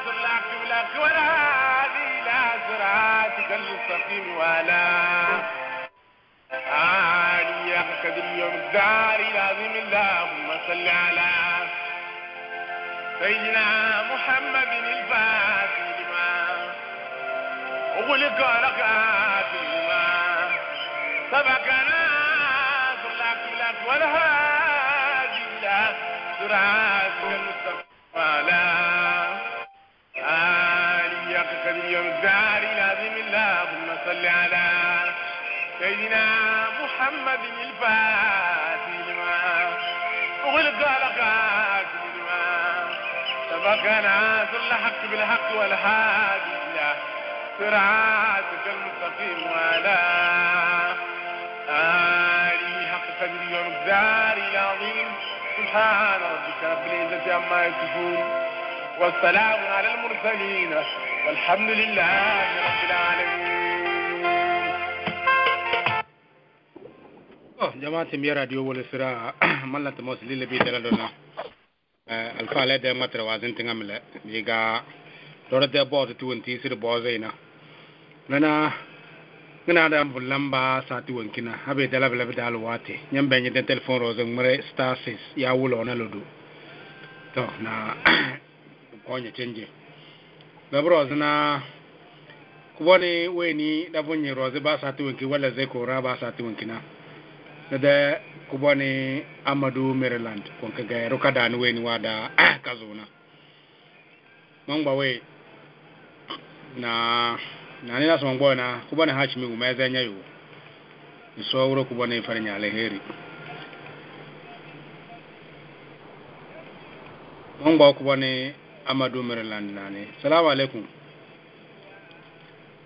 صلاك ولا هذه لا صراطك المستقيم ولا عالية قد اليوم الداري لازم اللهم صل على سيدنا محمد الفاتح لما أغلق ركعات لما سبقنا صلاة لك والهادي لك سرعات المصطفى لا عالية قد اليوم الداري لازم اللهم صل على سيدنا محمد الفاتح لما أغلق لقاك لما سبق ناس الحق بالحق والهادي إلى صراطك المستقيم ولا آلي حق قدره ومقداره العظيم سبحان ربك رب العزة عما يصفون والسلام على المرسلين والحمد لله رب العالمين oh, jama timbiya radio wole sira malla tamo silile bi dala dona uh, eh, alfa le de matra wazin tinga mele diga dora de bo tu wonti sir bo zaina nana ngana da bu lamba sa ti wonkina habe dala bela bidal wate nyambe nyi de telephone roze mre star ya wulo na lodu to na konya tenje labro zina wani weni da bunyi roze ba sa ti wonki wala zai kora ba sa ti wonkina nede kuboni amadou maryland konke gay rokadani weni wada kazuna mangba we na nani nasoma ngubona kubona hachi mingu meze nyayu nso wuro kubona ifare nyale heri mangba kuboni amadou maryland nani salamu alaikum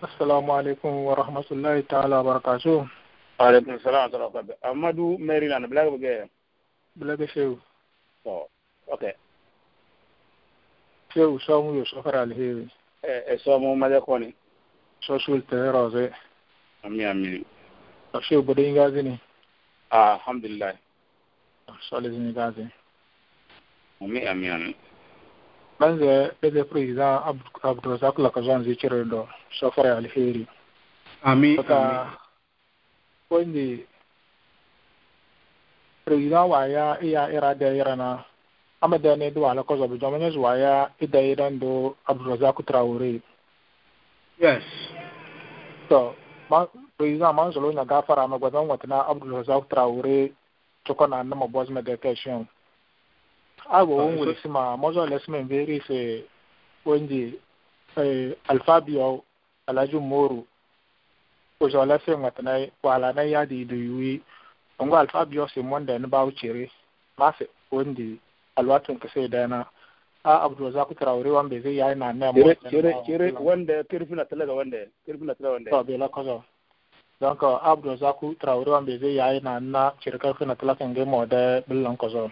assalamu alaikum warahmatullahi taala wabarakatuh aleykum salaam wa rahmatulah amadu maryland bila bɛ kɛ. bila bɛ sewu. ɔ ok. sewu sɔmu yo sɔfara aliheeri. ɛ ɛ sɔmu majɛ kɔni. sɔsul tɛ rɔze. ami ami. a sewu bɔdɛ yin gaazi ni. alhamdulilayi. a sɔli zini gaazi. ami ami ami. banze bɛbɛ président abdulrasaq lakazan zikiri dɔ sɔfara aliheeri. ami ami. wani wa ya iya ira da ira na amada ne duwa ala kozo bijo manya zuwa ya ida ira ndo ku traore yes so ma president man zolo na gafara ma gwazan watana abdulrazak traore choko na nama boz me de keshin agbo won ah, wuri sima mozo lesmen veri se wonji eh, alfabio alaju moro ojo la se ngwatana wala na ya di du yi ngwa alfa biyo se monda ni bawo chere mase wondi alwatun ke se dana a abdu za ku traure wan be zai yayi na na mu chere chere wanda kirfi na talaga wanda kirfi na talaga wanda to be la kaza don ka abdu za ku traure wan be zai yayi na na chere ka na talaga ngai mo da billan kaza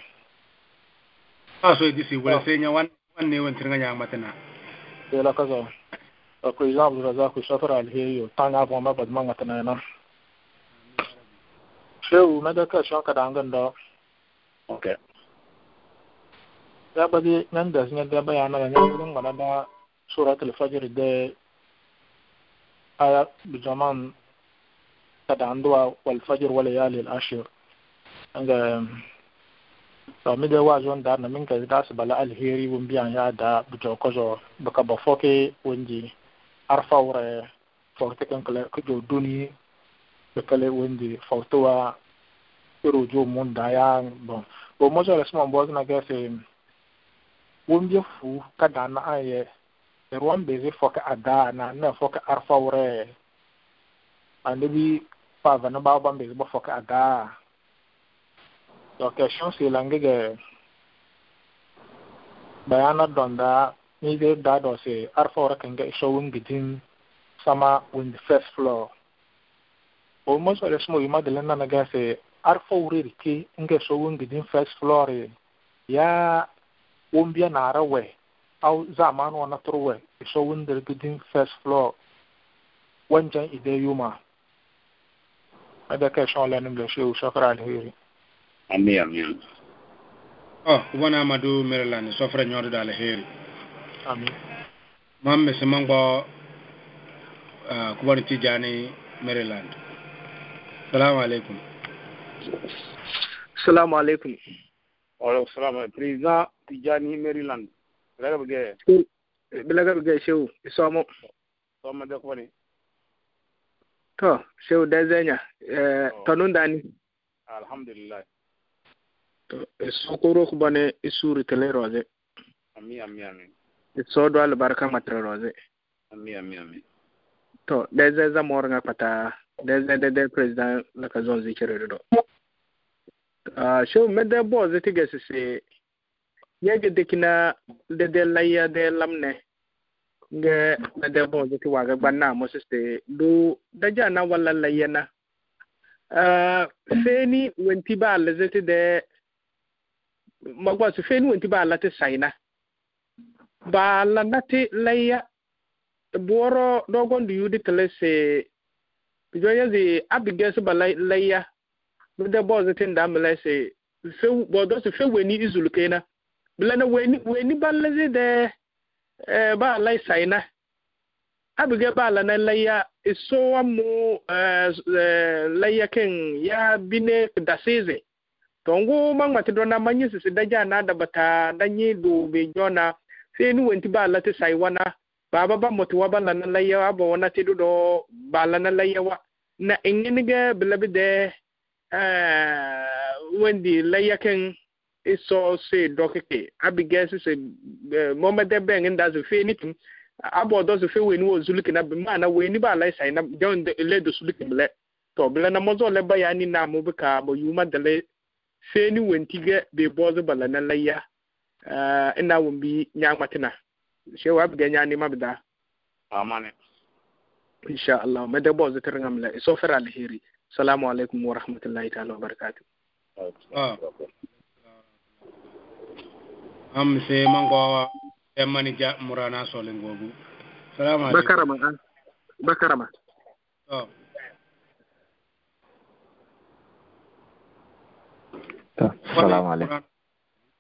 a so disi wala se nya wan wan ne wan tirga nya matana la kaza koji Abdulrazak i Šafar Alheyo tan ga kuma ba man ta nan shehu madaka shan ka dangan da okay ya ba dai nan da sun ga bayana ne nan gurin wala da suratul fajr da aya bijaman ta danduwa wal fajr wal layali al ashir anga um, to mi da wajon da na min ka da su bala alheri wun biyan ya da bijo kozo baka ba foke wunji arfawre fawte kankala ko jow duni ɓe kala wondi fawtowa ɓero jow mum daya bon bo mosole suma mbosnage se bi fu ka dana e an ye na wambeze foke a ande bi pa arfawre na ba ba be bo foke a daa donc question silangege e bayana donda ni ge da do se arfa ora kan ga so wing the first floor o mo so le smo yuma de lana na ga se arfa uri rike nge first floor eh? ya wombia na ara we au zaman wana turwe so wing din first floor wanjan ide yuma هذا كان شغل أنا بلشي وشكر على الهيري أمي أمي آه وانا مدو ميرلان سفر نيورد Amin. Mam mi simango uh, kubani tijani Maryland. Salamu alaikum. Salamu alaikum. Wala président tijani Maryland. Bilaga bige. Bilaga bige shehu isomo. Isomo de kwani. To, shehu da Eh, oh. tanun dani. Alhamdulillah. To, isokoro kubane isuri tele roje. Amin amin amin. do albarka matar roze ami ami ami to deze za nga pata deze de de president la ka zon zikire do a sho me de bo ze tige se se ge de kina de de ya de lamne nge me de bo ze ti waga gbanna mo se se do daja na wala ya na se ni wenti ba le ze ti de magwa su ni wenti ba la te saina Ba la nati laya buoro dogondu yudi kalese abige abigesi ba laya bo bozi tin da mi fe se se fe weni izulu kena na weni weni zi de eh ba lai saina abige la na laya iso e amu eh, eh laya ken ya bine dasize tongu mangmati dona manyi sisi daja na da bata danyi do be jona sai ni wenti ba lati sai wana ba ba mutu wa ban nan layya ba wana ti do ba lan ya wa na ingin ga bilabi de eh wendi layya kan iso se dokike abigail se eh, moment de ben nda zo fe ni tun abo do zo fe we ni wo zuliki na ma na we ni ba lai sai na de le do zuliki ble to bele na zo le ba ya ni na mu bi ka bo yuma le se ni wenti ga be bozo bala na layya Eh, ina wumbi nyamatina shewa bga nyani mabda amane insha Allah ma da bozu tirngam la so fera alheri assalamu alaikum wa rahmatullahi ta'ala wa barakatuh ah. am se mango e manija murana solingogu salamu alaikum bakarama ah. bakarama oh salamu alaikum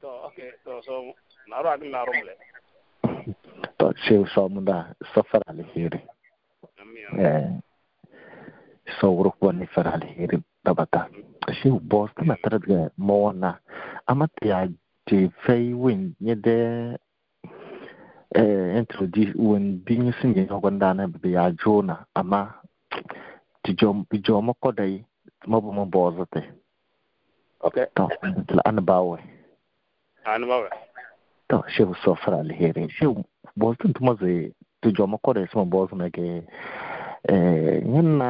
to okay to so naro adin naro mule to shew so munda safar alheri eh so uruk boni far alheri tabata shew boss na taradga mona amatia te fei win nye de eh introduce when being singing oganda na be ya jona ama tijom tijom ko dai mabo mabo zate okay to la anbawe ಅನುಭವ alheri ಸಫರ್ ಅಲ್ಲಿ ಹೇರಿ ಶೇವ್ ಬೋಲ್ತನ್ ತುಂಬ ಜೆ ತು ಜೊಮ ಕೊಡೆ ಸುಮ ಬೋಲ್ಸನಗೆ yana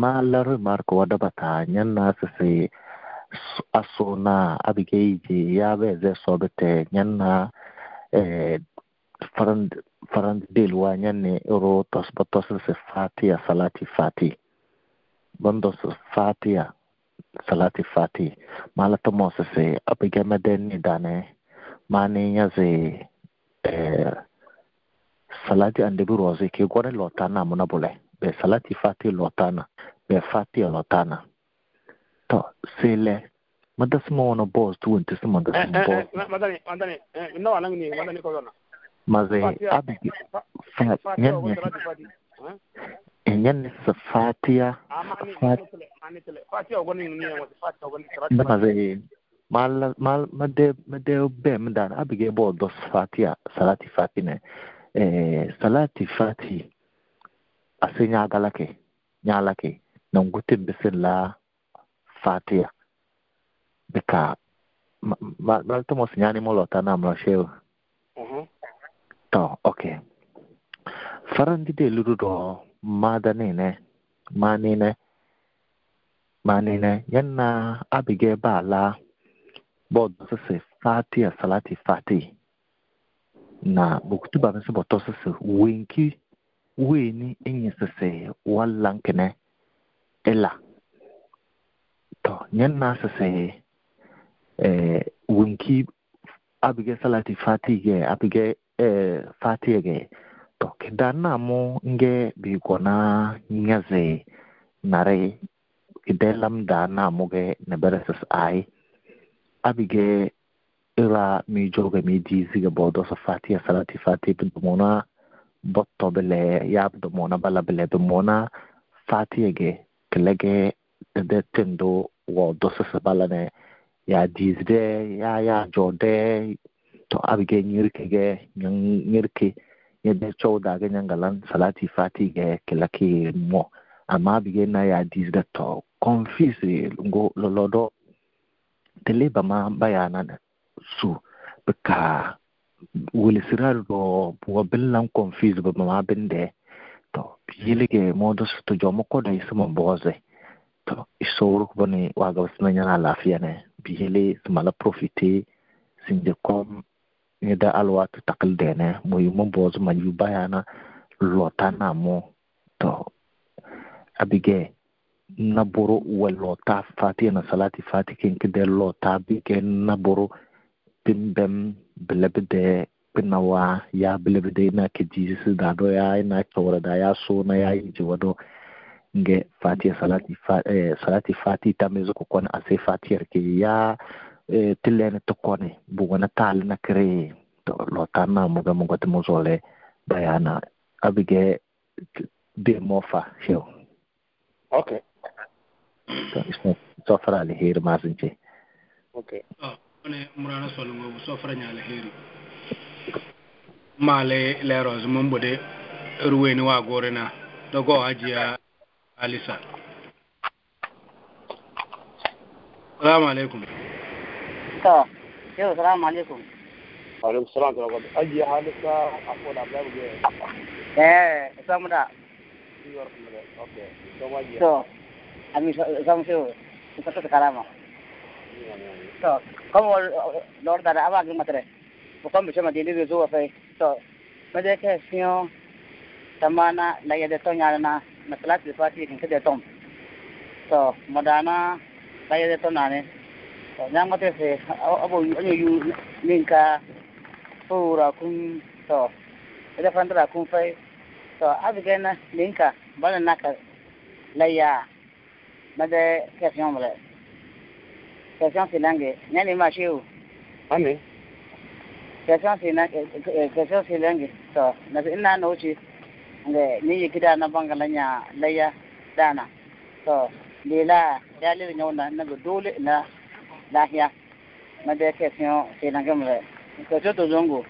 ma laru marko wada bata yana sisi asona abigeji ya be ze sobete na farand delwa yanne ro tosba fati fatiya salati fati bandos fatiya salati fati malatamo sisi apigemeden idane mani nyazi eh, salati andebi rozi ki gwani lotana muna bule be salati fati lotana be fati lotana to sele madasimo wono boss tu wonti simo ndasimo eh, boss eh, eh, madani madani no wala ngini madani ko yona maze abigi fa nyen ɛnyɛ ne sɛ fatia mede bɛ meda abege bɛ ɔdɔ fatia salati fati ne eh, salati fati ase nyaagalake nyaalake na ngute mbese la fatia beka maltomo sinyani molota na mloshew mm-hmm. to okay farandi de ludu do mmadụ ma niile ma niile ya na abịga ebe a laa bọọdụ sịsị fati salati fati na oktuba mesị bọtọ wee nke wee ni wala nkene ịla tọ ya na sịsị wee nke abịga salati fati ge abịga fati ge tokida namo nge bigona nyaze nare ide lamda namuge neberesis abige ira mi joga mi diziga bodo so fatiya salati fati bidumona botto bele yab dumona bala bele dumona fatiya e ge kelege tede tendo wo dosasa bala ne ya dizde ya ya jode to abige nyirke ge nyirke yẽd coogdaage yãnga la salati fati kela keer mo amma bige na yaa diisga tɔ confuse ngo lolodo tele le bãma ba yaa na su bɩ ka wilsra rɔ wa bɩn la n confuse bɩ bãma bɩndɛ tɔ yelge modus tɩ jɔm kɔda y sẽn boze to y soorg bõne waaga b sẽna yãna a laafɩya ne bɩ yele sẽn mala profite sẽn je kom ni da tu takal dene moy mo boz ma yu bayana lota na mo to abige na boro wa lota fati na salati fati ken de lota bige na boro bim bem belebde pinawa ya belebde na ke jesus da do ya na tawra da ya so na ya ji wado nge fati eh, salati fati salati fati tamezo ko kon ase fati ke ya e tilene tokone bungana tal na kre lo tana muga muga te mozole bayana abige de mofa sheo okay so ismo so fara le heri masinche okay oh ah, ne murana solo so fara nya le heri male le roz mumbode ruweni wa gorena dogo ajia alisa salamu alaikum to yau salamu alaikum alaikum salam da wakil ajiye halitta akwai da abu da eh samu da to ami samu sai ka ta kalama to kama lor da aba gi matre ko kama shema dili zo fa to ma de ke sio tamana la ya de to nyana na na plat de fati kin ke de tom to modana la ya de to nane nyang mate se abo onyo yu ninka fura kun to ida fandra kun fai to abigena ninka bala naka laya made question mala question silange nyani ma sheu ame question silange question silange to na ina na uchi nge ni gida na bangalanya laya dana to lela dalil nyona na dole na lahia na bɛ kɛ fiɲɛ senakɛ mɛ kɛso to zongo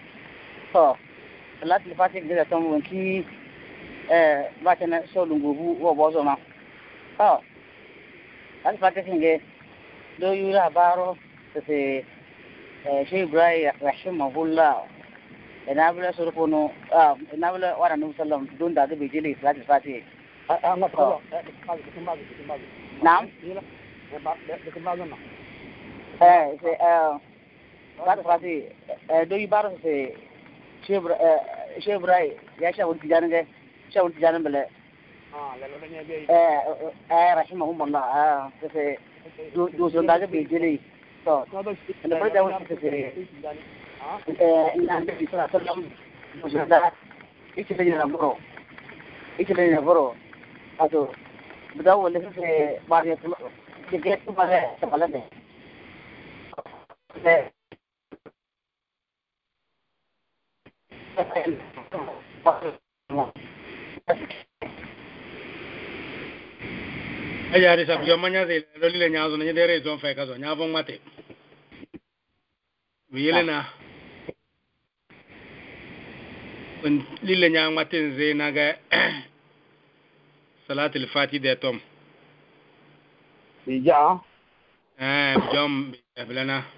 tɔ latili fati gɛrɛ tɔn bɔ nti ɛɛ ba tɛnɛ sɔlungo bu wɔ bɔ zɔn ma tɔ latili fati fiŋge do yura baaro sese ɛɛ sheikh ibrahim rahimahullah enabula sorokonu ah enabula wara nuhu sallam don da gabe jele latili fati. naam. Eh, se, eh, kata pasti, eh, doi barang se, siapa, eh, siapa berai, ya siapa untuk jalan ke, siapa untuk jalan bela. Ah, lelaki ni dia. Eh, eh, rahim aku mana, eh, se, se, dua, dua sahaja biji ni. So, kalau kita pergi jalan, se, se, eh, nanti kita akan dalam, dua sahaja, ikut lagi dalam buruk, ikut lagi dalam buruk. Aduh, betul, lepas se, barang itu, jadi tu mana, sebalik ni. that eja ari sabio manya zile lolile nyazo na nyedere izo mfeka zo nyavo ngwate vile na lile nya ngwate nze na ga salatul fati de tom bija eh ah, jom bilana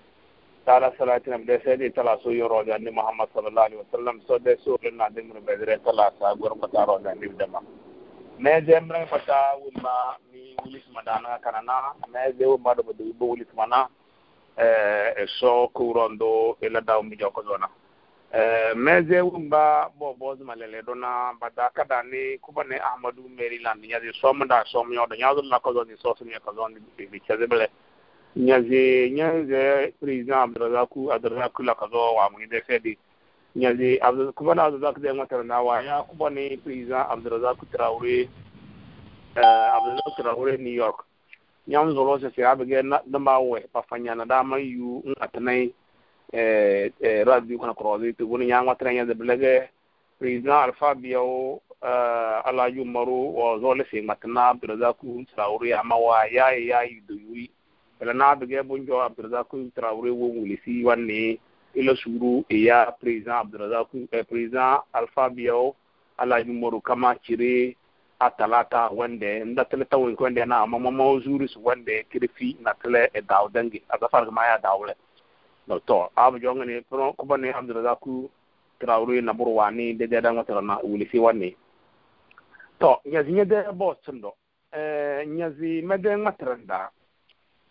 taala salatina ɓe de seedi tala so yoro anndi mouhammad sallallah alih wa sallam so de na sohlina be ɓeydere tala sa gor ko gorgotaroɗe anndi dema mais jemre fata wulma mi wulis madana wulisma danaga kanana mais je wulma be ɓodo wulis mana eh so kuron ɗo ela daw mi joko ko eh me je wulma bo bosma lele ɗona mbadda kada ni ahmadu meri kubane ahmadou maryland ñadi somda somyoɗo na ko so so mi ko ɗon bi caseɓele nyaze nyaze president abdurazaku abdurazaku la kazo wa mu de fedi nyaze abdurazaku kuma na abdurazaku da ngata na wa ya kuma ne président abdurazaku traore eh abdurazaku traure new york nyam zolo se se abge na dama we pa fanya na dama yu ngatnai eh eh radio kana krozi to buni nyam ngata de blege president alfa biao eh ala yumaru wa zolo se matna abdurazaku traure ama wa ya ya yu wala na bege bonjo abdurazak traoré wo ngulisi wanne ila suru iya e président abdurazak eh, président alpha biao ala jumoru kama kire atalata wande nda tele taw ko nde na mama mo zuru su wande kire fi na tele e daw dangi aga far ma ya dawle no to abu ngani pro ko bani abdurazak traoré na burwani de de dango tara na si wanne to nyazi nyade bo tsndo eh nyazi mede matranda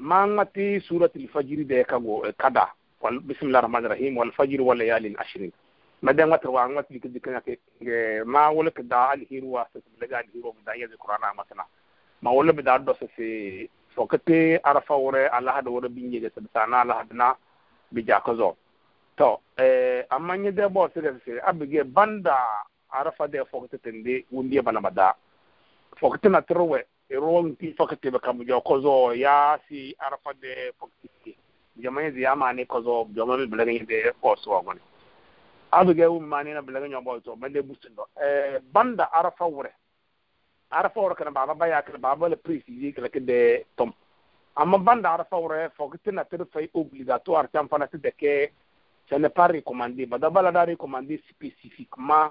mangati suratul fajr de kago eh, kada wal bismillahir rahmanir rahim wal fajr wal layalin ashrin madan wata wa an dik dik na ke ma wala ka da al hirwa sa bil ga al hirwa da ya qur'ana masana ma wala bi da do sa se so kate arafa wore allah da wore binje ga sana allah na bi ja ka zo to eh amma ni de bo se se abige banda arafa de fo kate tende wundi bana bada fo kate na trowe e rowanti fokkattiɓe kamɓe jo koso yaasi arafade fokkatitti jomayde yamani koso jomami bilageñede osowogone adugue wummanina bilageño ɓoyto mande bustinɗo e banda ara fawre ara fawre kene mbaba baya kene mbaba le précisé kele kede tom amma banda ara fawre fokktina tere fay obligatoire tan fana tede ke ce n'est pas recommandé bada balada recommandé spécifiquement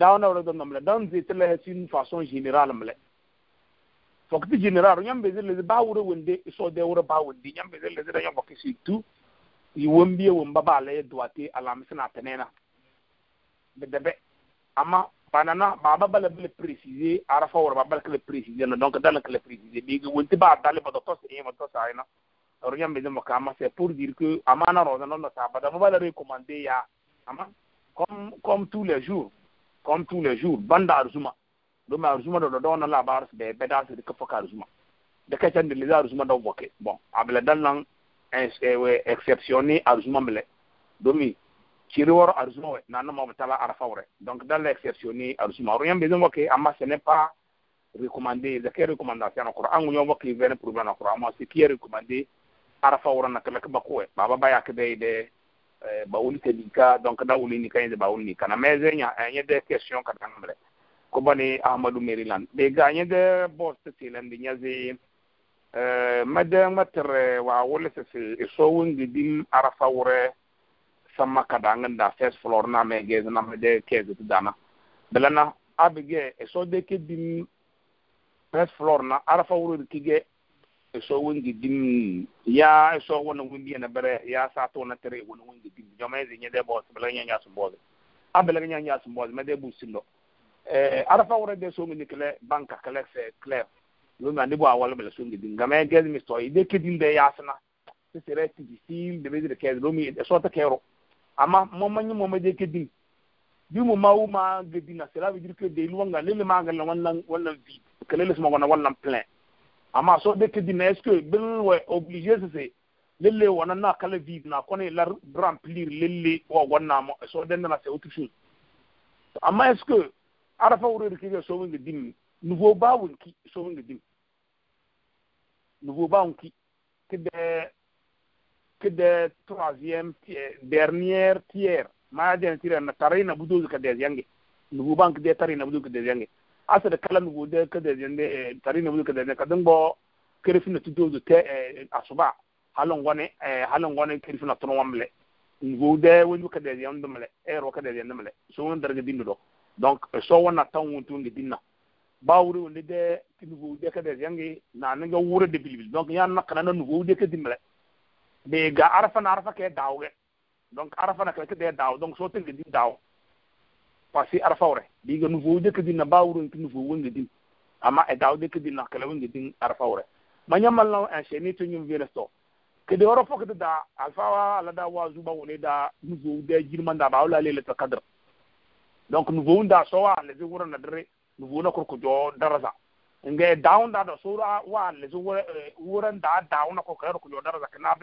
dawna da namla dan zeta la sin façon générale mle fokti général nyam bezir le ba wure wende so de wure ba wende nyam bezir le da nyam fokti situ i wombiye womba ba le doate alam sina tenena de debe ama banana ba ba bala bala préciser ara fa wure ba bala le préciser na donc dala le préciser bi wonti ba dala ba docteur e ma to sa ina ro nyam bezir mo kama c'est pour dire que amana roza non sa ba da bala recommander ya ama comme comme tous les jours comme tous les jours banda arzuma ma arzuma do do na la da bai da su de kofa arzuma de ka can da liza arzuma do boke bon abla dan nan eh, exceptionné arzuma mele domin kiriwar arzuma we na nan ma tala ara fawre donc dans l'exceptionné arzuma rien besoin boke amma ce n'est pas recommandé de kai recommandation au coran ngou yawa vene problème na coran amma ce qui est recommandé ara wure na kala ka bakuwe baba baya ka de de Eh, bawuli te nika donc da wuli nika yende bawuli nika na mais nya yende question ka tangre ko bani ahmadu maryland be ga yende bost tilen di nyazi eh madam matre wa wole se se e so wongi dim arafa wure sama kadanga da first floor na me ge na me de keze tu dana belana abige e so de ke dim first floor na arafa wure ki ge so wengi dim ya so wona wimbi na bere ya sa to na tere wona wengi dim jome ze nye de boss boss abela nya nya so boss me medebu sindo eh arafa wora so banka kle se kle lo ma ni so ngi dim game gez mi so ide kedim de ya sana se sere ti di sim so ta kero ama mo ma nyi mo ma de kedim bi mo de lu lele ma ga na amma so de ke dina est ce bil wa obligé se se lele wana na kala vive na kone la remplir lele wa wana mo so de na c'est autre chose amma est ce que ara fa wuri ke so wingi dim nouveau ba wun ki so wingi dim nouveau ba wun ki que de ke de troisième dernière tiers ma den tiers na tarina budozu ka nouveau banque de tarina ka de yange asada kalam gude kada jende eh, tarina budu ne kadin bo kerifina tudozu te eh, asuba halon gone eh, halon gone na tono wamle gude wondu kada jende mle ero kada jende mle so won darga dinno do donc so won na tan won tun dinna bawri wonde de tinugo de kada jangi na na ga wure de bilbil donc yan nakana no nugo de kada dimle be ga arfa na arfa ke dawge donc arfa na ke kada daaw donc so tin ngi dawo pasi bi diga nufo de kedin na bawrun ki nufo wonge din amma e daw de kedin na kala wonge din arfawre manya mallan un cheni to nyum vire so ke de woro fokata da wa la da wa zuba woni da nufo de jirman da bawla lele to cadre donc nufo nda so wa le woro na dre nufo na ko jo daraza nge down da do sura wa le woro eh, woro da down na ko kero ko jo daraza kana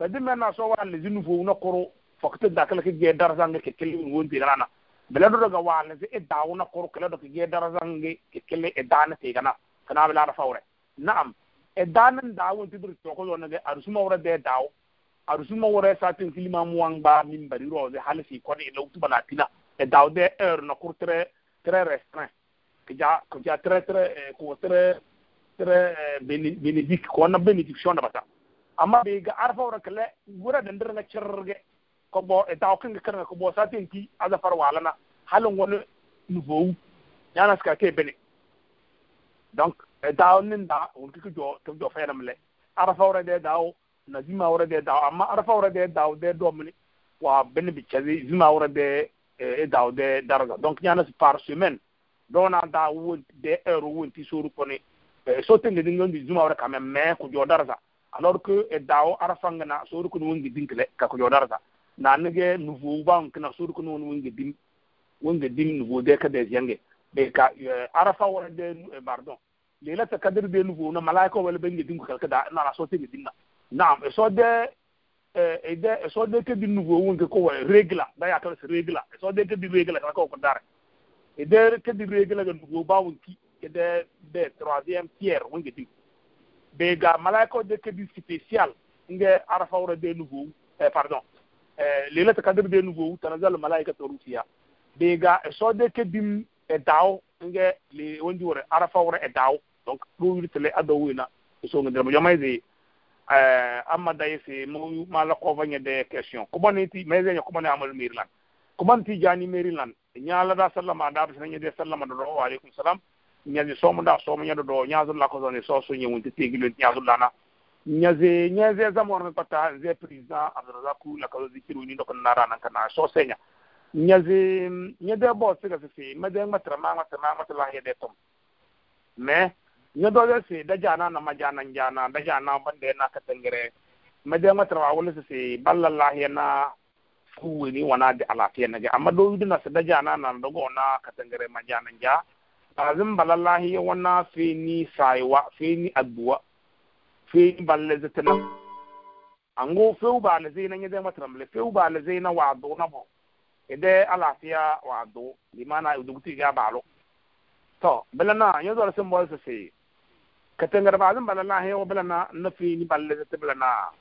donc men na so wa le nufo na fokte dakala ke ge darzange ke kele wonti rana bela do daga wala ze e na kor kele do ke ge darzange ke e dana te kana kana bela ra fawre na'am e danan dawon tidur na ko ne arsuma wora be dawo arsuma wora satin kilima muwang ba min bari ro ze halisi ko de lawtu bana tina e, e daw de e er na kur tre tre restreint ke ja e, ko tre tre ko tre tre benedict ko na benediction da bata amma be ga arfa wora kele wora dandir na cirge ko bo e eh, taw kinga ko bo satin ti azafar walana halin wani nouveau yana ska ke bene donc e eh, taw da on ki jo to jo fenam le ara fawra de daw na zima wara de daw amma ara fawra de daw de domni wa bene bi chazi zima wara de e daw de daraga donc yana par semaine dona da won de euro won ti soru kone eh, so tende din ngondi zuma wara kame me ko jo daraga alors que e daw ara fangana soru ko won gi dinkle ka jo daraga nanige nouveau ban kna sur ko non wonge dim wonge dim nouveau de ka eh, de yange be ka arafa wala de pardon lela ta kadir de nouveau na malaika wala be dim ko kada na na so dim na naam e so de eh, e de e so de ke dim nouveau wonge ko wa regla da ya ka regla e so de ke dim regla ka ko ko dare e de ke dim regla ga nouveau ba wonki e de de troisième tiers wonge dim be ga malaika de ke dim spécial nge arafa wala de nouveau eh, pardon ta eh, lelata denu go nugo nazal malaika to rufiya be ga e so de ke dim e dawo nge le wondi wore arafa wore e dawo donc do wirte le ado wina e so ngi dem yamay de euh amma day se mo mala ko vanya de question ko boniti e mais ñe ko bonati amal mirlan ko ti jani mirlan nyaala da sallama da bisna ñe de sallama do wa alaikum salam nyaali so mo da so mo ñe do nyaazul la ko zone so so ñe wonti tegilon nyaazul lana ñaze ñase ñase zamorne pata je président abdourazakou lakazo zikiru ni ndoko nan kana so seña ñase ñade bo siga si si made ngmatra ma ngmatra ma ngmatra la de tom mais do je si da jana na ma jana jana da jana de na ka ma de ngmatra wa wala si ballallah ya na ni wana de ala alafiya nage amma do yudu na da jana na go na ka katangere ma jana ja azim ballallah ya wana fi fini saiwa ni agbuwa feyin balle na ango feu ba le zena nyede matramle feu ba le zena wa do na bo ede fiya wa do limana e udugti ga balo to belana yo do sem bol se katengar ba zan balana he o belana na fi ni balle zete belana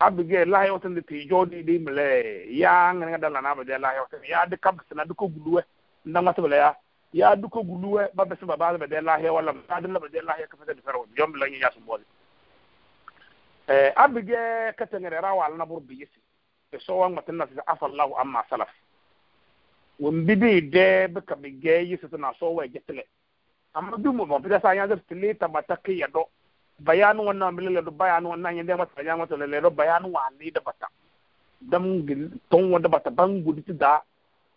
abige lahi watan de ti jodi di mle ya ngana dala na ba de lahi watan ya de kab sna n'a ko guluwe ndan mata bala ya ya duko guluwe ba besu ba ba de lahi wala ba de lahi ka fa de faro jom la nya su bol Eh, abige katangere rawa al nabur bi yisi e so wan matanna fi afa allah amma salaf won bibi de be ka bige yisi na so wa jetle amma du mo bon pida sa yanga tele ta bataki ya do bayanu wanna milele do bayanu wanna nyende mata nyanga to lele do bayanu wa ni da bata dam gil ton wanda bata bangu diti da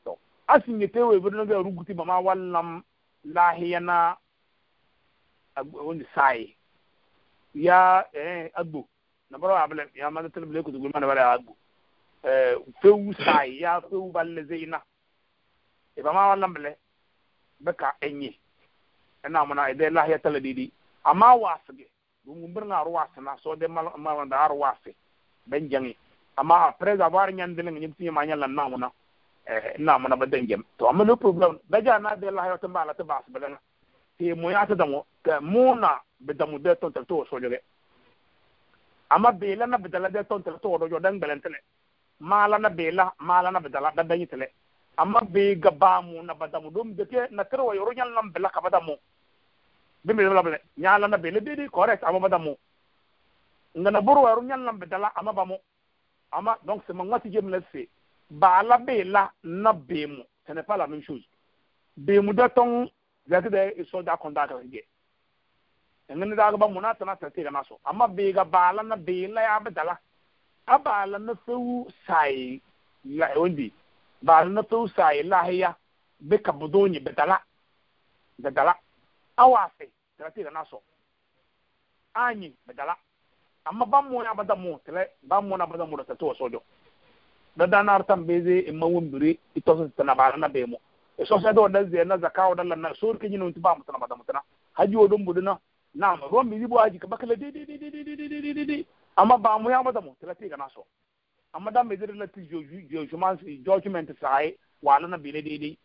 to asin yete we bi no ga ruguti ba ma wallam lahiyana woni sai ya eh agbo nabara wa abla ya ma tel ble ko dugul man wala agu eh fewu sai ya fewu balle zeina e ba ma wala mble baka enyi ina na ide lahiya taladidi amma wasge dum umbirna ruwasa na so de mal mal da ruwasa ben jangi amma après avoir ñandilen ñim tiñi ma ñalla namuna eh namuna ba dengem to amma le problème daja na de lahiya to mbala to bas belen ti moyata damo ke muna be damu de ton to so joge ama beela na bidala de ton tele to yo dan belen tele mala na beela mala na bidala da dan tele ama be gabamu na badamu dum de ke na kerwa yo nyal nam bela ka badamu be mi bela bela nyala na beela de de correct ama badamu ngana buru waru nyal nam bidala ama bamu ama donc c'est mangati jem na se baala beela na bemu ce n'est pas la même chose bemu de ton zati de so da konda ka ngani daga e ba muna tana ta tira maso amma be ga bala na be la ya badala abala na fu sai la wandi bala na fu sai la hiya be ka budoni badala badala awase tana tira naso anyi badala amma ban mu na da mu tele ban mu na bada mu da to sojo da danar tan beze imma e wumbiri itoso e tana bala na be mu so sai do da zai na zakawo da lan na surkin yin mutu ba mutana bada mutana haji wodon buduna nam ruwan mai yibo aji kaba kala dai amma ba mu ya mata mu talati ga naso amma dan mai zira lati judgment judgment sai wala na bile dai dai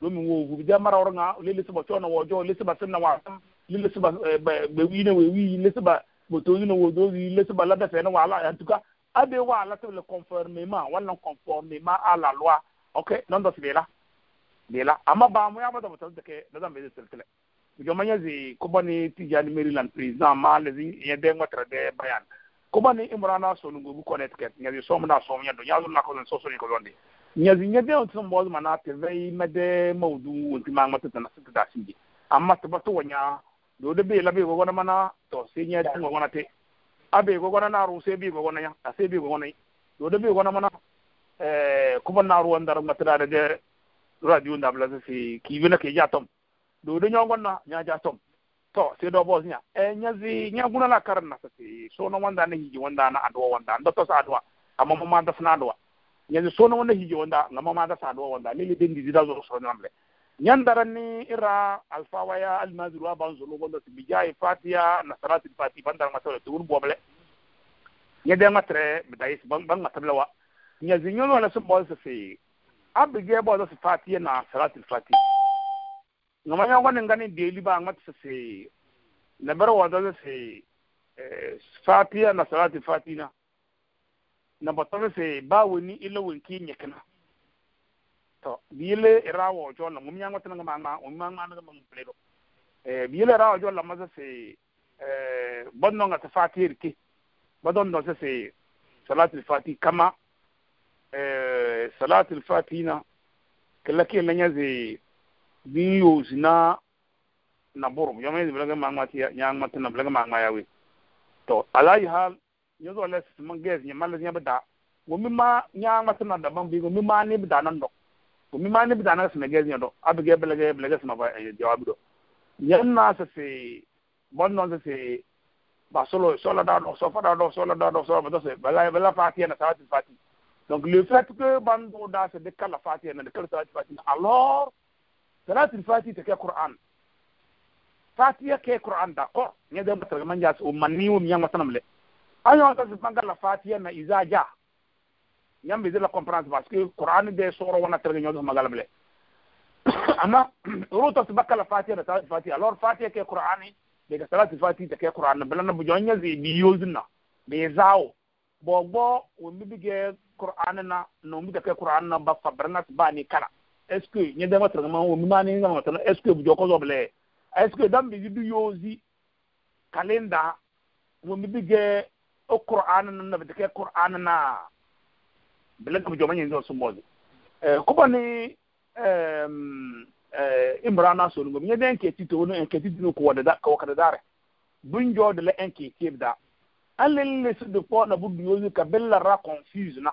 domin wo gu da mara oranga lele suba to na wojo lele ba na wa lele suba eh, be wi ne we wi lele suba boto yi na wojo lele suba la da fe na wala en tout cas abe wala to le conformément wala conformément à la loi ok non do sibela bela amma ba mu ya mata mu talati ke da dan mai zira manya zi kobani tijani maryland président ma lezi yende ngwatra de bayan kobani imrana solungu bu nyazi na som nyado nyazo na ko so so ni nyazi mana te mede mawdu on ti mang matata na de. dasindi amma to bato wanya do de be labe mana to se nya de te abe na se bi go gona ya ase bi go gona do de mana eh de radio ndabla ki ke jatom dodo ñogon na ñaja tom to se do bos nya e eh, zi nyazi guna la karna na se so no wanda na hiji wanda na adwa wanda ndo to sa adwa amma mama da sna adwa zi so no wanda hiji wanda ngama ma da sa adwa wanda lili dendi da zo so no amle nyandaran ni ira al alfawaya almaziru aban zulu wanda su bijai e fatiya nasarati fati bandar tole tuun boble nyade matre bidais bang bang matablawa zi nyono la su bol sa se abige bol sa fatia na salati fatiya ngama nyago nin ngani deli ba ngat se eh, na bar wa da se fatiha na salati fatina na bata se ba woni ila wonki nyekna to bile irawo jo la ngum nyango tan ngama ma ma ngum ma ma ngama ngam pledo e eh, bile irawo jo la ma se e eh, bonno ngat fatir ki badon no se salati fati kama salati fatina kala ke lanya ze Vi yu zina naburom. Yon men yon vilege mank mati ya, nyan mank mati nan vilege mank maya we. To. Ala yi hal, yon zon le se seman gezi, nyan man le zina beda, gwen mi man, nyan man seman deban bi, gwen mi man ne beda nan do. Gwen mi man ne beda nan seman gezi nan do. Ape ge, belege, belege seman va, aye, eh, diwa bi do. Nyan nan se se, ban nan se se, basolo, soladado, soladado, soladado, soladado, vela fati ane, savati fati. Donk le fet ke ban do da salatin fati ta ke qur'an fati ya ke qur'an da ko ne da mata man jas o um, manni o miyan watanam le ayo ta se pangala fatiya na izaja nyam be zila comprendre parce que qur'an de soro wana tere nyodo magalam le amma ruta su bakala fatiya na salatul fati alors fatiya ke qur'ani ga salatin fati ta ke qur'an bala na bu jonya zi bi yozna be zawo bo bo o mbi um, ge qur'an na no mbi ke qur'an na ba fabrana ba ni kana est ce que nye dama tana ma wo mima ni ngama tana est ce que bu joko zo est ce que dam bi du yozi kalenda wo mi bige o qur'an nan na bidike qur'an na bele ko joma nyi zo sumbozi eh ko bani em eh imrana so ngom nye den ke tito wono en ke tito ko wada ko kada dare bun jo de la en ke kebda alil le su de po na bu yozi ka bella ra confuse na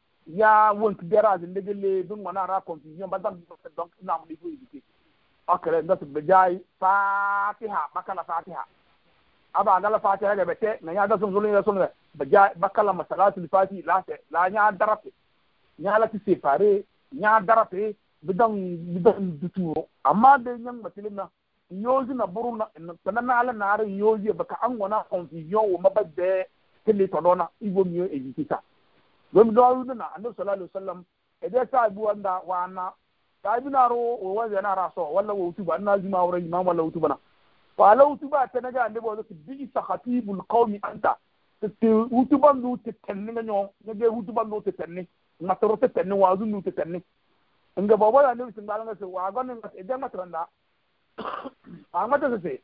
ya won ti dera zin de gele dun wana ra confusion ba dan donc na mu ko yiki akere nda su bejai fatiha bakala fatiha aba ngala fatiha ga bete na ya da sun zulun ya sun bejai bakala masalatu fati la se la nya darape nya la ti separe nya darape bidan bidan duturo amma da yan matilin na yozi na buru na na na ala na ara yozi baka an wana confusion wo mabade tele todona igbo mi o ejikita don do do na annabi sallallahu alaihi wasallam idan de sa abu wanda wa na ta bi na ro o wa yana raso wala wa utuba tuba na zima wa mamu walla wutu na fa la wutu ba ta naga annabi wa bi sa khatibul qawmi anta te wutu ban du te tanni nga nyo nga de wutu ban du te tanni nga toro te tanni wa zu du te tanni nga bobo da annabi sun balanga se wa gon nga e de matranda a mata se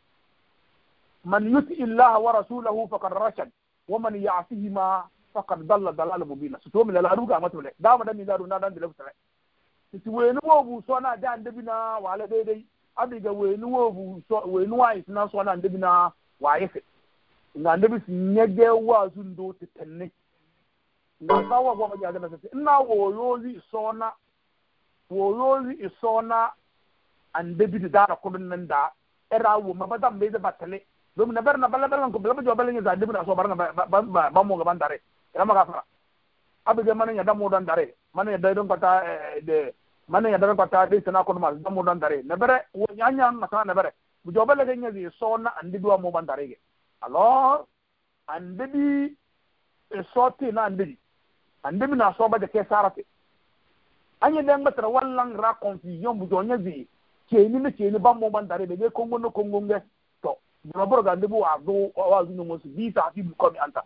man yuti illaha wa rasulahu faqad rashad wa man ya'sihima fakad dalla dalala mubina so to mi lala ruga mato le da ma da mi daru na dan de lebutare ti wenu wo bu so na da ndebi na wala daidai abiga wenu wo bu so wenu wa isna so na ndebi na wa yefe nga ndebi si nyege wa zu ndo ti tenne nga ba wa wa ya da na se na wo yozi so na wo yozi so na andebi da da ko min da era wo ma ba da me da batale domin bar na bala ko bala ba za ndebi so bar na ba ba ba mo ga bandare rama ka fara abige mana nyada mu dan dare mana nyada don kata de mana nyada don kata de sana ko ma dan mu dan dare nebere wo nyanya masa nebere bu jobe le ganya zi so na andi duwa mu ban dare ge alors andi bi e eh, sorti na andi andi bi na so ba de ke sarate anya dan batara wallan ra confusion bu jonya zi keni ne keni ban mu ban dare be ge kongo no kongo nge to bro bro ga ndi bu wa do wa zu no mo su bi ta fi bu ko mi anta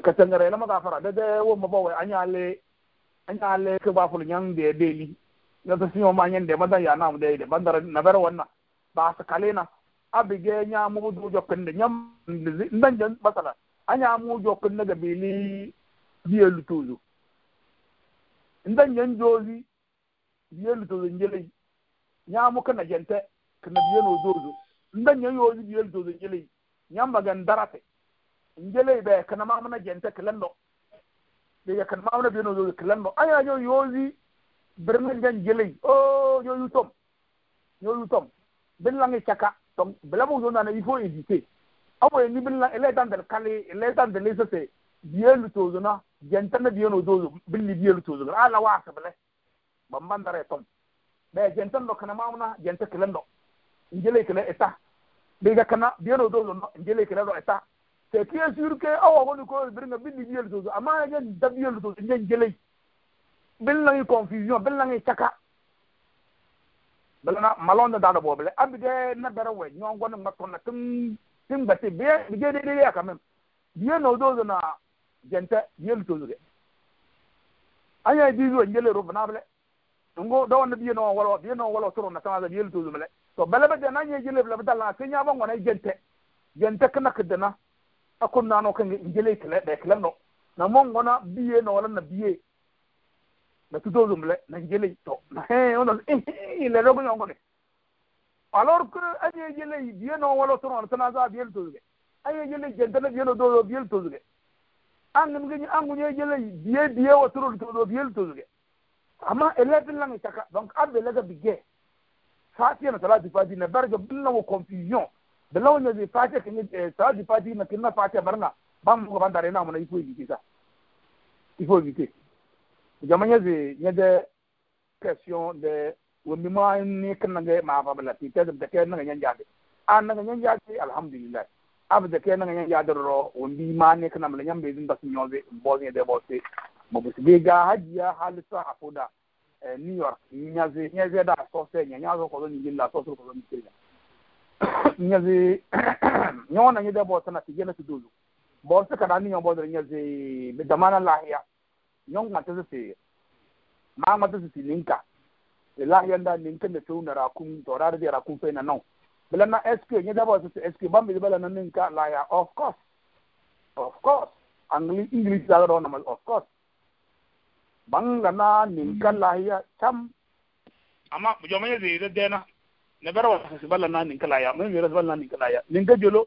katangare la maka fara da de wo mabo we anyale anyale ke ba fulu nyang de de li na to sinyo ma nyen de ma ya na mu de de bandara na bar wannan ba su kalena abige nya mu du jo de nyam ndan jan basala anya mu jo kende ga bili biye lutuzu ndan jan jozi biye lutuzu ngele nya mu kana jente kana biye no dozo ndan jan yozi biye lutuzu ngele nyam gan darate njele be kana ma mana gente kelando de ya kana ma mana bino zo kelando aya yo yozi berna jan jele o yo yutom yo yutom bin langi chaka tom belamu zo na il faut éviter awo ni bin lang ele dan del kali ele dan del sese bielu to zo na gente na bieno zo zo bin ni bielu to zo ala wa sabale bamban dare tom be gente ndo kana ma mana gente kelando njele kele eta de ga kana bieno zo zo njele kele do eta te tiye sur ke awa gonu ko bir nga bindi yel so so ama ngen dab yel so so ngen gelay bin la ngi confusion bin la ngi chaka bala na malon da da bobele abi de na bere we nyon tim bati be be de de ya kamem ye no do na gente yel so so ge di zo ngele ro bana bele ngo do na bi no wala bi no wala toro na kama yel so so mele to bala na nye gele bala bala na kenya gente gente akon na no kan ngele kle de kle no na mo ngona biye no wala na biye na tudo zum le na ngele to na he ona eh le rogo ngone alor que aje ngele biye no wala to na na za biye to zuge aye ngele na biye no do do biye to zuge an ngi ngi an ngi ngele biye biye wa to do biye to zuge amma eleven lang chaka donc abbe lega bige sa tiena salati fadi na barga na wo confusion da lawan da zai fata kan yi eh, sa di fati na kin na fata barna ba mu gaban dare na mu na iko gite sa iko gite jaman ya zai ya da question da wani ma ne kan nan ga ma fa bala ti ta da kai nan ga yan jabe an nan ga yan jabe alhamdulillah abu da kai nan ga yan jabe ro wani ma ne kan nan ga yan bezin da sun yobe bozi da bozi mabusi be ga hajiya halisa afuda eh, new york nyaze nyaze da sosai nyazo ko ni gilla sosai ko ni kila nyazi nyona nyida bo sana tigena tudulu bo se kada ni nyombo de nyazi be damana lahia nyong mata se se ma mata se se ninka le lahia nda ninka ne tu na rakum to rar de rakum fe na no bela na sq nyida bo se sq bam be bela na ninka lahia of course of course angli english da ro na of course bangana ninka mm. lahia cham ama jomanya de de na ne bera wasa si bala na nin kala ya men mira bala na nin kala ya nin ga jolo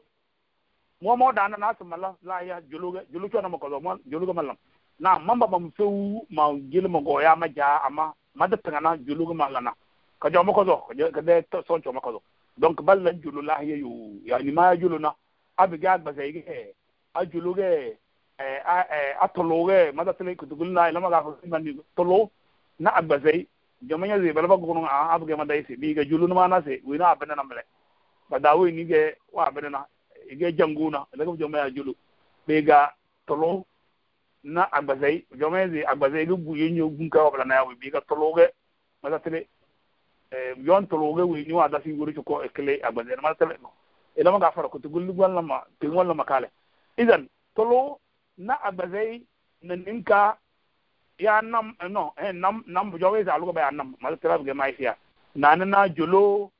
mo mo da na su mala la ya jolo ga jolo cho na mo ko mo jolo ga malam na mamba bam feu ma gel mo go ya ma ja ama ma da tanga jolo ga lana, ka jo mo ko zo ka de son cho mo ko zo donc bala jolo la ya yo ya ni ma jolo na abi ga ba sai ge eh, a jolo ge a a tolo ge ma da tele ku dugul na ila ma ga ko man ni tolo na agba sai jamanya zi bala bako kunung a abu kema daisi bi ga julun na se na abena namle ba dawo ni ge wa abena na ge janguna daga jamaya julu bi ga tolo na agbazai jamanya zi agbazai ga guye nyo gunka wa bala na wi bi ga tolo ge da tele eh, yon tolo ge wi ni wa dasi wuri ko ekle agbazai da tele no ila e ma ga fara ko tugul gwan lama tugul lama kale idan tolo na agbazai na ninka ya nam no eh nam nam bu jowe za ba nam mal tara ge mai sia na na na jolo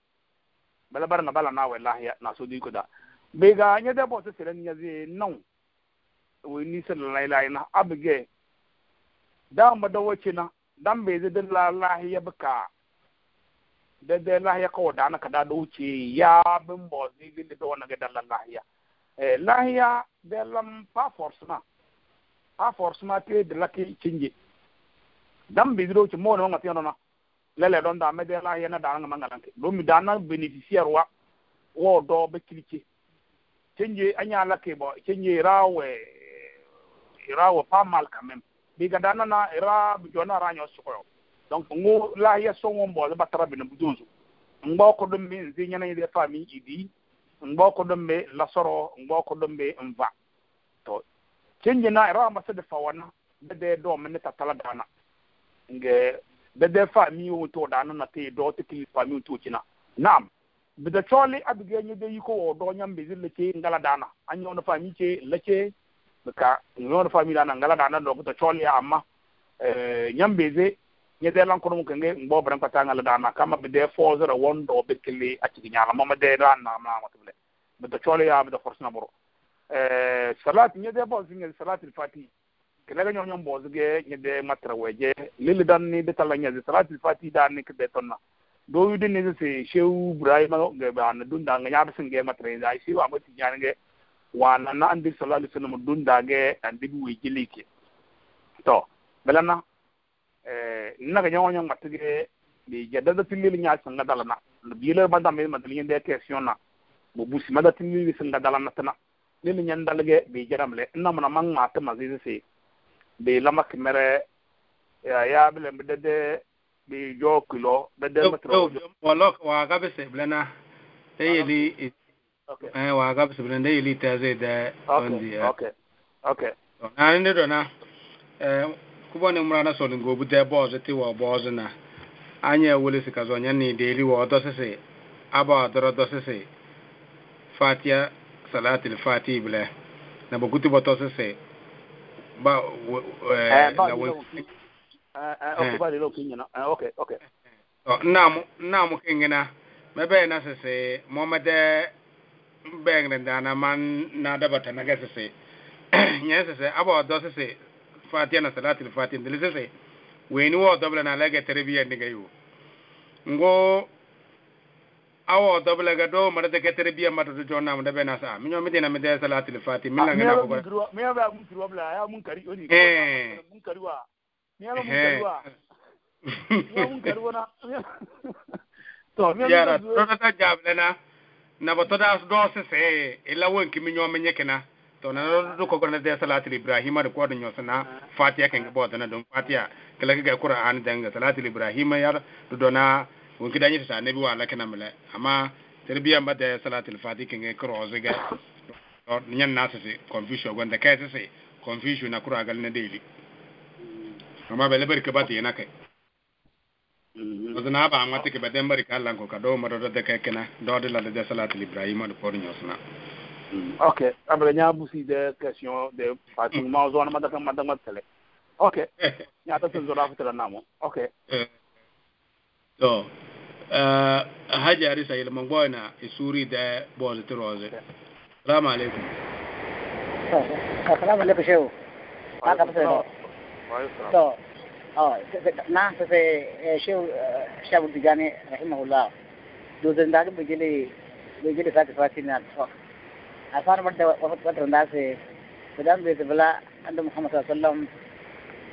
bala bar na bala na wallahi na so di ko da be ga nya da bo se sele nya ze no wo ni se la la na abge da ma da wace na dan be ze da la ya baka da da lahiya ya ko da na ka da do wuce ya bin bo ni bin da wona ga da la ya eh la ya da lam pa force na a force de la ke cinje dan bidiro ci mo no ngati na lele don da mede la yena da nga mangala ke do mi da na beneficiaire wa wo do be kilike cenje anya la ke bo cenje rawe rawe pa mal quand même bi ga dana na ra bi jona ra nyo suko donc ngo la ya so won bo ba tara bi na budunzu ngba ko dum mi zi nyana ni de fami idi ngba ko dum be la soro ngba ko dum be mva to cenje na ra ma se de fawana de de do men ta dana nge bede fa mi o to da na te do te ki fa mi o to china nam bede choli abige nye de yiko o do nya nyam le ke ngala dana anyo na fa mi che leche ka nyo na fa mi dana ngala dana do to choli amma eh nya beze nye de lan ko kono kenge mbo bran pata ngala dana kama bede fo zero won do be ke kili ati nyala mama de ran na ma ma tule bede choli ya bede force na boro eh salat nye de bo zinga salat al fatih kelaga ñoo ñoo mboos ge ñi de lili dan ni de tala ñazi salati fati dan ni kebe tonna do yu ni se cheu ibrahima ge ban da nga yaar sin ge matra da si wa mati ge wa na na andi sallallahu alaihi wasallam dun da ge andi wi jilike to belana eh naga ñoo ñoo mat ge de da tilil ñaar sin nga dalana bi le ma dambe ma dalin de question na bo busi ma da tilil dalana tana lili ñan dalge bi jaram le na mang ma ta mazi se bi lama kimere ya ya bile dede bi jo kilo dede metro wala wa ga be seblena te yeli okay eh wa ga be seblena te yeli te de on the eh. okay okay na ndi do na eh kubo ne mura so ngo bu de boss ti wo boss na anya wole sika zo nya ni de ri wo do sese aba do do sese fatia salatil fatibla na bokuti bo to sese ba nam kingina mebe na sese momede mbengre ndana man na dabata na ga sese nye sese aba odo sese fatia na salatul fatia sese weni wo dobla na lege terebiya ndiga ngo awo dobla ga do mara de ketere biya mata to jonna mo de bena sa mi nyomi dina mi de salatul fati mi langa na ko ba mi ya ba mun kiri bla ya mun kari oni eh mun kari wa mi ya mun kari wa ya mun kari wa na to mi ya to ta jable na na ba to da do se se ila won ki mi nyomi nyekena to na do ko gona de salatul ibrahima de ko do nyosna fatiha kan ga bo na don fatiha kala ga qur'an dan ga won ki danyi sa nebi wala kana mala amma tarbiya mata salatul fati kinga cross ga nyan nasa se confusion gonda kai se confusion na kura gal na daily amma bele barka ba ta yana kai wazana ba amma take ba dan barka Allah ko ka do ma do da kai kana do da la da salatul ibrahim al por nyosna ok abre nya busi de question de fatima zona ma da kan ma da ma tele ok nya ta zora fitara namo ok, okay. okay. okay. so hajji arisa ilma goyna e suuride boolitirose salamu aleykum assalamu aleykum chew to نعم شيخ شاب الدجاني رحمه الله دوزن داك بيجلي بيجلي فات فاتين اتفاق أفار برد وفت فترة ناس فدام بيت بلا عند محمد صلى الله عليه وسلم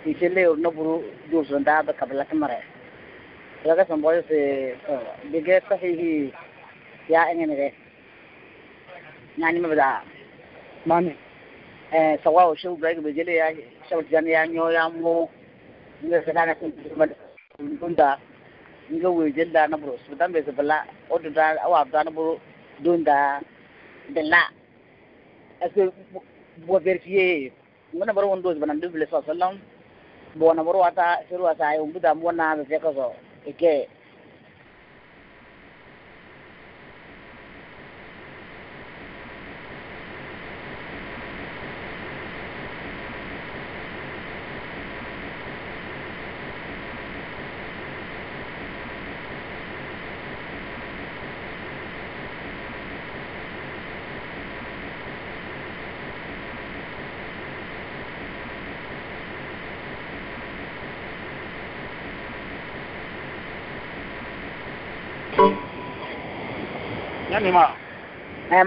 يشيلي ونبرو دوزن داك قبل كمرة Talaga sa boy si oh, bigat sa Ya ingen re. Nani ma bada. Mami. Eh sa wa o shu ya shu jan ya nyo mo. Nge sa kana kun Nge we jele da na bro. bala o da da awa da dunda. Dela. Asu bo verifier. Ngana baro on dos banan duble sa Bo na ata seru mo na again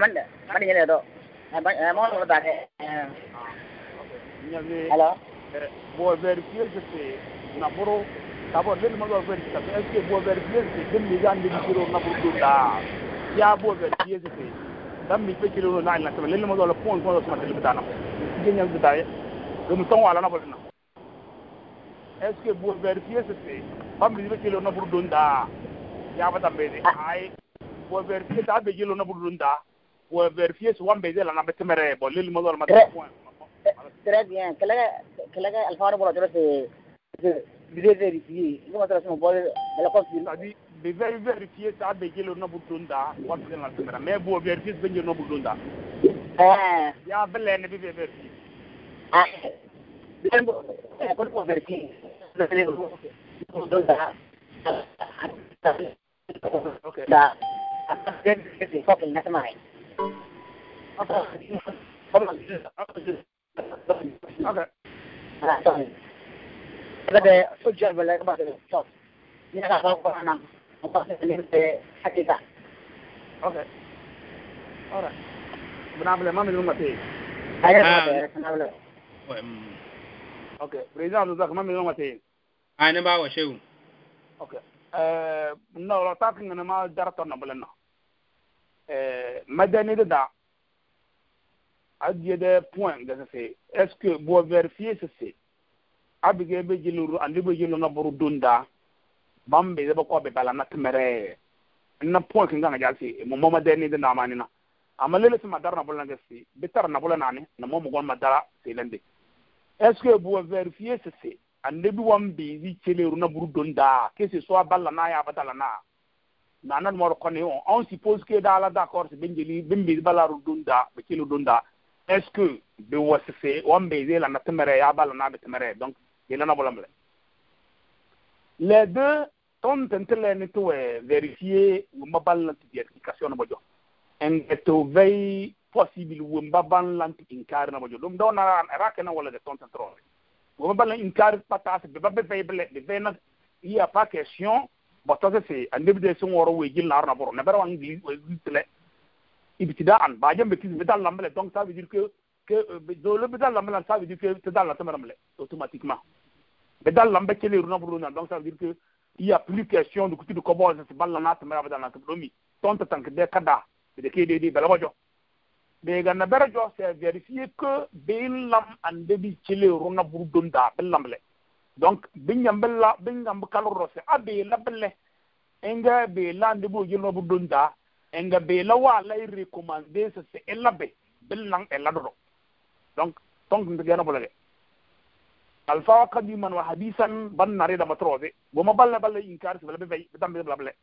മണ്ട് മണ്ട് ഞാൻ കേട്ടോ മോൾ കൊടുത്താട്ടെ hello vou verificar se na boro tá bom ele mandou verificar é que vou verificar se tem ligan de tiro na boro da já vou verificar se dan mi pe kilo na na sabe ele mandou o ponto quando se mantém bitana ninguém não bitai eu não tão ala na boro na é que vou verificar se dan mi pe kilo na boro da já vai também ai vou verificar se tá be kilo na boro da وفيرفيس وان بيدل انا بتمر بقول لي الموضوع ما إيه. تراد يعني كلاجا كلاجا الفار بولا درس بيدل فيرفيس لو ما درس موبايل بلا كونس دي يعني بيفيري فيرفيس عاد بيجي انا نبو دوندا انا بيدل الكاميرا ما بو فيرفيس بيجي له نبو دوندا اه يا انا نبي فيرفيس اه كل بو فيرفيس اوكي لا اتفضل الناس معي اوكي سجل ولا بدأ شاف نحن خلاص أنا مقصد اللي حكيته أوكي أوكي بنعمل أمام الأمة فيه أيوة بنعمل أوكي بريزان عبد الرزاق أمام الأمة فيه أنا بقى وشيو أوكي ااا نورا تاكن أنا ما درت أنا madani da adie de point de sese est-ce que bo vérifier sese abige be jiluru andi be jilu na buru dunda bambe de ko be bala na tmere na point kinga na jasi mo mo madanide na mani na amma lele sima darna bolan ga si bitar na bolan ani na mo mo gon madara selende est-ce que bo vérifier ce c'est andi bi wambe di cheleru na buru dunda ke se so abala na ya batala na nanan mor koni on on suppose que dala d'accord so ɓe jeli ɓembi balaru dunda ɓe kilu dunda est ce que ɓe wasfe wonɓe zelana temere ya balanaɓe temere donc yelana bolamle les deux ton tenteleni towe vérifier womba ballanti vérification no bojo enge to vey possible womba ballanti incare no bojo ɗum ɗo nara rakena walla de ton tentrore womba ballan incare patas ɓe baɓe vey ɓe veyna il y a pas question batase se a nebide sun woro wey jil na arna boro na bera wangi wey gisile ibtida an ba jembe kiz bidal la mele donc ça veut dire que que do euh, le bidal la mele ça veut dire que bidal la tamara mele automatiquement bidal la mbe kele runa buruna donc ça veut dire que il y a plus question de coutu de kobo ça se balla na tamara bidal na tamromi tonte tank de kada de ke de de bela wajo be ga na bera jo c'est vérifier que bin lam an debi kele runa buru dunda bidal la mele donc binyam bella binyam kaloro se abe la belle enga be la ndibu yino bu dunda enga be la wa la recommandé se se elabe billang eladro donc donc ndiga na bolade alfa qadiman wa hadisan ban nare da matrobe ma balle balle inkar se belle be dam belle belle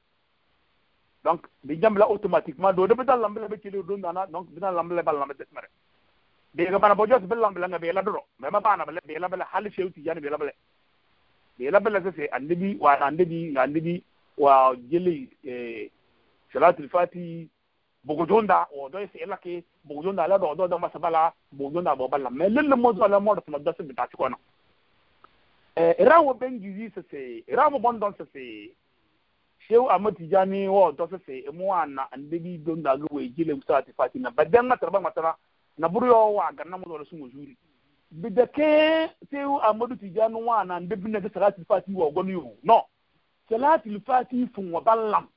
donc binyam la automatiquement do de dal lambe be ci dunda na donc dina lambe le balle be mare de ga bana bojos billang bilanga be eladro mais ma bana belle be la belle hal shewti yani be la belle Eh, la labella sese annabi wa annabi annabi wa jeli e eh, salatul fati bogodonda o do se ke bogodonda la do do masabala bogodonda bo bala me lele mo do la mo do do se bitati eh e wo ben gizi sese rawo bondon sese sheu amati tijani wo do sese e, mo ana annabi donda go we jeli salatul fati na badan matara matara na buru yo wa ganna mo do sun juri bidake ke amadu tijani wa na nde bina ta salati fati wa gwani yo no salati fati fun wa ballam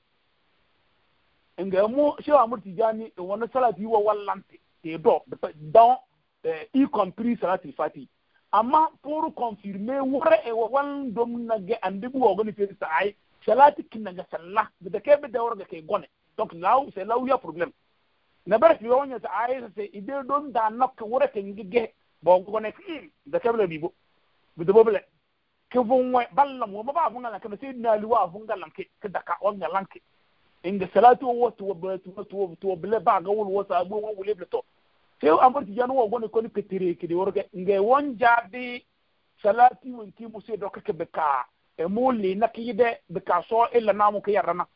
nga mu shewa amadu tijani wani salati wa wallante te do don eh, i compris salati fati amma pour confirmer wore e wa wan dom na ge ande bu wa gwani fe sa ai salati kinna ga salla bida ke da warga ke gone donc law c'est y ya problème na barki wonya ta ai sai ide don da nok wore ke ngige bon ko ne fi da kebla bi bo bi dobo bele ke vun we ballam wo baba vun ala kama sayyidina wa vun galan ke ke daka on galan ke inga salatu wo to wo to to to bele ba ga wol wo sa wa wo wole to te an parti janu wo goni ko ni ke de jabi salati won ki musse do ke beka e mo le na ki de beka so illa namu ke yarana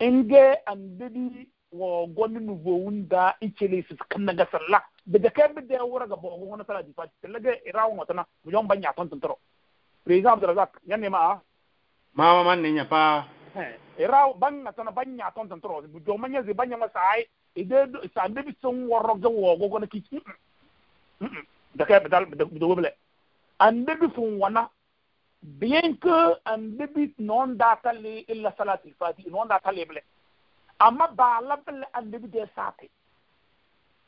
inga an dedi wa goni nu wunda ichele sis kanna ga sallah daga kai bi wura ga banya ton ma man ne ban na tana banya ton ton banya bi son woro ga da kai bi wana bien que bi non illa salati fati non amma ba la bele ande bi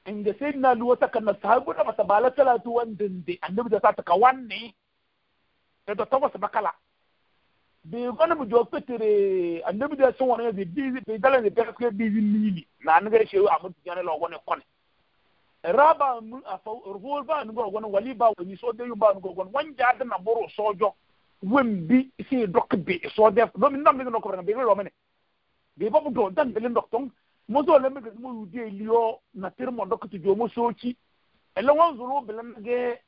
inda sai na luwa ta kan nasta hagu na mata bala talatu wandin da annabi da ta ka wanne da da tawas bakala bi gona mu jokka tire annabi da sun wani bi bi bi dalan da ka bi ni na an ga shi a mutu yana lawa ne kon raba mu a fa ruhul ba ni gona wali ba wani so da yun ba ni gona wanja da na boro sojo wembi si dok bi so def no min nam bi no ko bi ro mene bi babu do dan bi le ndok tong muso le mege mu yudi elio na tirmo dokti jo mo sochi ele won zuru bilan ge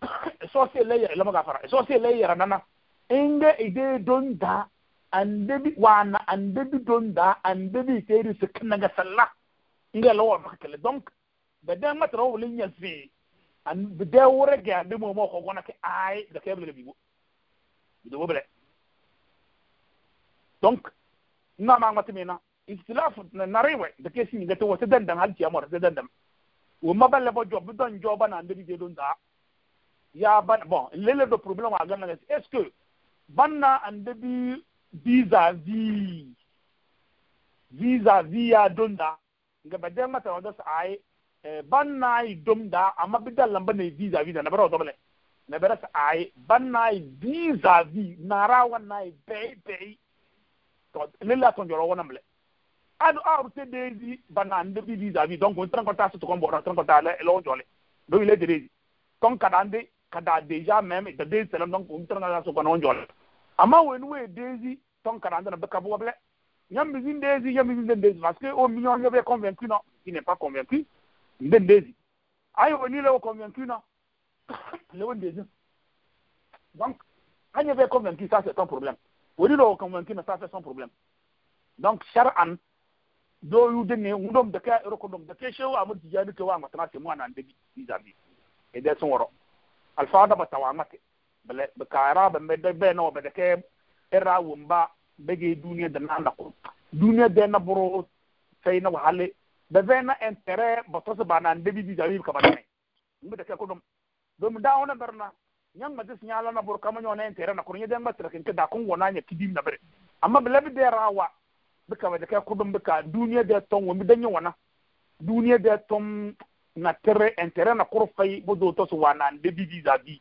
so se le yere gafara so se le nana inge ide e don andebi wana andebi don andebi teri se kanaga salla inge lawa makale donc bedan matra wolin yafi an bede wore ge ande mo mo ko gona ke ai da keble bibo bido bele donc na ma ngati mina ihtilaf nariwe da ke sin gato wata dandan halti amor ta dandan wo maballa bo job don joba na ndiri je don da ya ban bon lele do problem wa ganna est-ce que banna andabi visa vi visa ya don da ga badde mata wada sa ai banna ai dom da amma bidan lamba ne visa da na barawo doble na bara sa ai banna ai visa vi na rawan na ai bei bei to lele ton joro wona mle adu aru ah, te dezi bana ande bi vis à vis donc on transporta comme on kombo transporta le lo jole donc il est dezi kon kada ande kada déjà même de dezi selam donc on transporta comme on jole ama wenu we dezi ton kada ande na beka bo ble nyam bizin hein. dezi nyam bizin dezi parce que au million il est convaincu non il n'est pas convaincu nden dezi ayo il a ah, convaincu non le wenu dezi donc quand il est convaincu ça c'est ton problème il le convaincu mais ça c'est son problème donc charan do yu de ne ngom da kai ro ko da kai shewa a mun tijani ke wa matana ke mu anan de bi zabi e de son woro alfa da wa mate bele be kaara be me de be no be de ke era wumba be ge duniya da nan da ko duniya da na buru sai na wahale be be na entere boto se banan de bi zabi ka banan mu de ke ko dom do mu da ona barna nyam ma dis nyala na bor kama nyona entere na kunye nyede ma tra ke da kun wona nya kidim na bare amma bale be de rawa bika ba dika kubin bika duniya da ton wani dan yi wana duniya da ton na tere entere na kurfai bodo to su wana da bibi za bi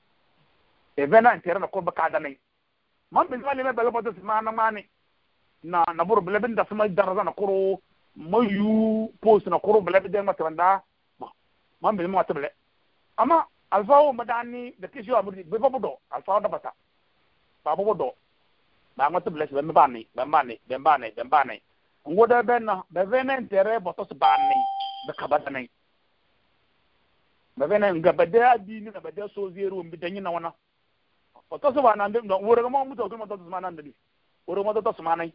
evena entere na kurba kada nai man bin wani mai lobo to mana mani na na buru blebin da sama daraza na kuro mayu post na kuro blebin da mata banda man bin mata ble amma alfawo madani da kishiwa amurdi bai babu do alfawo da bata babu do bango ti bless ben bani ben bani ben bani ben bani ngoda ben no be venen tere botos bani be kabada nei be ga na so mbi na wana ba na ma muto ko motos ma na ndeli ma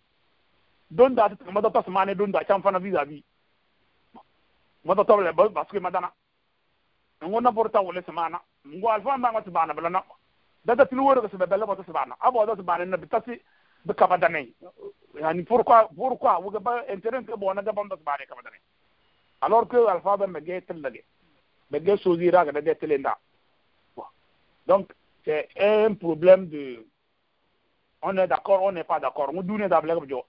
don da ta ma motos ma don da cham fana visa bi moto to le ba basku madana ngona porta wole semana ngo alfa ma dada tilu woro kasaba bella bodo sabana abo do bana na bitasi be kabadane yani pourquoi pourquoi wo ba intérêt ke bona ga bondo ka kabadane alors que alpha ben be gay lage be gay sozira ga de telenda donc c'est un problème de on est d'accord on n'est pas d'accord on dune da blague jo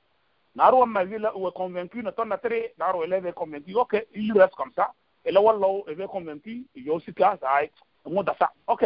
naro ma villa ou convaincu na ton tre naro elle est convaincu OK il reste comme ça et là wallo elle est convaincu yo sika ça on da ça OK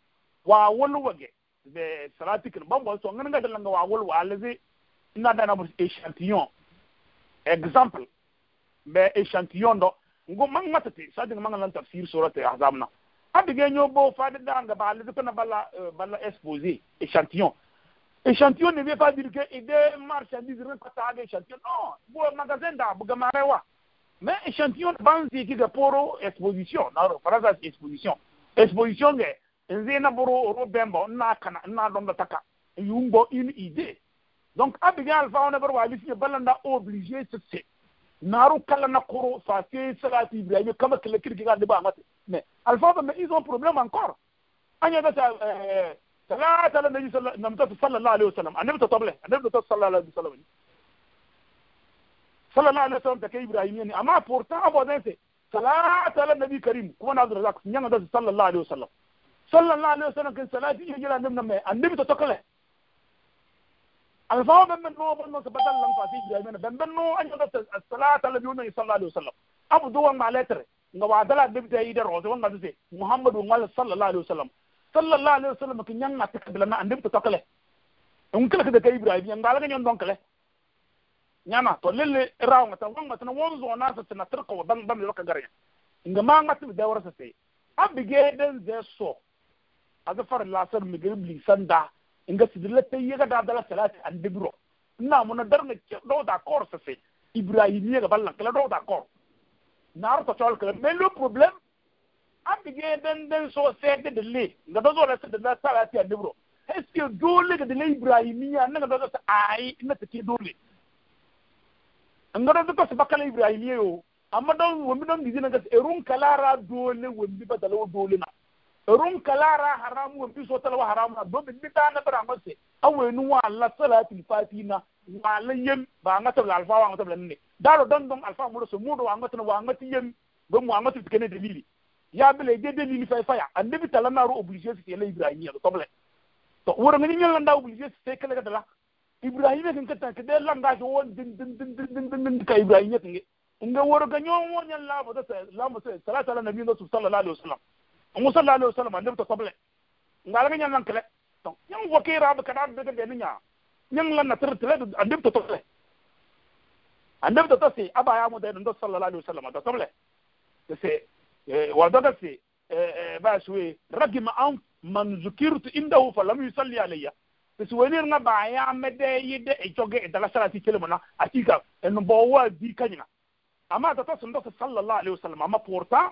wawol wage, se salatik, nan nan nan nan nan wawol waleze, nan nan nan waleze, echantillon, egzamp, be, echantillon don, mwen man matate, sa den man nan tap sir sorate, a zam nan, a be genyo bo, fade dan, waleze konan wala, wala espose, eh, echantillon, echantillon neve fade, ide marchandize, repata aga echantillon, nan, bo magazen da, bo gamarewa, men echantillon, banze ki de poro, esposisyon, nan, wala esposisyon, esposisyon gen, echantillon, buru na kana na donda taka yumbo une idée donc abigal il on bar balanda obligé na fa le mais alfa mais ils ont problème encore anya da ta nabi sallallahu alayhi wasallam sallam. sallallahu sallallahu ta nabi karim sallallahu alaihi wasallam. sallam ken salati iyo jila ndem namme andemi to tokale al ɓen ɓen ɗoo ɓonno so badal lan fa fiji ay mene ɓen ɓen no añoɗote salata alabi unayi sallallahu alayhi wa sallam abu duwanma lettre nga wa dala ndemte yide roose wonga duse mouhamadou ngal sallallahu alayhi wa sallam sallallahu alayhi wa sallam ko ñanga tekkabilana andemi to tokale on kala kede ka ibrahima ngalaga ñon donkale ñana to lelle rawnga tan wonga tan won zona sa tina tirko bam bam lokka garña nga ma ngatimi dewra sa sey abbi geeɗen je aga far lasar migrib li sanda inga sidilla te yega da dala salati an dibro na mona darna do da kor sa se ibrahim yega ballan kala do da kor nar to tol kala mais le problème abige den den so sede de le nga do zo la sede na salati an dibro est ce que dole ga de le ibrahim ya nga do sa ai na te dole nga do ko sa bakala ibrahim yo amma don wambi don gizi na gas erun kalara dole wambi badala dole na rum kalara haramu wa biso talwa haramu na dobi bita na bara mase awe nu wa la salati fatina wa la yem ba ngata la alfa wa ngata la ne daro don don alfa mu so mu do wa ngata wa ngata yem go mu ngata tikene dalili ya bele de dalili fa fa ya annabi talana ro obligé ci la ibrahim ya toble to woro ngi ñel la obligé ci te kala dala ibrahim ke ngata ke de la ngaji won din din din din din din ka ibrahim ya ngi nga woro ga ñoo won ñal la ba da la mo salatu ala nabi sallallahu alaihi wasallam ngu sallallahu alaihi wasallam ne to soble ngala ga nyang kle to nyang wo ke rab ka dab de de nya nyang lan na tir tele ande to soble ande to to si aba ya mu de ndo sallallahu alaihi wasallam to soble to se wa do ga si ba suwe ragim an man zukirtu indahu fa lam yusalli alayya to si wenir nga ba ya me de yide e joge e dala salati kele mona atika en bo wa bi kanyina amma to to ndo sallallahu alaihi wasallam amma porta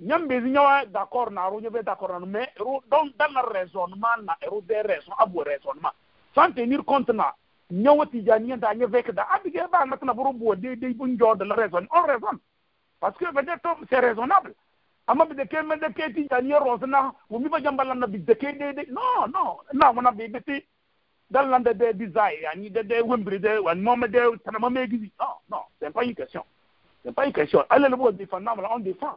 ñam be ñawa d'accord na ro ñebe d'accord na mais donc dans le raisonnement na ro des raisons abu raisonnement sans tenir compte na ñawa ti ja ñenta ñe vek da abige ah, ba nak na buru bo de de bu ñor de la raison on raison parce que ben to c'est raisonnable amma bi de ke men de ke ti ja ñe ro na wo mi ba jambal na bi de ke de de non non na mo na bi de ti dans l'ande des desires yani de de wembri de wan mom de tanama me non non c'est pas une question c'est pas une question allez le bo défendre on défend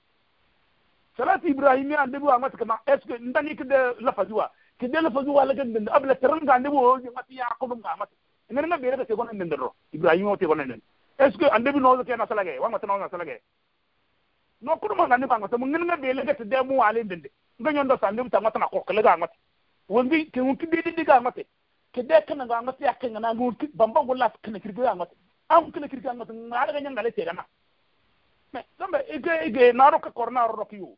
salati ibrahimi an debu amat kama est ce ndani kede lafazi wa kede lafazi wa ke den abla teranga debu o mati yaqub nga mat ngene nga bere te gonen den ro ibrahimi o te gonen est ce an no ke na salage wa mat no na salage no kudu ma ngani bango to ngene nga bele ke te demu wale den de nganyon ta mat na ko ga wondi ke wonki bi di ga mat kede kana ga mat ya kana na ngun bamba ga mat am kana kirga ga mat ngara ga nyangale te ga na me zambe ige ige naro ka ro ro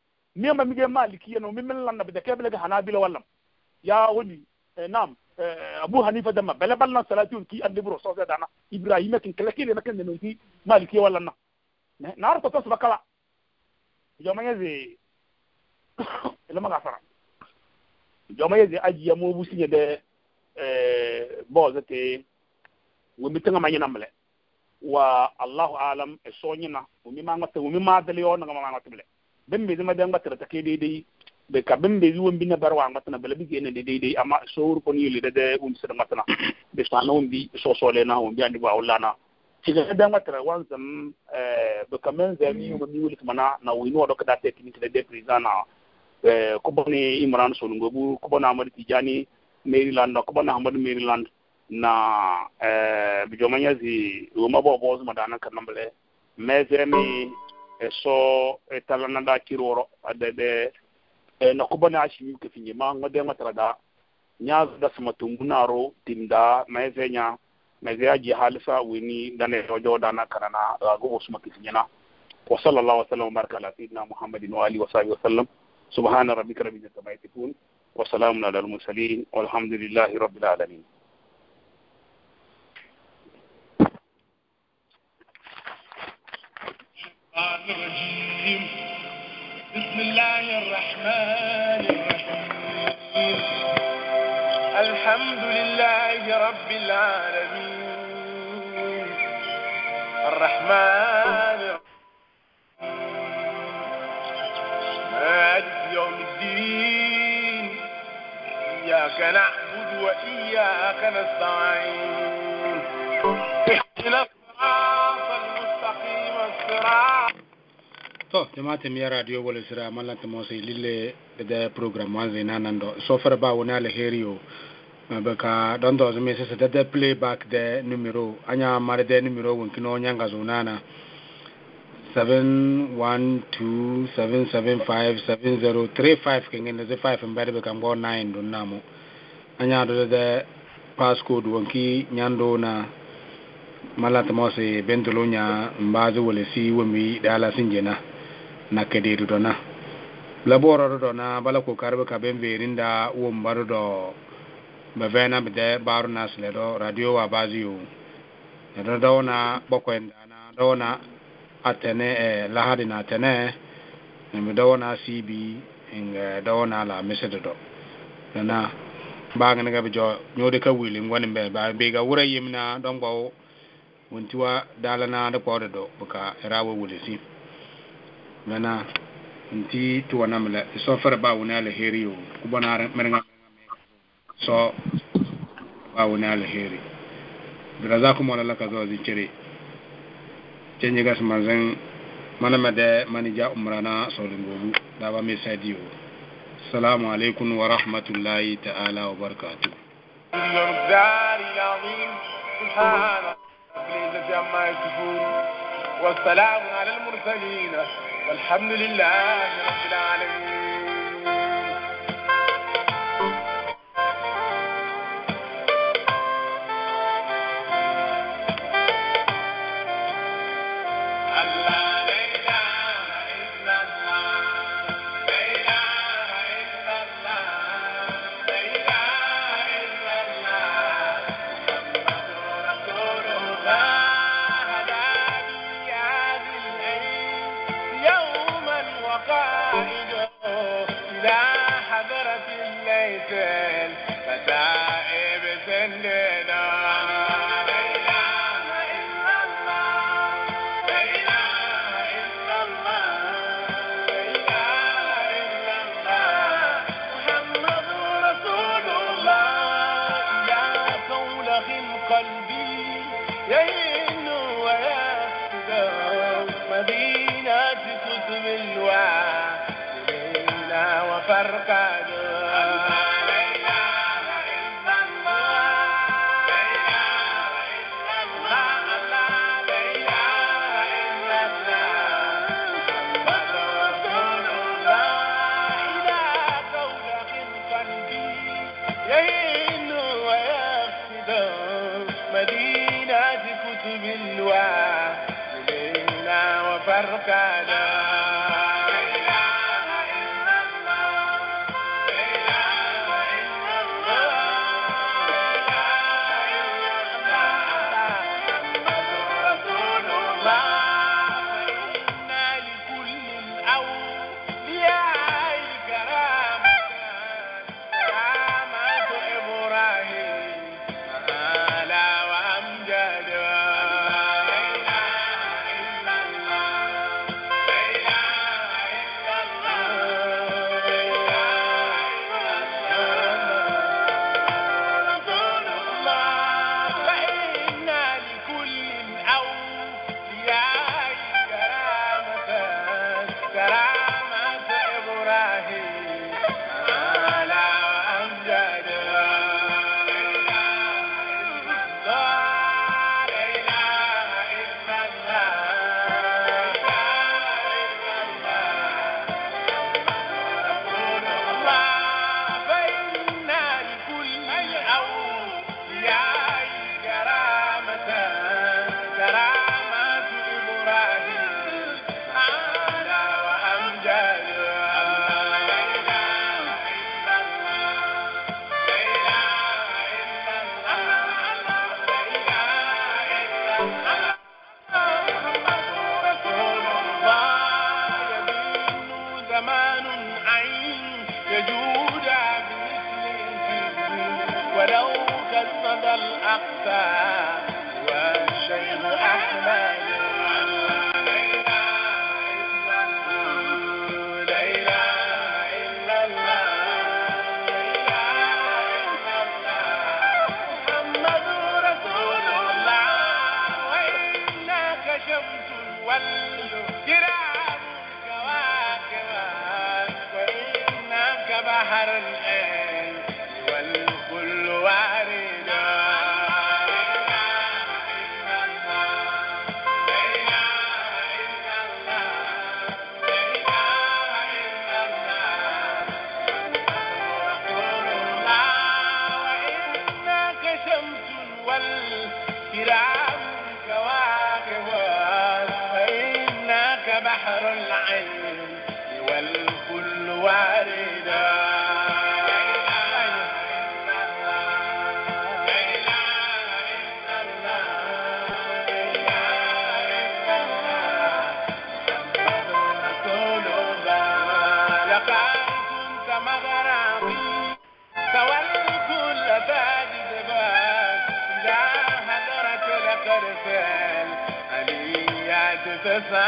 miya ma mige maliki no mi min lanna be kebele ga bila wallam ya woni eh, nam eh, abu hanifa dama bele balna salati ki andi bro so dana ibrahima kin kala kile makan ne ki maliki wallam na na arko to sabakala joma yeze ilama ga sara joma yeze aji ya mo busi de eh bozete wo mitanga manyina mle wa allahu alam e sonyina wo mi ma ngata wo mi ma dali yo na ma ngata bele bin bai zama dan batar ta kai daidai da ka bin bai zuwan bin na barwa matana bala bi yana da daidai amma sawur ko ni da da un sir matana da sa na um bi so so le na um bi andi ba wallana tiga dan batar wan zam eh ba kamen zami um bi wuli kamana na wino wa doka da te technique da de prison na eh ko bani imran solungo bu ko bana amad tijani maryland ko bana amad maryland na eh bijomanya zi wo mabo boz madana kan nambale mais vraiment so e tala da kiroro ade de e na kubane ashimi ke finye ma ngode matrada nya da sama ro timda maezenya mezea ji halisa wini dane rojo dana kanana go suma na wa sallallahu wa sallam baraka ala sayyidina muhammadin wa alihi wa sahbihi wa sallam subhana rabbika rabbil izzati amma yasifun wa salamun ala al mursalin walhamdulillahi rabbil alamin الرجيم بسم الله الرحمن الرحيم الحمد لله رب العالمين الرحمن مالك يوم الدين إياك نعبد وإياك نستعين احسن to jamaate mi yaa radio wole sira mallante mosey lille ede programme wanse na nan ɗo sofere ba woni ale heeri yo ɓe eh, ka ɗon ɗo somi sese dede playback de numéro aña mare de numéro wonkino ñanga so nana 7127757035 ke gende se 5 mbaɗe ɓe kam go nayin ɗum namo aña ɗo dede passcode wonki ñando na mallante mosey bentolo ña mbase wole si womi ɗala sin jena na kedeedu ɗo na laboroɗo ɗo na bala kokarɓe ka ɓe mberinda wombaɗo ɗo ɓe vena ɓede baru nasle ɗo radio wa basi na neɗo dawna ɓokkoen dana dawna atene e lahadi na atene nemi dawna sibi nge dawna la meseɗo ɗo ɗona mbaŋene ka ɓe jo ñoode ka wili goni ɓe ɓa mbiga wura yimna ɗon gbaw wontiwa dalana ɗo kpawɗo ɗo ɓoka rawo wuli si mana nti ti wana mla so fara ba wuna alheri yo kubona merenga so ba wuna alheri birazakum wala ka zawazi chere chenye gas manzan mana made manija umrana solingobu daba me sadiyo assalamu alaikum wa rahmatullahi ta'ala wa barakatuh والسلام على المرسلين والحمد لله رب العالمين that I सदा